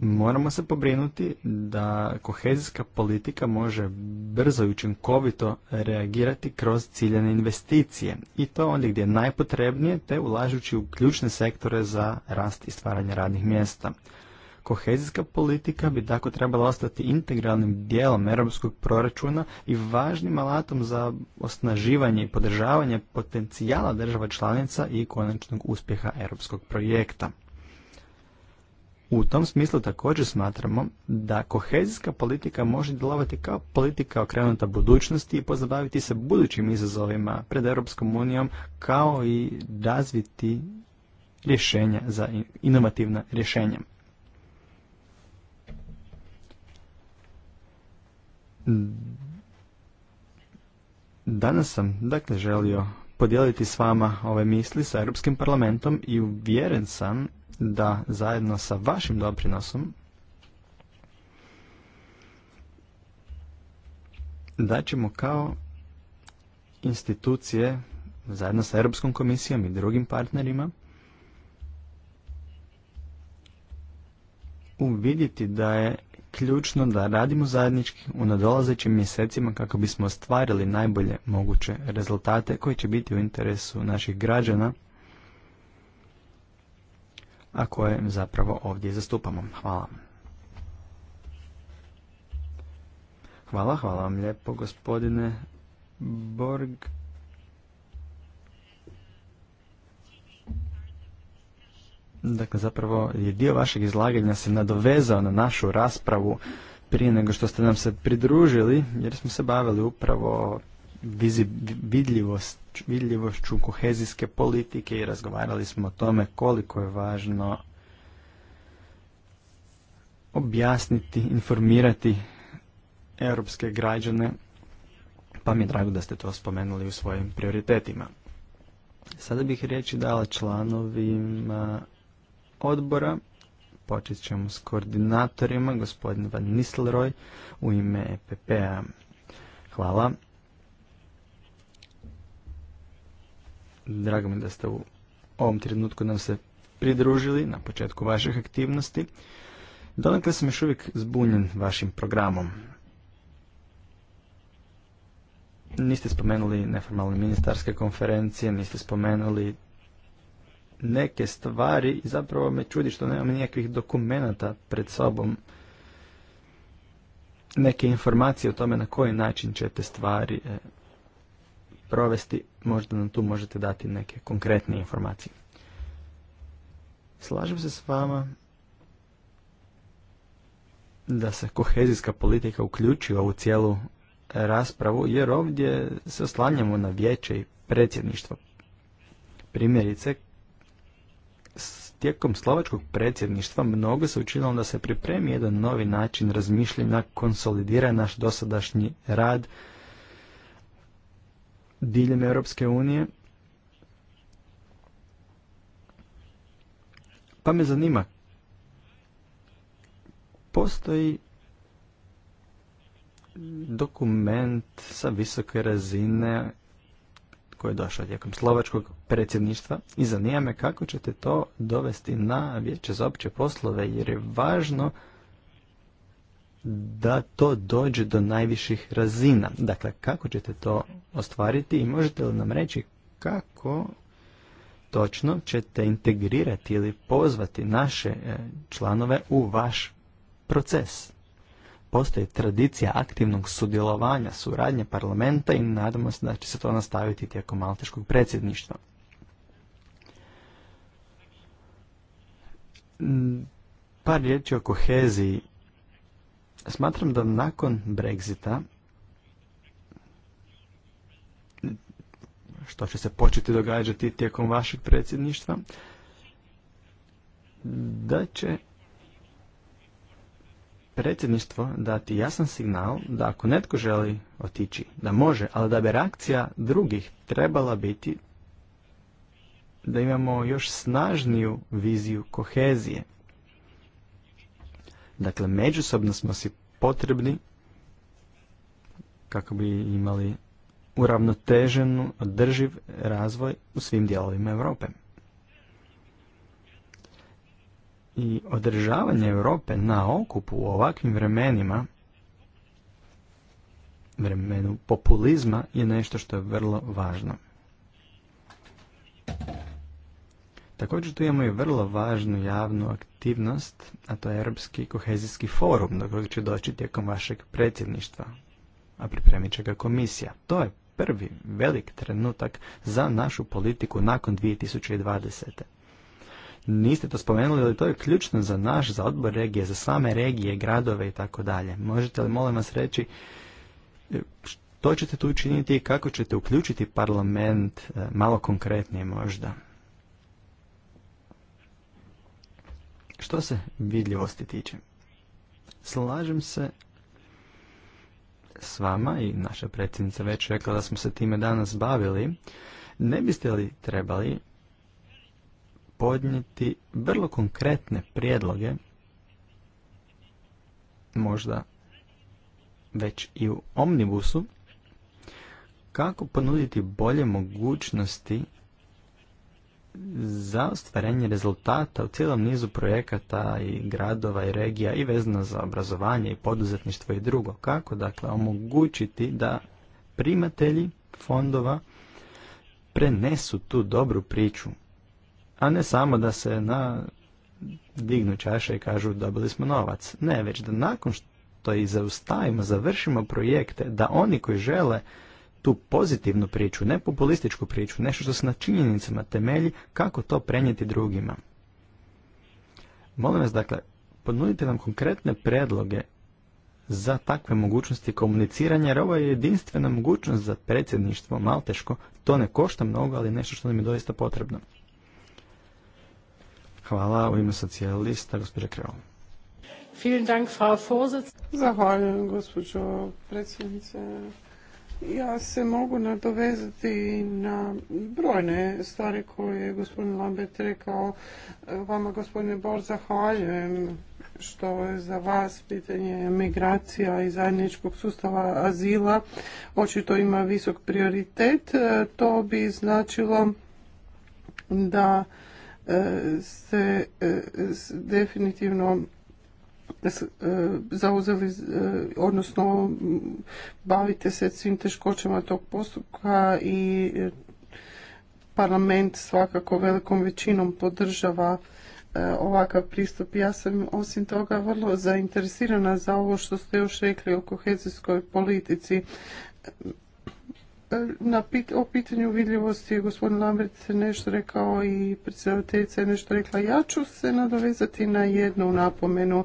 moramo se pobrinuti da kohezijska politika može brzo i učinkovito reagirati kroz ciljene investicije i to ondje gdje je najpotrebnije te ulažući u ključne sektore za rast i stvaranje radnih mjesta. Kohezijska politika bi tako trebala ostati integralnim dijelom europskog proračuna i važnim alatom za osnaživanje i podržavanje potencijala država članica i konačnog uspjeha europskog projekta. U tom smislu također smatramo da kohezijska politika može djelovati kao politika okrenuta budućnosti i pozabaviti se budućim izazovima pred Europskom unijom kao i razviti rješenja za inovativna rješenja. Danas sam dakle želio podijeliti s vama ove misli sa Europskim parlamentom i uvjeren sam da zajedno sa vašim doprinosom da ćemo kao institucije zajedno sa Europskom komisijom i drugim partnerima uvidjeti da je ključno da radimo zajednički u nadolazećim mjesecima kako bismo ostvarili najbolje moguće rezultate koji će biti u interesu naših građana a koje zapravo ovdje zastupamo. Hvala. Hvala, hvala vam lijepo gospodine Borg. Dakle, zapravo je dio vašeg izlaganja se nadovezao na našu raspravu prije nego što ste nam se pridružili, jer smo se bavili upravo vidljivost, vidljivošću kohezijske politike i razgovarali smo o tome koliko je važno objasniti, informirati europske građane, pa mi je drago da ste to spomenuli u svojim prioritetima. Sada bih riječi dala članovima odbora. Počet ćemo s koordinatorima, gospodin Van Nisleroy u ime EPP-a. Hvala. Drago mi da ste u ovom trenutku nam se pridružili na početku vaših aktivnosti. Donakle sam još uvijek zbunjen vašim programom. Niste spomenuli neformalne ministarske konferencije, niste spomenuli neke stvari i zapravo me čudi što nemam nikakvih dokumenata pred sobom neke informacije o tome na koji način ćete stvari e, provesti, možda nam tu možete dati neke konkretne informacije. Slažem se s vama da se kohezijska politika uključi u ovu cijelu raspravu, jer ovdje se oslanjamo na vijeće i predsjedništvo. Primjerice, tijekom slovačkog predsjedništva mnogo se učinilo da se pripremi jedan novi način razmišljanja, konsolidira naš dosadašnji rad, diljem Europske unije. Pa me zanima, postoji dokument sa visoke razine koji je došao tijekom slovačkog predsjedništva i zanima me kako ćete to dovesti na vijeće za opće poslove jer je važno da to dođe do najviših razina. Dakle, kako ćete to ostvariti i možete li nam reći kako točno ćete integrirati ili pozvati naše e, članove u vaš proces? Postoji tradicija aktivnog sudjelovanja, suradnje parlamenta i nadamo se da će se to nastaviti tijekom malteškog predsjedništva. Par riječi o koheziji Smatram da nakon Brexita što će se početi događati tijekom vašeg predsjedništva, da će predsjedništvo dati jasan signal da ako netko želi otići, da može, ali da bi reakcija drugih trebala biti da imamo još snažniju viziju kohezije. Dakle, međusobno smo si potrebni kako bi imali uravnoteženu, održiv razvoj u svim dijelovima Europe. I održavanje Europe na okupu u ovakvim vremenima, vremenu populizma, je nešto što je vrlo važno. Također tu imamo i vrlo važnu javnu aktivnost, a to je Europski kohezijski forum do kojeg će doći tijekom vašeg predsjedništva, a pripremit će ga komisija. To je prvi velik trenutak za našu politiku nakon 2020. Niste to spomenuli, ali to je ključno za naš, za odbor regije, za same regije, gradove i tako dalje. Možete li molim vas reći e, što ćete tu učiniti i kako ćete uključiti parlament e, malo konkretnije možda? Što se vidljivosti tiče, slažem se s vama i naša predsjednica već rekla da smo se time danas bavili, ne biste li trebali podnijeti vrlo konkretne prijedloge, možda već i u omnibusu, kako ponuditi bolje mogućnosti za ostvarenje rezultata u cijelom nizu projekata i gradova i regija i vezano za obrazovanje i poduzetništvo i drugo. Kako dakle omogućiti da primatelji fondova prenesu tu dobru priču, a ne samo da se na dignu čaše i kažu dobili smo novac. Ne, već da nakon što i zaustavimo, završimo projekte, da oni koji žele tu pozitivnu priču, ne populističku priču, nešto što se na činjenicama temelji, kako to prenijeti drugima. Molim vas, dakle, ponudite nam konkretne predloge za takve mogućnosti komuniciranja, jer ovo je jedinstvena mogućnost za predsjedništvo, teško, to ne košta mnogo, ali nešto što nam je doista potrebno. Hvala u ime socijalista, gospođa Kreol. Zahvaljujem, gospođo predsjednice. Ja se mogu nadovezati na brojne stvari koje je gospodin Lambert rekao. Vama, gospodine Bor, zahvaljujem što je za vas pitanje migracija i zajedničkog sustava azila očito ima visok prioritet. To bi značilo da e, se e, definitivno E, zauzeli, e, odnosno bavite se svim teškoćama tog postupka i e, parlament svakako velikom većinom podržava ovakav pristup. Ja sam osim toga vrlo zainteresirana za ovo što ste još rekli o kohezijskoj politici na o pitanju vidljivosti je gospodin Lambert nešto rekao i predsjedateljica je nešto rekla. Ja ću se nadovezati na jednu napomenu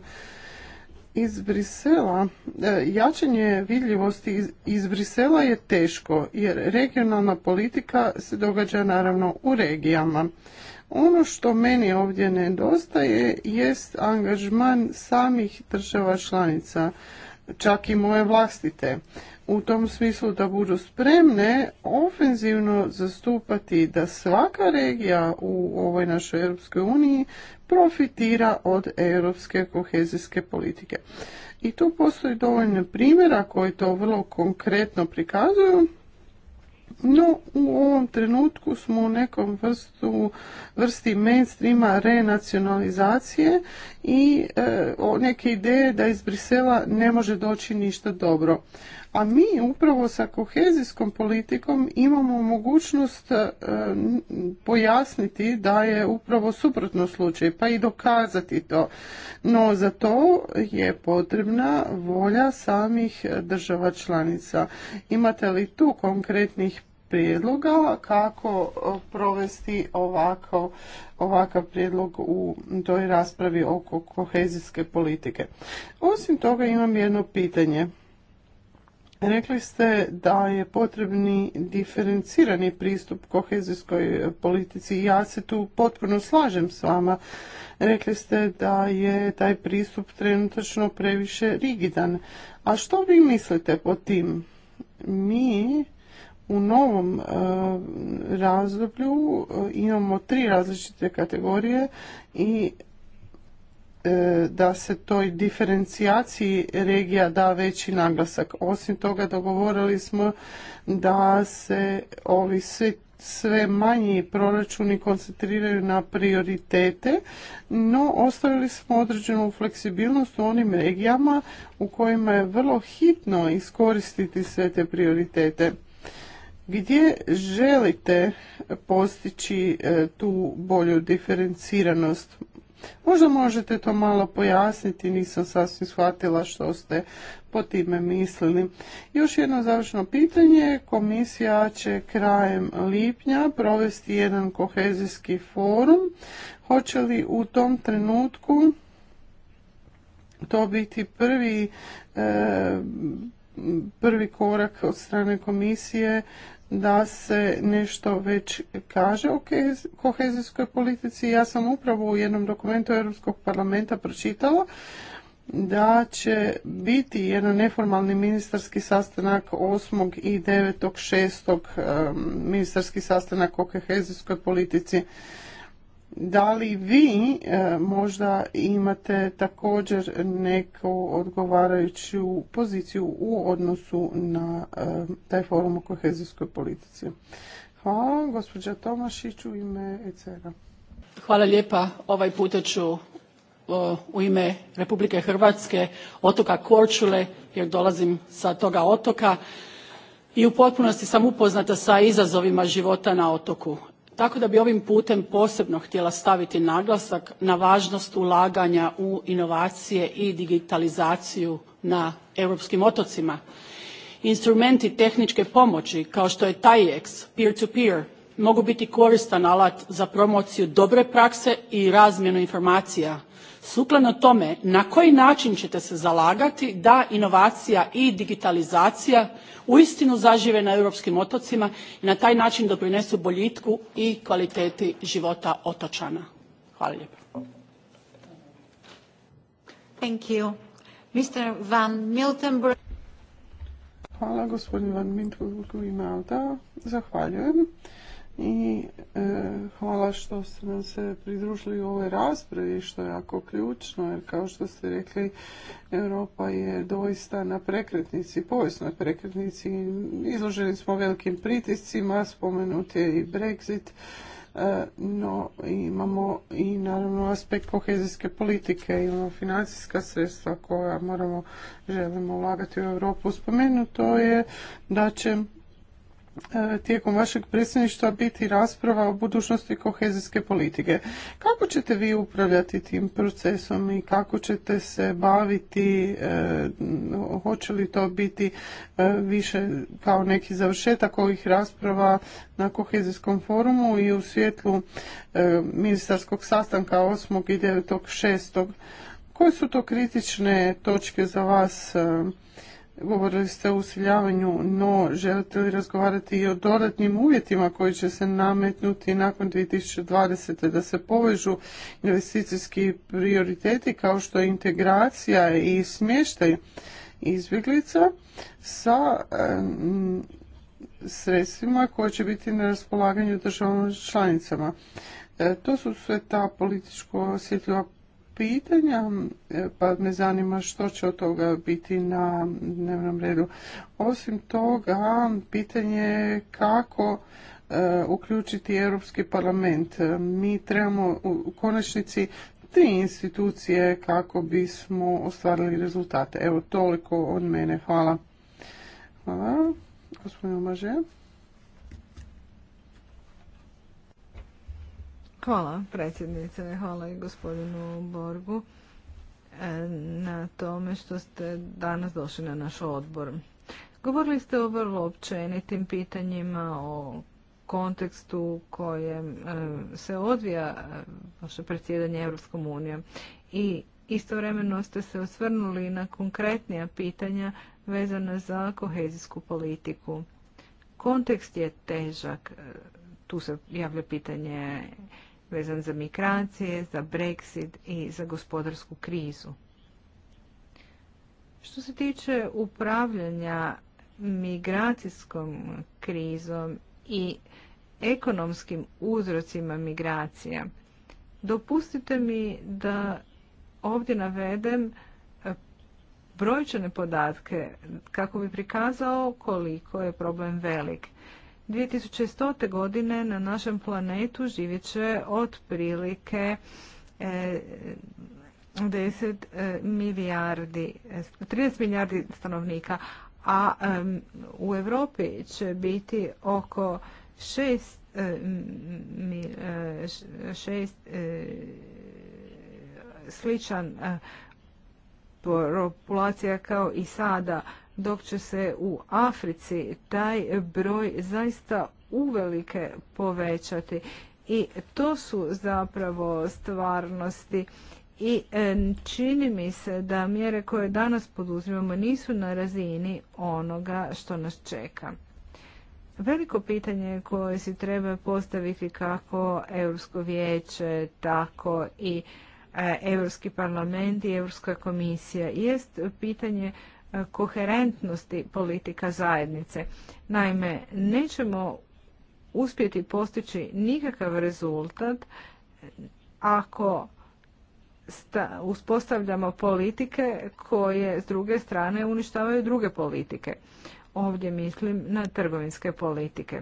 iz Brisela. E, jačanje vidljivosti iz Brisela je teško jer regionalna politika se događa naravno u regijama. Ono što meni ovdje nedostaje jest angažman samih država članica, čak i moje vlastite u tom smislu da budu spremne ofenzivno zastupati da svaka regija u ovoj našoj Europskoj uniji profitira od europske kohezijske politike. I tu postoji dovoljno primjera koji to vrlo konkretno prikazuju. No, u ovom trenutku smo u nekom vrstu, vrsti mainstreama renacionalizacije i e, neke ideje da iz Brisela ne može doći ništa dobro. A mi upravo sa kohezijskom politikom imamo mogućnost e, pojasniti da je upravo suprotno slučaj, pa i dokazati to. No za to je potrebna volja samih država članica. Imate li tu konkretnih prijedloga kako e, provesti ovako, ovakav prijedlog u toj raspravi oko kohezijske politike. Osim toga imam jedno pitanje. Rekli ste da je potrebni diferencirani pristup kohezijskoj politici. Ja se tu potpuno slažem s vama. Rekli ste da je taj pristup trenutačno previše rigidan. A što vi mislite po tim? Mi u novom e, razdoblju e, imamo tri različite kategorije i E, da se toj diferencijaciji regija da veći naglasak. Osim toga dogovorili smo da se ovi sve manji proračuni koncentriraju na prioritete, no ostavili smo određenu fleksibilnost u onim regijama u kojima je vrlo hitno iskoristiti sve te prioritete. Gdje želite postići e, tu bolju diferenciranost? Možda možete to malo pojasniti, nisam sasvim shvatila što ste po time mislili. Još jedno završno pitanje. Komisija će krajem lipnja provesti jedan kohezijski forum. Hoće li u tom trenutku to biti prvi e, prvi korak od strane komisije da se nešto već kaže o kohezijskoj politici. Ja sam upravo u jednom dokumentu Europskog parlamenta pročitala da će biti jedan neformalni ministarski sastanak 8. i 9. 6. ministarski sastanak o kohezijskoj politici da li vi e, možda imate također neku odgovarajuću poziciju u odnosu na e, taj forum o kohezijskoj politici? Hvala. Gospođa Tomašić u ime ECR-a. Hvala lijepa. Ovaj puta ću e, u ime Republike Hrvatske, otoka Korčule, jer dolazim sa toga otoka i u potpunosti sam upoznata sa izazovima života na otoku tako da bi ovim putem posebno htjela staviti naglasak na važnost ulaganja u inovacije i digitalizaciju na europskim otocima. Instrumenti tehničke pomoći kao što je TAIEX, peer to peer, mogu biti koristan alat za promociju dobre prakse i razmjenu informacija Sukladno tome, na koji način ćete se zalagati da inovacija i digitalizacija uistinu zažive na europskim otocima i na taj način doprinesu boljitku i kvaliteti života otočana? Hvala Van i e, hvala što ste nam se pridružili u ovoj raspravi što je jako ključno jer kao što ste rekli Europa je doista na prekretnici, povijesnoj prekretnici. Izloženi smo velikim pritiscima, spomenut je i Brexit, e, no imamo i naravno aspekt kohezijske politike, imamo financijska sredstva koja moramo, želimo ulagati u Europu. Spomenuto je da će E, tijekom vašeg predsjedništva biti rasprava o budućnosti kohezijske politike. Kako ćete vi upravljati tim procesom i kako ćete se baviti, e, hoće li to biti e, više kao neki završetak ovih rasprava na kohezijskom forumu i u svjetlu ministarskog sastanka 8. i 9. 6. Koje su to kritične točke za vas Govorili ste o usiljavanju, no želite li razgovarati i o dodatnim uvjetima koji će se nametnuti nakon 2020. da se povežu investicijski prioriteti kao što je integracija i smještaj izbjeglica sa sredstvima koje će biti na raspolaganju državama članicama. E, to su sve ta političko osjetljiva pitanja, e, pa me zanima što će od toga biti na dnevnom redu. Osim toga, pitanje je kako e, uključiti Europski parlament. Mi trebamo u konačnici tri institucije kako bismo ostvarili rezultate. Evo toliko od mene. Hvala. Hvala. Gospodin Omaže. Hvala predsjednice, hvala i gospodinu Borgu e, na tome što ste danas došli na naš odbor. Govorili ste o vrlo općenitim pitanjima, o kontekstu u kojem e, se odvija e, vaše predsjedanje Europskom unijom i istovremeno ste se osvrnuli na konkretnija pitanja vezana za kohezijsku politiku. Kontekst je težak, tu se javlja pitanje vezan za migracije, za Brexit i za gospodarsku krizu. Što se tiče upravljanja migracijskom krizom i ekonomskim uzrocima migracija, dopustite mi da ovdje navedem e, brojčane podatke kako bi prikazao koliko je problem velik. 2100. godine na našem planetu živjet će otprilike 10 e, e, milijardi, 30 milijardi stanovnika, a u Europi će biti oko 6 e, sličan populacija kao i sada dok će se u Africi taj broj zaista uvelike povećati. I to su zapravo stvarnosti i e, čini mi se da mjere koje danas poduzimamo nisu na razini onoga što nas čeka. Veliko pitanje koje si treba postaviti kako Europsko vijeće, tako i e, Europski parlament i Europska komisija jest pitanje koherentnosti politika zajednice. Naime, nećemo uspjeti postići nikakav rezultat ako uspostavljamo politike koje s druge strane uništavaju druge politike. Ovdje mislim na trgovinske politike.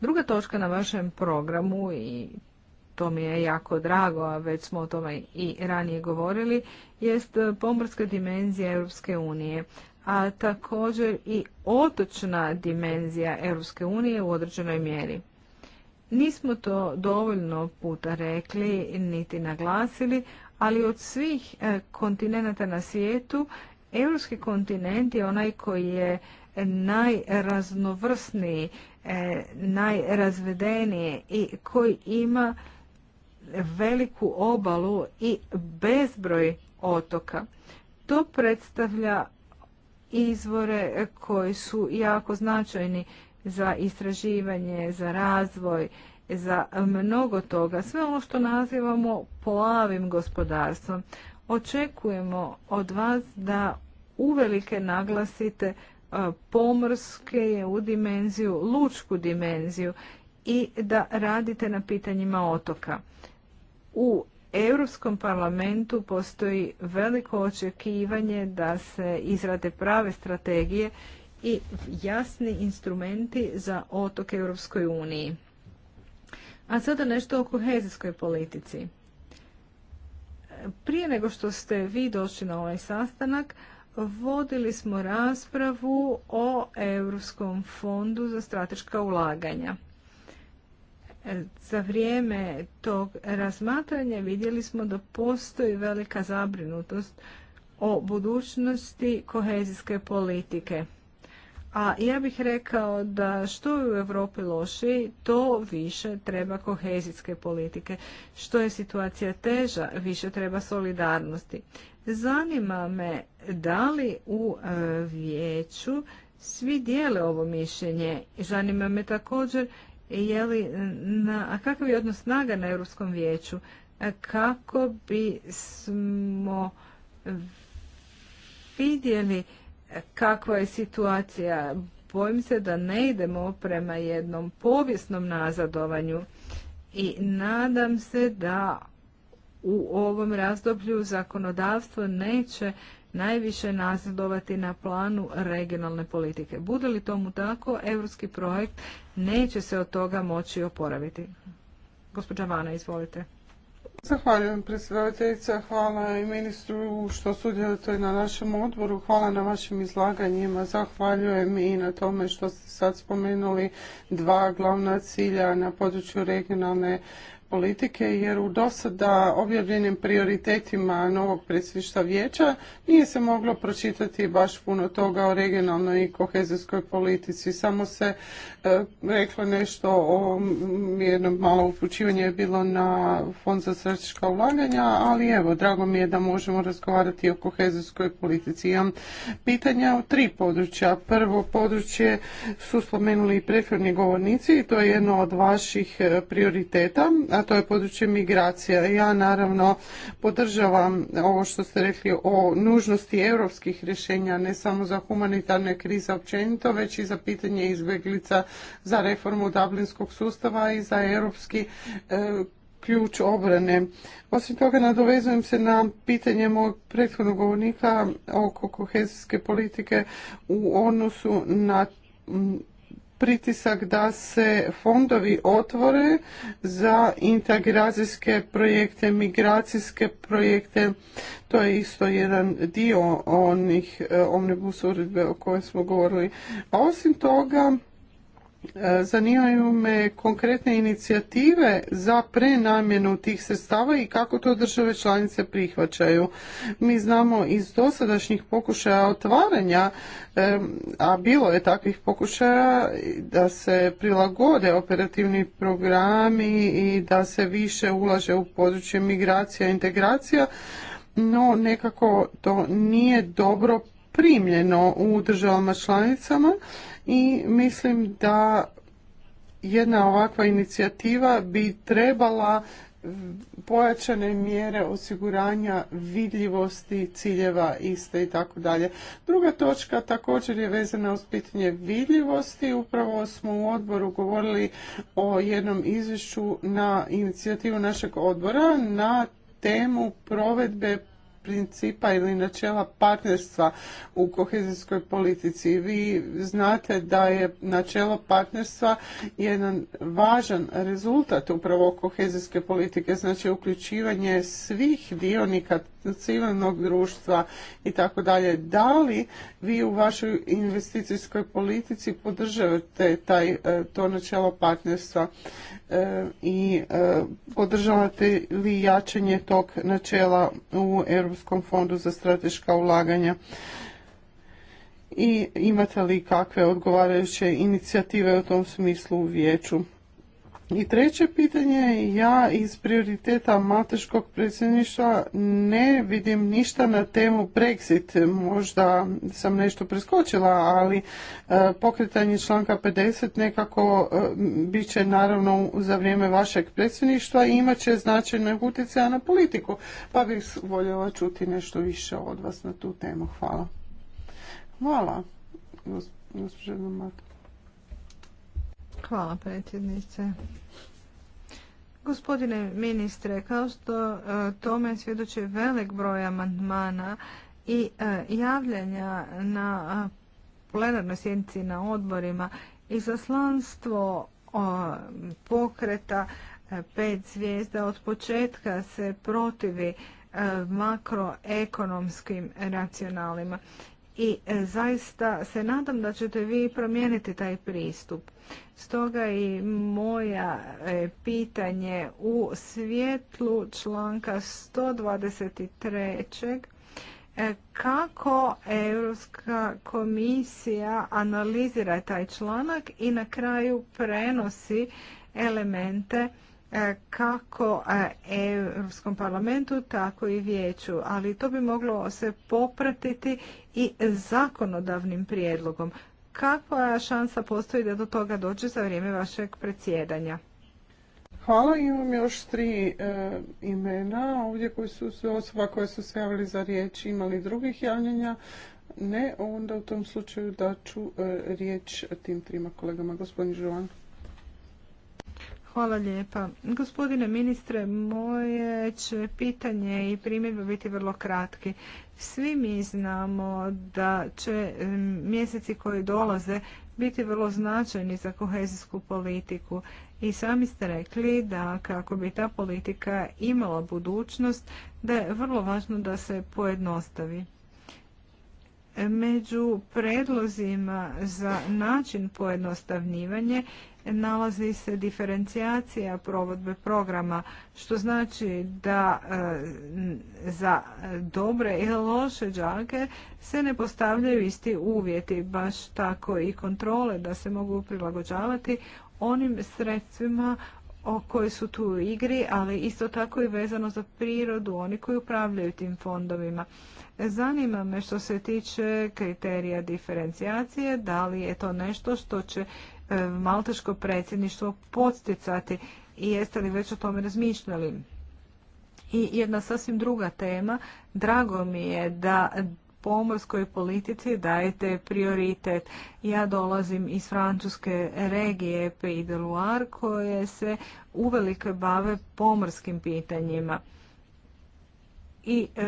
Druga točka na vašem programu i to mi je jako drago, a već smo o tome i ranije govorili, jest e, pomorska dimenzija Europske unije, a također i otočna dimenzija Europske unije u određenoj mjeri. Nismo to dovoljno puta rekli niti naglasili, ali od svih e, kontinenata na svijetu, europski kontinent je onaj koji je najraznovrsniji, e, najrazvedeniji i koji ima veliku obalu i bezbroj otoka. To predstavlja izvore koji su jako značajni za istraživanje, za razvoj, za mnogo toga. Sve ono što nazivamo plavim gospodarstvom. Očekujemo od vas da uvelike naglasite e, pomorske u dimenziju, lučku dimenziju i da radite na pitanjima otoka u Europskom parlamentu postoji veliko očekivanje da se izrade prave strategije i jasni instrumenti za otok Europskoj uniji. A sada nešto o kohezijskoj politici. Prije nego što ste vi došli na ovaj sastanak, vodili smo raspravu o Europskom fondu za strateška ulaganja. Za vrijeme tog razmatranja vidjeli smo da postoji velika zabrinutost o budućnosti kohezijske politike. A ja bih rekao da što je u Europi loši, to više treba kohezijske politike. Što je situacija teža, više treba solidarnosti. Zanima me da li u e, vijeću svi dijele ovo mišljenje. Zanima me također je li, na, a kakav je odnos snaga na Europskom vijeću? E, kako bi smo vidjeli kakva je situacija? Bojim se da ne idemo prema jednom povijesnom nazadovanju i nadam se da u ovom razdoblju zakonodavstvo neće najviše nazadovati na planu regionalne politike. Bude li tomu tako, europski projekt neće se od toga moći oporaviti. Gospođa Vana, izvolite. Zahvaljujem predsjedavateljica, hvala i ministru što sudjelujete na našem odboru, hvala na vašim izlaganjima, zahvaljujem i na tome što ste sad spomenuli dva glavna cilja na području regionalne politike jer u dosada objavljenim prioritetima novog predsjedništva vijeća nije se moglo pročitati baš puno toga o regionalnoj i kohezijskoj politici. Samo se e, reklo nešto o jedno malo upućivanje je bilo na Fond za strateška ulaganja, ali evo, drago mi je da možemo razgovarati o kohezijskoj politici. Imam pitanja u tri područja. Prvo područje su spomenuli i prethodni govornici i to je jedno od vaših e, prioriteta, a to je područje migracija. Ja naravno podržavam ovo što ste rekli o nužnosti europskih rješenja, ne samo za humanitarne krize općenito, već i za pitanje izbjeglica za reformu Dublinskog sustava i za europski e, ključ obrane. Osim toga, nadovezujem se na pitanje mog prethodnog govornika oko kohezijske politike u odnosu na pritisak da se fondovi otvore za integracijske projekte, migracijske projekte. To je isto jedan dio onih eh, omnibus uredbe o kojoj smo govorili. A osim toga, Zanimaju me konkretne inicijative za prenamjenu tih sredstava i kako to države članice prihvaćaju. Mi znamo iz dosadašnjih pokušaja otvaranja, a bilo je takvih pokušaja da se prilagode operativni programi i da se više ulaže u područje migracija i integracija, no nekako to nije dobro primljeno u državama članicama i mislim da jedna ovakva inicijativa bi trebala pojačane mjere osiguranja vidljivosti ciljeva iste i tako dalje. Druga točka također je vezana uz pitanje vidljivosti. Upravo smo u odboru govorili o jednom izvješću na inicijativu našeg odbora na temu provedbe principa ili načela partnerstva u kohezijskoj politici. Vi znate da je načelo partnerstva jedan važan rezultat upravo kohezijske politike, znači uključivanje svih dionika civilnog društva i tako dalje. Da li vi u vašoj investicijskoj politici podržavate taj, e, to načelo partnerstva e, i e, podržavate li jačanje tog načela u EU? Europskom fondu za strateška ulaganja i imate li kakve odgovarajuće inicijative u tom smislu u vijeću? I treće pitanje, ja iz prioriteta mateškog predsjedništva ne vidim ništa na temu Brexit. Možda sam nešto preskočila, ali e, pokretanje članka 50 nekako e, bit će naravno za vrijeme vašeg predsjedništva i imat će značajne utjecaja na politiku. Pa bih voljela čuti nešto više od vas na tu temu. Hvala. Hvala, gospođo Hvala predsjednice. Gospodine ministre, kao što e, tome svjedoče velik broj amandmana i e, javljanja na e, plenarnoj sjednici na odborima, i izaslanstvo pokreta pet zvijezda od početka se protivi makroekonomskim racionalima i e, zaista se nadam da ćete vi promijeniti taj pristup. Stoga i moja e, pitanje u svjetlu članka 123. E, kako Europska komisija analizira taj članak i na kraju prenosi elemente E, kako e, Europskom parlamentu, tako i vijeću, ali to bi moglo se popratiti i zakonodavnim prijedlogom. Kakva šansa postoji da do toga dođe za vrijeme vašeg predsjedanja? Hvala, imam još tri e, imena ovdje koji su osoba koje su se javili za riječ, imali drugih javljenja. Ne, onda u tom slučaju daću e, riječ tim trima kolegama. Gospodin Žovan. Hvala lijepa. Gospodine ministre, moje će pitanje i primjedbe biti vrlo kratki. Svi mi znamo da će mjeseci koji dolaze biti vrlo značajni za kohezijsku politiku i sami ste rekli da kako bi ta politika imala budućnost, da je vrlo važno da se pojednostavi. Među predlozima za način pojednostavnjivanje nalazi se diferencijacija provodbe programa, što znači da e, za dobre i loše đake se ne postavljaju isti uvjeti, baš tako i kontrole da se mogu prilagođavati onim sredstvima o koji su tu u igri, ali isto tako i vezano za prirodu, oni koji upravljaju tim fondovima. Zanima me što se tiče kriterija diferencijacije, da li je to nešto što će e, malteško predsjedništvo podsticati i jeste li već o tome razmišljali? I jedna sasvim druga tema, drago mi je da pomorskoj politici dajete prioritet. Ja dolazim iz francuske regije Pays de Loire koje se uvelike bave pomorskim pitanjima i e,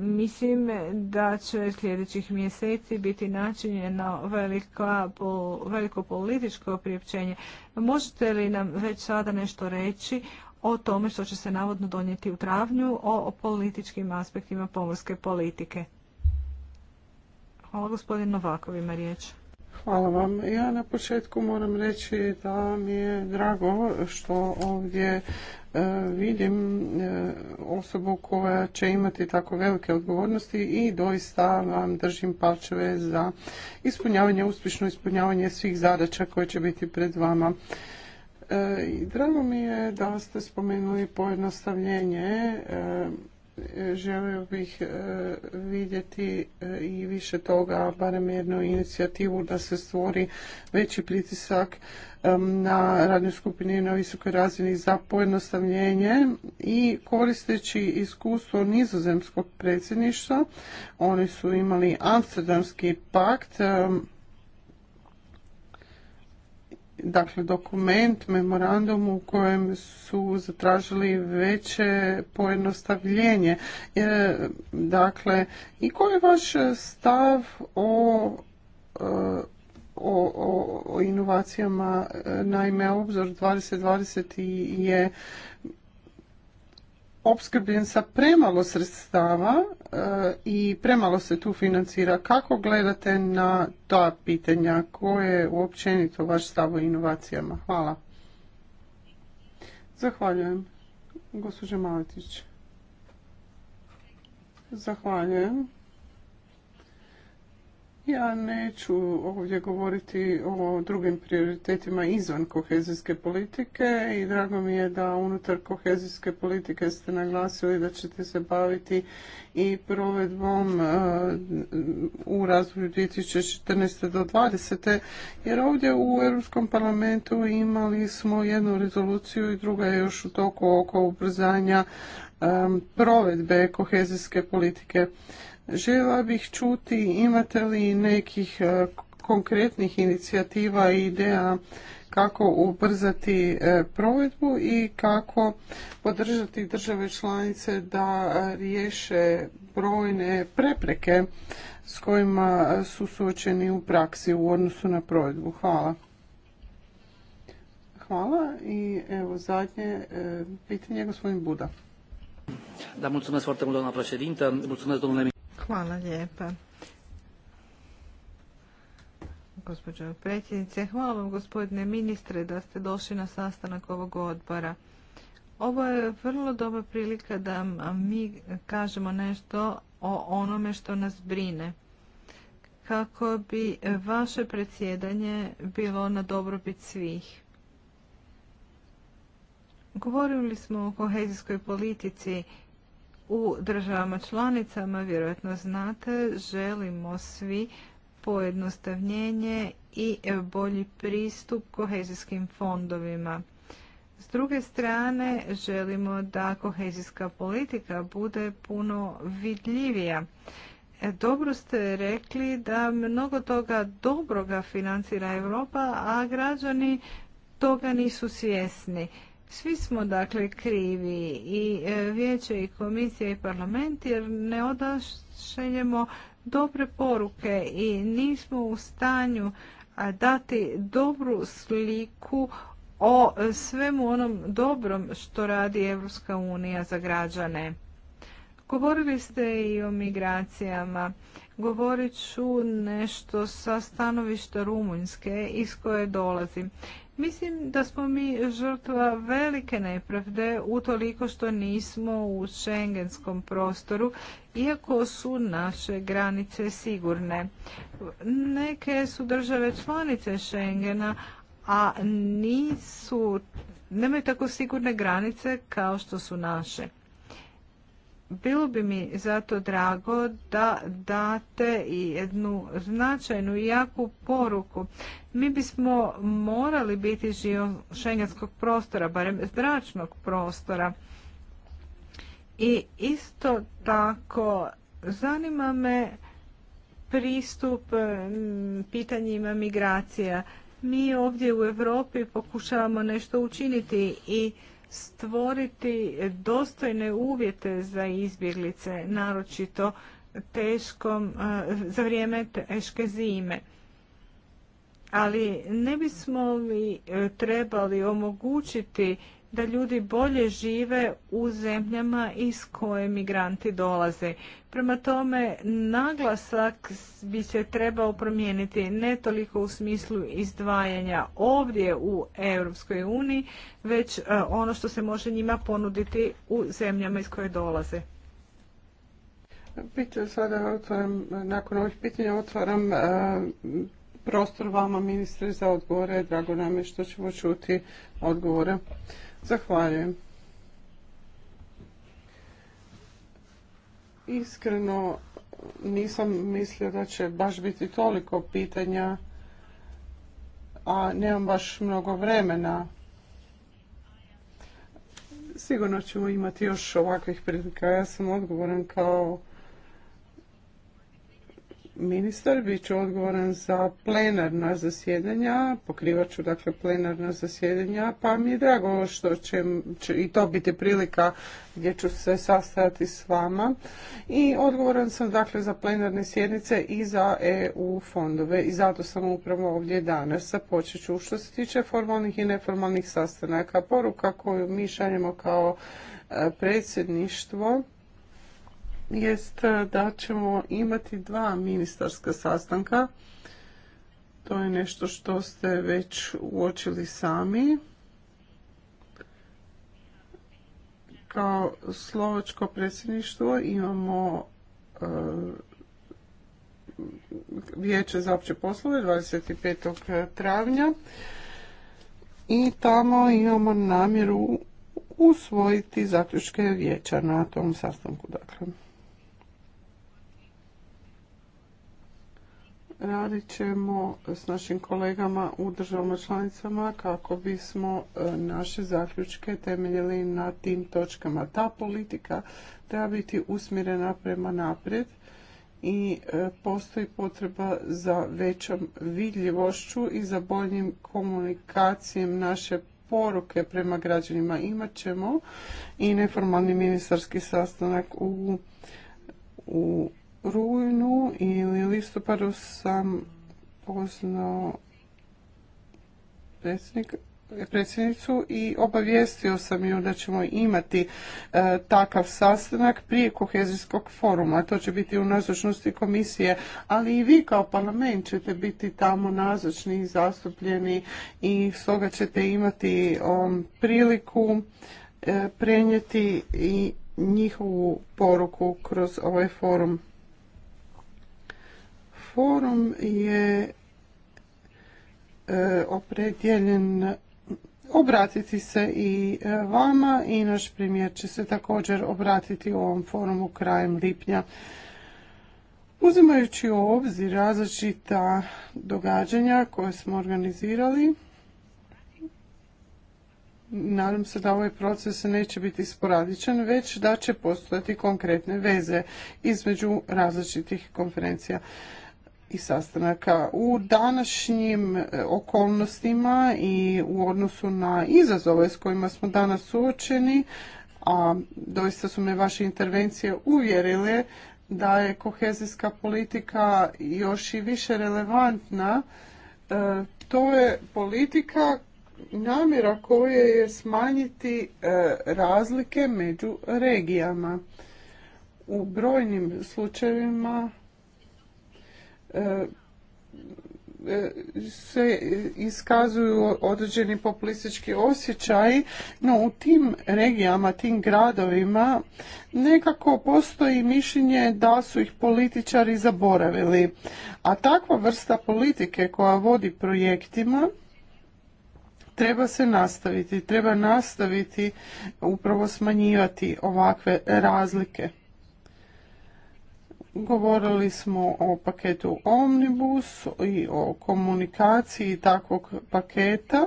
mislim da će sljedećih mjeseci biti načinjeno veliko, veliko političko priopćenje. Možete li nam već sada nešto reći o tome što će se navodno donijeti u travnju, o, o političkim aspektima pomorske politike? Hvala gospodin Novakov ima riječ. Hvala vam. Ja na početku moram reći da mi je drago što ovdje e, vidim e, osobu koja će imati tako velike odgovornosti i doista vam držim palčeve za ispunjavanje, uspješno ispunjavanje svih zadaća koje će biti pred vama. E, drago mi je da ste spomenuli pojednostavljenje želio bih e, vidjeti e, i više toga, barem jednu inicijativu da se stvori veći pritisak e, na radnoj skupini na visokoj razini za pojednostavljenje i koristeći iskustvo nizozemskog predsjedništva, oni su imali Amsterdamski pakt dakle dokument, memorandum u kojem su zatražili veće pojednostavljenje. E, dakle, i koji je vaš stav o, e, o, o, o inovacijama? E, naime, obzor 2020 je opskrbljen sa premalo sredstava E, i premalo se tu financira. Kako gledate na ta pitanja? Koje je uopćenito vaš stav o inovacijama? Hvala. Zahvaljujem. Gospođa Maletić. Zahvaljujem. Ja neću ovdje govoriti o drugim prioritetima izvan kohezijske politike i drago mi je da unutar kohezijske politike ste naglasili da ćete se baviti i provedbom e, u razvoju 2014. do 2020. jer ovdje u Europskom parlamentu imali smo jednu rezoluciju i druga je još u toku oko ubrzanja e, provedbe kohezijske politike. Žela bih čuti imate li nekih e, konkretnih inicijativa i ideja kako ubrzati e, provedbu i kako podržati države članice da e, riješe brojne prepreke s kojima su suočeni u praksi u odnosu na provedbu. Hvala. Hvala i evo zadnje pitanje gospodin Buda. Da, mulțumesc foarte mult, doamna Mulțumesc, domnule Hvala lijepa. Gospođo predsjednice, hvala vam gospodine ministre da ste došli na sastanak ovog odbora. Ovo je vrlo dobra prilika da mi kažemo nešto o onome što nas brine. Kako bi vaše predsjedanje bilo na dobrobit svih. Govorili smo o kohezijskoj politici u državama članicama, vjerojatno znate, želimo svi pojednostavnjenje i bolji pristup kohezijskim fondovima. S druge strane, želimo da kohezijska politika bude puno vidljivija. E, dobro ste rekli da mnogo toga dobroga financira Europa, a građani toga nisu svjesni. Svi smo dakle krivi i e, vijeće i komisija i parlament jer ne odašeljemo dobre poruke i nismo u stanju dati dobru sliku o svemu onom dobrom što radi Europska unija za građane. Govorili ste i o migracijama. Govorit ću nešto sa stanovišta Rumunjske iz koje dolazim. Mislim da smo mi žrtva velike nepravde utoliko što nismo u šengenskom prostoru, iako su naše granice sigurne. Neke su države članice Schengena, a nisu, nemaju tako sigurne granice kao što su naše. Bilo bi mi zato drago da date i jednu značajnu i jaku poruku. Mi bismo morali biti dio šengenskog prostora, barem zračnog prostora. I isto tako zanima me pristup pitanjima migracija. Mi ovdje u Europi pokušavamo nešto učiniti i stvoriti dostojne uvjete za izbjeglice, naročito teškom, za vrijeme teške zime. Ali ne bismo li e, trebali omogućiti da ljudi bolje žive u zemljama iz koje migranti dolaze. Prema tome, naglasak bi se trebao promijeniti ne toliko u smislu izdvajanja ovdje u EU, već e, ono što se može njima ponuditi u zemljama iz koje dolaze. Pitanje sada otvaram, nakon ovih pitanja otvaram e, prostor vama ministre za odgovore. Drago nam je što ćemo čuti odgovore. Zahvaljujem. Iskreno nisam mislio da će baš biti toliko pitanja, a nemam baš mnogo vremena. Sigurno ćemo imati još ovakvih prilika. Ja sam odgovoran kao ministar, bit ću odgovoran za plenarna zasjedanja, pokrivat ću dakle plenarna zasjedanja, pa mi je drago što će, će i to biti prilika gdje ću se sastajati s vama. I odgovoran sam dakle za plenarne sjednice i za EU fondove i zato sam upravo ovdje danas. Započet ću što se tiče formalnih i neformalnih sastanaka. Poruka koju mi šaljemo kao e, predsjedništvo jest e, da ćemo imati dva ministarska sastanka. To je nešto što ste već uočili sami. Kao slovačko predsjedništvo imamo e, vijeće za opće poslove 25. travnja i tamo imamo namjeru usvojiti zaključke vijeća na tom sastanku. Dakle. radit ćemo s našim kolegama u državama članicama kako bismo e, naše zaključke temeljili na tim točkama. Ta politika treba biti usmjerena prema naprijed i e, postoji potreba za većom vidljivošću i za boljim komunikacijom naše poruke prema građanima. Imat ćemo i neformalni ministarski sastanak u, u rujnu i u listopadu sam poznao predsjednicu i obavijestio sam ju da ćemo imati e, takav sastanak prije kohezijskog foruma. To će biti u nazočnosti komisije, ali i vi kao parlament ćete biti tamo nazočni i zastupljeni i stoga ćete imati o um, priliku e, prenijeti i njihovu poruku kroz ovaj forum forum je e, opredjeljen obratiti se i e, vama i naš primjer će se također obratiti u ovom forumu krajem lipnja. Uzimajući u obzir različita događanja koje smo organizirali, nadam se da ovaj proces neće biti sporadičan, već da će postojati konkretne veze između različitih konferencija i sastanaka. U današnjim e, okolnostima i u odnosu na izazove s kojima smo danas suočeni, a doista su me vaše intervencije uvjerile da je kohezijska politika još i više relevantna. E, to je politika namjera koje je smanjiti e, razlike među regijama. U brojnim slučajevima se iskazuju određeni populistički osjećaj no u tim regijama, tim gradovima nekako postoji mišljenje da su ih političari zaboravili. A takva vrsta politike koja vodi projektima treba se nastaviti, treba nastaviti upravo smanjivati ovakve razlike. Govorili smo o paketu Omnibus i o komunikaciji takvog paketa,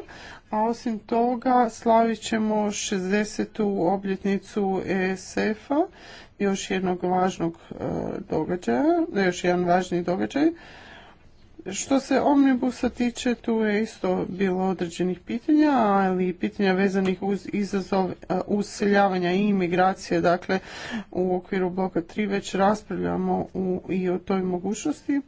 a osim toga slavit ćemo 60. obljetnicu ESF-a, još jednog važnog e, događaja, još jedan važni događaj. Što se omnibusa tiče, tu je isto bilo određenih pitanja, ali i pitanja vezanih uz izazov e, useljavanja i imigracije. Dakle, u okviru bloka 3 već raspravljamo u, i o toj mogućnosti.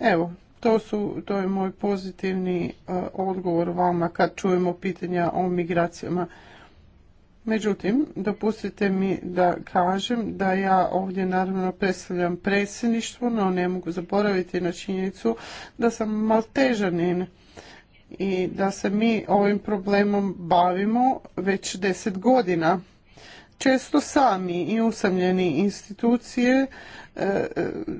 Evo, to, su, to je moj pozitivni e, odgovor vama kad čujemo pitanja o migracijama. Međutim, dopustite mi da kažem da ja ovdje naravno predstavljam predsjedništvo, no ne mogu zaboraviti na činjenicu da sam maltežanin i da se mi ovim problemom bavimo već deset godina često sami i usamljeni institucije e, e,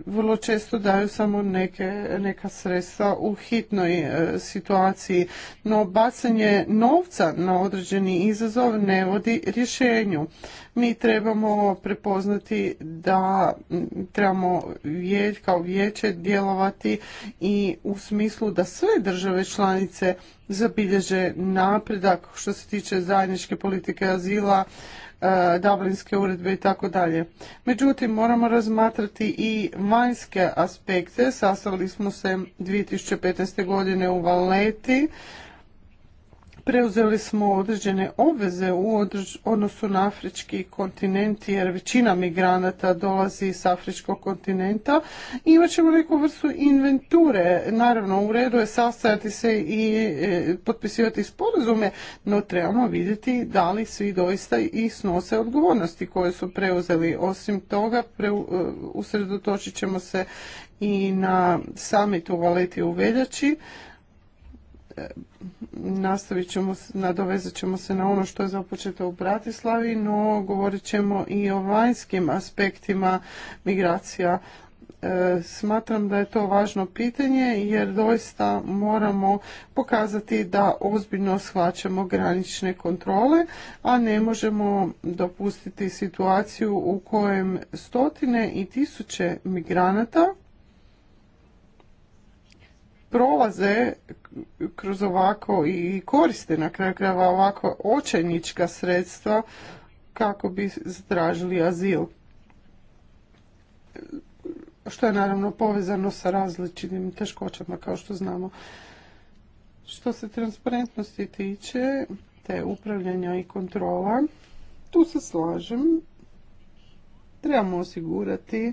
vrlo često daju samo neke, neka sredstva u hitnoj e, situaciji. No bacanje novca na određeni izazov ne vodi rješenju. Mi trebamo prepoznati da trebamo vijeć, kao vijeće djelovati i u smislu da sve države članice zabilježe napredak što se tiče zajedničke politike azila, E, Dublinske uredbe i tako dalje. Međutim, moramo razmatrati i vanjske aspekte. Sastavili smo se 2015. godine u Valeti Preuzeli smo određene obveze u odnosu na afrički kontinent jer većina migranata dolazi s afričkog kontinenta. Imat ćemo neku vrstu inventure. Naravno, u redu je sastajati se i e, potpisivati sporazume, no trebamo vidjeti da li svi doista i snose odgovornosti koje su preuzeli. Osim toga, e, usredotočit ćemo se i na samitu u Valeti u Veljači nastavit ćemo, nadovezat ćemo se na ono što je započeto u Bratislavi, no govorit ćemo i o vanjskim aspektima migracija. E, smatram da je to važno pitanje jer doista moramo pokazati da ozbiljno shvaćamo granične kontrole, a ne možemo dopustiti situaciju u kojem stotine i tisuće migranata prolaze kroz ovako i koriste na kraju krajeva ovako očajnička sredstva kako bi zatražili azil. Što je naravno povezano sa različitim teškoćama kao što znamo. Što se transparentnosti tiče, te upravljanja i kontrola, tu se slažem. Trebamo osigurati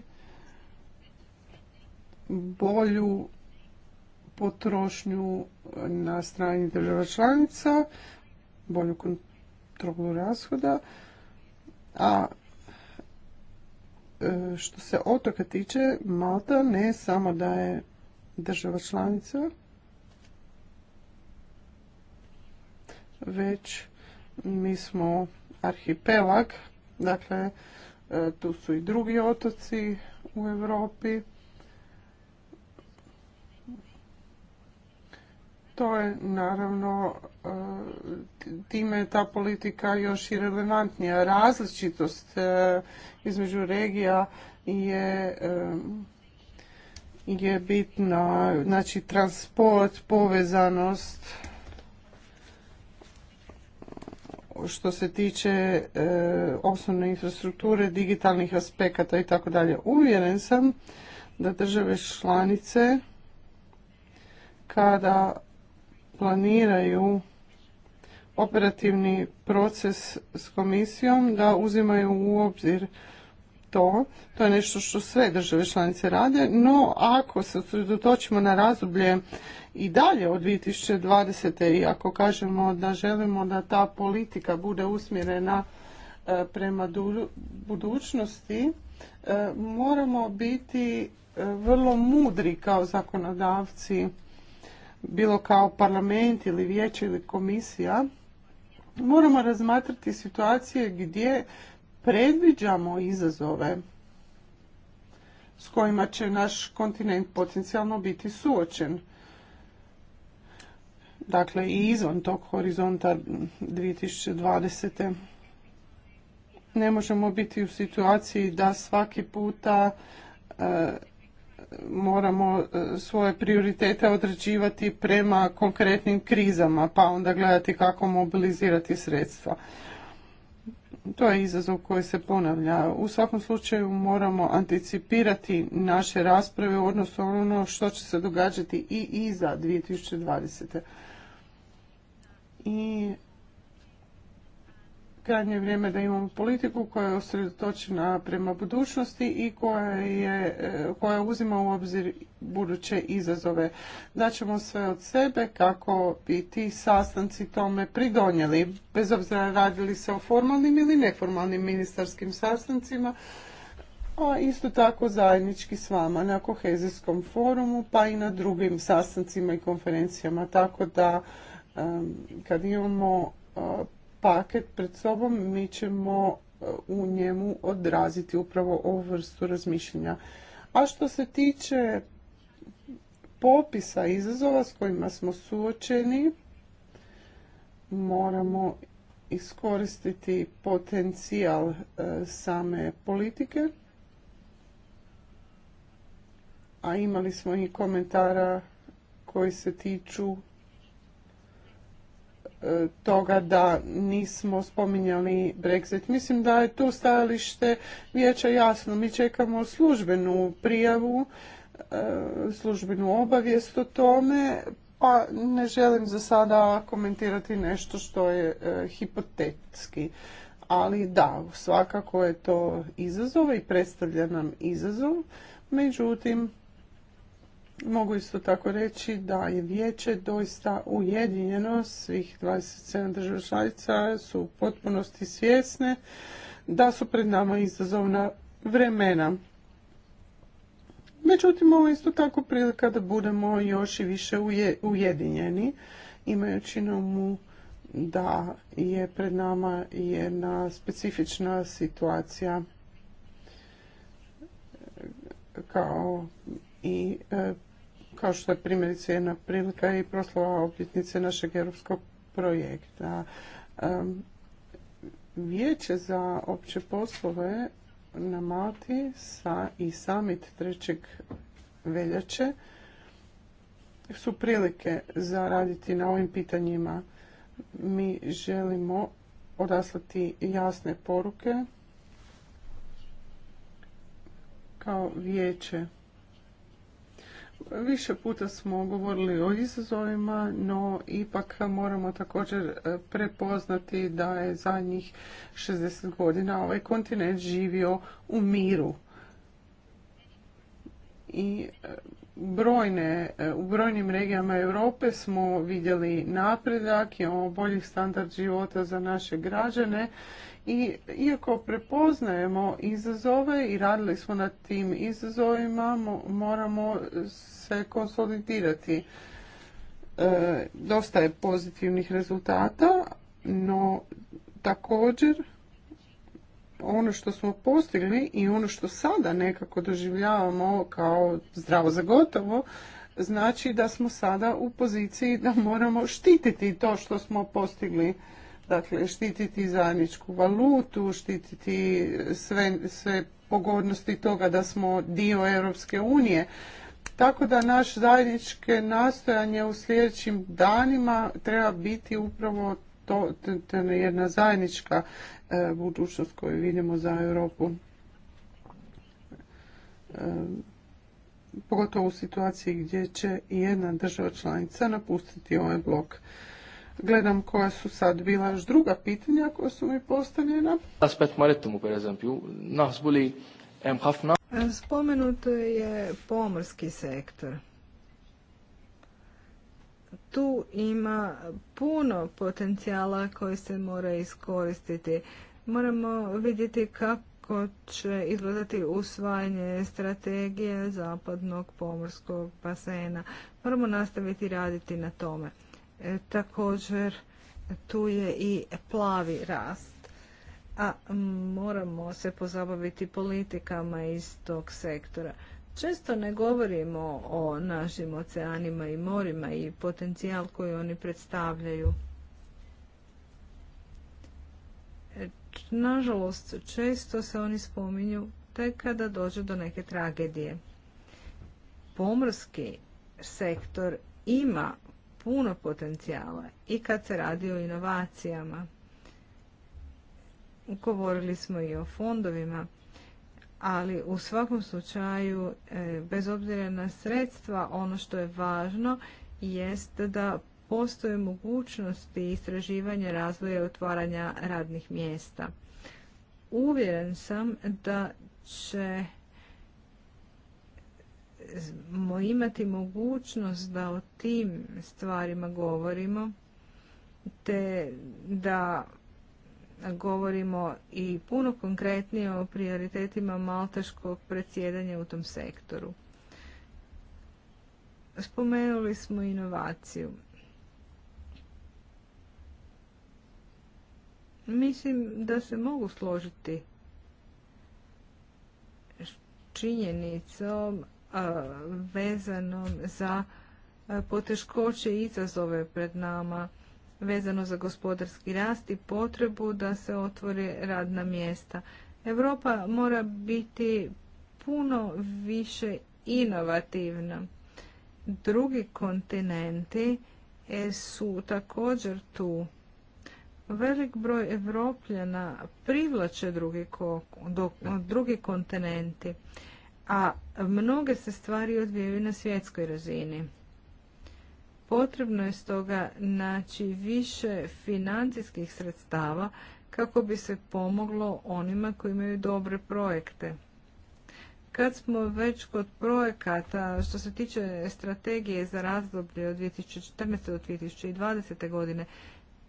bolju potrošnju eh, na strani država članica, bolju kontrolu rashoda, a eh, što se otoka tiče, Malta ne samo da je država članica, već mi smo arhipelag, dakle eh, tu su i drugi otoci u Europi to je naravno e, time ta politika još i relevantnija. Različitost e, između regija je e, je bitna, znači transport, povezanost što se tiče osnovne infrastrukture, digitalnih aspekata i tako dalje. Uvjeren sam da države članice kada planiraju operativni proces s komisijom da uzimaju u obzir to. To je nešto što sve države članice rade, no ako se usredotočimo na razdoblje i dalje od 2020. i ako kažemo da želimo da ta politika bude usmjerena e, prema budućnosti, e, moramo biti e, vrlo mudri kao zakonodavci bilo kao parlament ili vijeće ili komisija, moramo razmatrati situacije gdje predviđamo izazove s kojima će naš kontinent potencijalno biti suočen. Dakle, i izvan tog horizonta 2020. Ne možemo biti u situaciji da svaki puta e, moramo e, svoje prioritete određivati prema konkretnim krizama, pa onda gledati kako mobilizirati sredstva. To je izazov koji se ponavlja. U svakom slučaju moramo anticipirati naše rasprave odnosno ono što će se događati i iza 2020. I krajnje vrijeme da imamo politiku koja je osredotočena prema budućnosti i koja, je, koja uzima u obzir buduće izazove. ćemo sve od sebe kako bi ti sastanci tome pridonijeli, bez obzira radili se o formalnim ili neformalnim ministarskim sastancima, a isto tako zajednički s vama na kohezijskom forumu pa i na drugim sastancima i konferencijama. Tako da kad imamo paket pred sobom, mi ćemo e, u njemu odraziti upravo ovu vrstu razmišljanja. A što se tiče popisa izazova s kojima smo suočeni, moramo iskoristiti potencijal e, same politike. A imali smo i komentara koji se tiču E, toga da nismo spominjali Brexit. Mislim da je to stajalište vijeća jasno. Mi čekamo službenu prijavu, e, službenu obavijest o tome, pa ne želim za sada komentirati nešto što je e, hipotetski. Ali da, svakako je to izazov i predstavlja nam izazov. Međutim, Mogu isto tako reći da je vijeće doista ujedinjeno, svih 27 država članica su u potpunosti svjesne da su pred nama izazovna vremena. Međutim, ovo je isto tako prilika da budemo još i više ujedinjeni, imajući na umu da je pred nama jedna specifična situacija e, kao i e, kao što je primjerice jedna prilika i proslava obljetnice našeg europskog projekta. Vijeće za opće poslove na Malti sa i summit 3. veljače su prilike za raditi na ovim pitanjima. Mi želimo odaslati jasne poruke kao vijeće Više puta smo govorili o izazovima, no ipak moramo također e, prepoznati da je zadnjih 60 godina ovaj kontinent živio u miru. I e, brojne, e, u brojnim regijama Europe smo vidjeli napredak, imamo boljih standard života za naše građane i iako prepoznajemo izazove i radili smo na tim izazovima, moramo se konsolidirati. E, dosta je pozitivnih rezultata, no također ono što smo postigli i ono što sada nekako doživljavamo kao zdravo za gotovo, znači da smo sada u poziciji da moramo štititi to što smo postigli. Dakle, štititi zajedničku valutu, štititi sve, sve pogodnosti toga da smo dio Europske unije. Tako da naš zajedničke nastojanje u sljedećim danima treba biti upravo to, je jedna zajednička e, budućnost koju vidimo za Europu. E, pogotovo u situaciji gdje će i jedna država članica napustiti ovaj blok. Gledam koja su sad bila još druga pitanja koja su mi postavljena. Aspekt per nas boli E, spomenuto je pomorski sektor. Tu ima puno potencijala koji se mora iskoristiti. Moramo vidjeti kako će izgledati usvajanje strategije zapadnog pomorskog basena. Moramo nastaviti raditi na tome. E, također tu je i plavi rast a moramo se pozabaviti politikama iz tog sektora. Često ne govorimo o našim oceanima i morima i potencijal koji oni predstavljaju. E, nažalost, često se oni spominju tek kada dođe do neke tragedije. Pomorski sektor ima puno potencijala i kad se radi o inovacijama govorili smo i o fondovima, ali u svakom slučaju, e, bez obzira na sredstva, ono što je važno jest da postoje mogućnosti istraživanja razvoja i otvaranja radnih mjesta. Uvjeren sam da će imati mogućnost da o tim stvarima govorimo, te da govorimo i puno konkretnije o prioritetima maltaškog predsjedanja u tom sektoru. Spomenuli smo inovaciju. Mislim da se mogu složiti činjenicom vezanom za poteškoće i izazove pred nama vezano za gospodarski rast i potrebu da se otvore radna mjesta. Europa mora biti puno više inovativna. Drugi kontinenti e, su također tu. Velik broj Evropljana privlače drugi, drugi kontinenti, a mnoge se stvari odvijaju na svjetskoj razini. Potrebno je stoga naći više financijskih sredstava kako bi se pomoglo onima koji imaju dobre projekte. Kad smo već kod projekata, što se tiče strategije za razdoblje od 2014. do 2020. godine,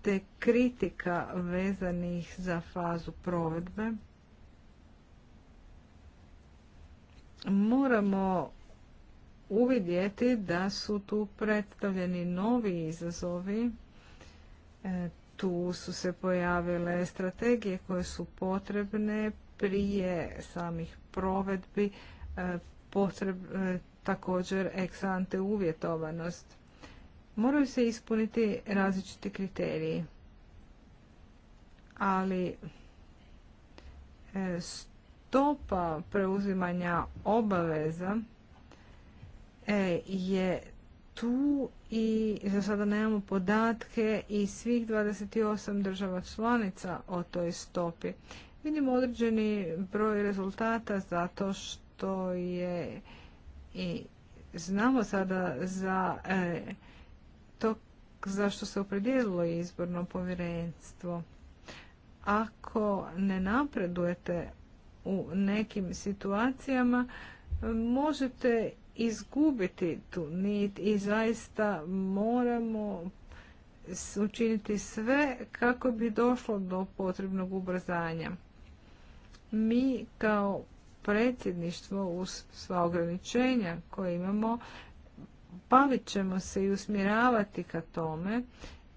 te kritika vezanih za fazu provedbe, moramo uvidjeti da su tu predstavljeni novi izazovi. E, tu su se pojavile strategije koje su potrebne prije samih provedbi, e, potreb, e, također eksante uvjetovanost. Moraju se ispuniti različiti kriteriji, ali stopa preuzimanja obaveza E, je tu i za sada nemamo podatke i svih 28 država članica o toj stopi. Vidimo određeni broj rezultata zato što je i znamo sada za to e, to zašto se opredijelilo izborno povjerenstvo. Ako ne napredujete u nekim situacijama, možete izgubiti tu nit i zaista moramo učiniti sve kako bi došlo do potrebnog ubrzanja. Mi kao predsjedništvo uz sva ograničenja koje imamo, bavit ćemo se i usmjeravati ka tome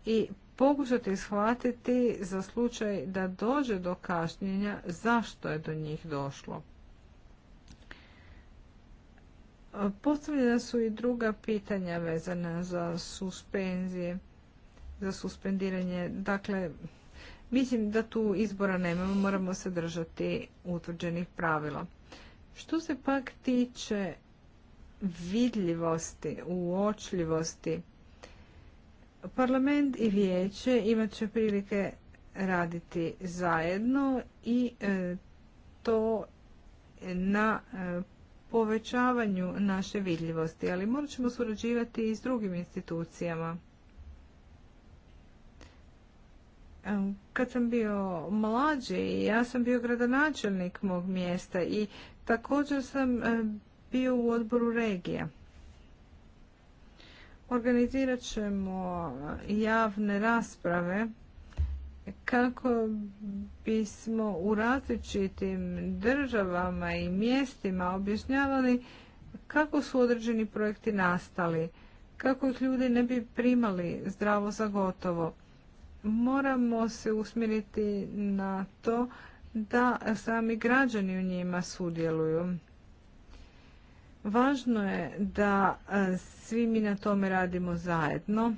i pokušati shvatiti za slučaj da dođe do kašnjenja zašto je do njih došlo. Postavljena su i druga pitanja vezana za suspenzije, za suspendiranje. Dakle, mislim da tu izbora nemamo, moramo se držati utvrđenih pravila. Što se pak tiče vidljivosti, uočljivosti, parlament i vijeće imat će prilike raditi zajedno i e, to na e, povećavanju naše vidljivosti, ali morat ćemo surađivati i s drugim institucijama. Kad sam bio mlađi, ja sam bio gradonačelnik mog mjesta i također sam e, bio u odboru regija. Organizirat ćemo javne rasprave kako bismo u različitim državama i mjestima objašnjavali kako su određeni projekti nastali, kako ih ljudi ne bi primali zdravo za gotovo. Moramo se usmjeriti na to da sami građani u njima sudjeluju. Važno je da svi mi na tome radimo zajedno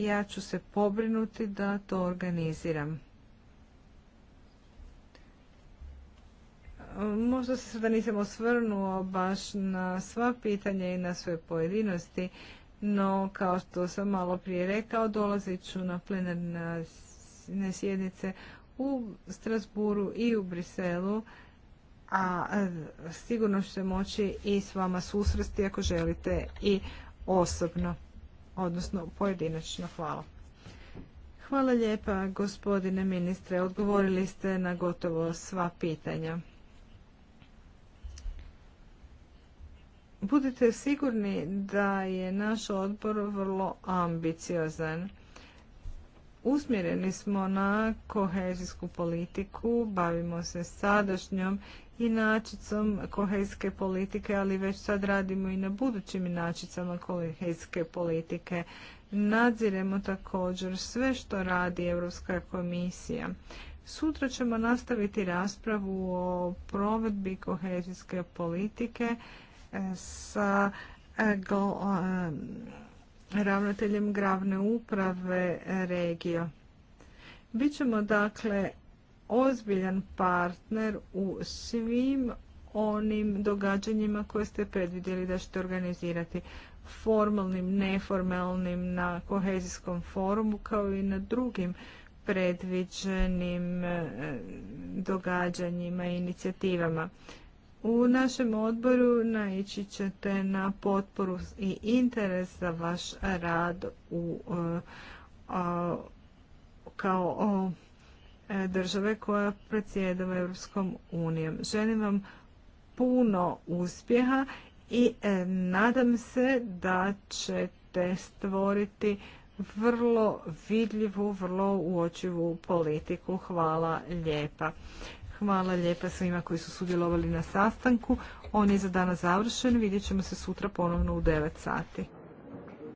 ja ću se pobrinuti da to organiziram. Možda se sada nisam osvrnuo baš na sva pitanja i na sve pojedinosti, no kao što sam malo prije rekao, dolazit ću na plenarne sjednice u Strasburu i u Briselu, a sigurno se moći i s vama susresti ako želite i osobno odnosno pojedinačno. Hvala. Hvala lijepa gospodine ministre. Odgovorili ste na gotovo sva pitanja. Budite sigurni da je naš odbor vrlo ambiciozan. Usmjereni smo na kohezijsku politiku, bavimo se sadašnjom inačicom kohezijske politike, ali već sad radimo i na budućim inačicama kohezijske politike. Nadziremo također sve što radi Europska komisija. Sutra ćemo nastaviti raspravu o provedbi kohezijske politike e, sa e, e, ravnateljem gravne uprave regija. Bićemo dakle ozbiljan partner u svim onim događanjima koje ste predvidjeli da ćete organizirati formalnim, neformalnim na kohezijskom forumu kao i na drugim predviđenim e, događanjima i inicijativama. U našem odboru naići ćete na potporu i interes za vaš rad u, e, kao E, države koja predsjedava Europskom unijom. Želim vam puno uspjeha i e, nadam se da ćete stvoriti vrlo vidljivu, vrlo uočivu politiku. Hvala lijepa. Hvala lijepa svima koji su sudjelovali na sastanku. On je za danas završen. Vidjet ćemo se sutra ponovno u 9 sati.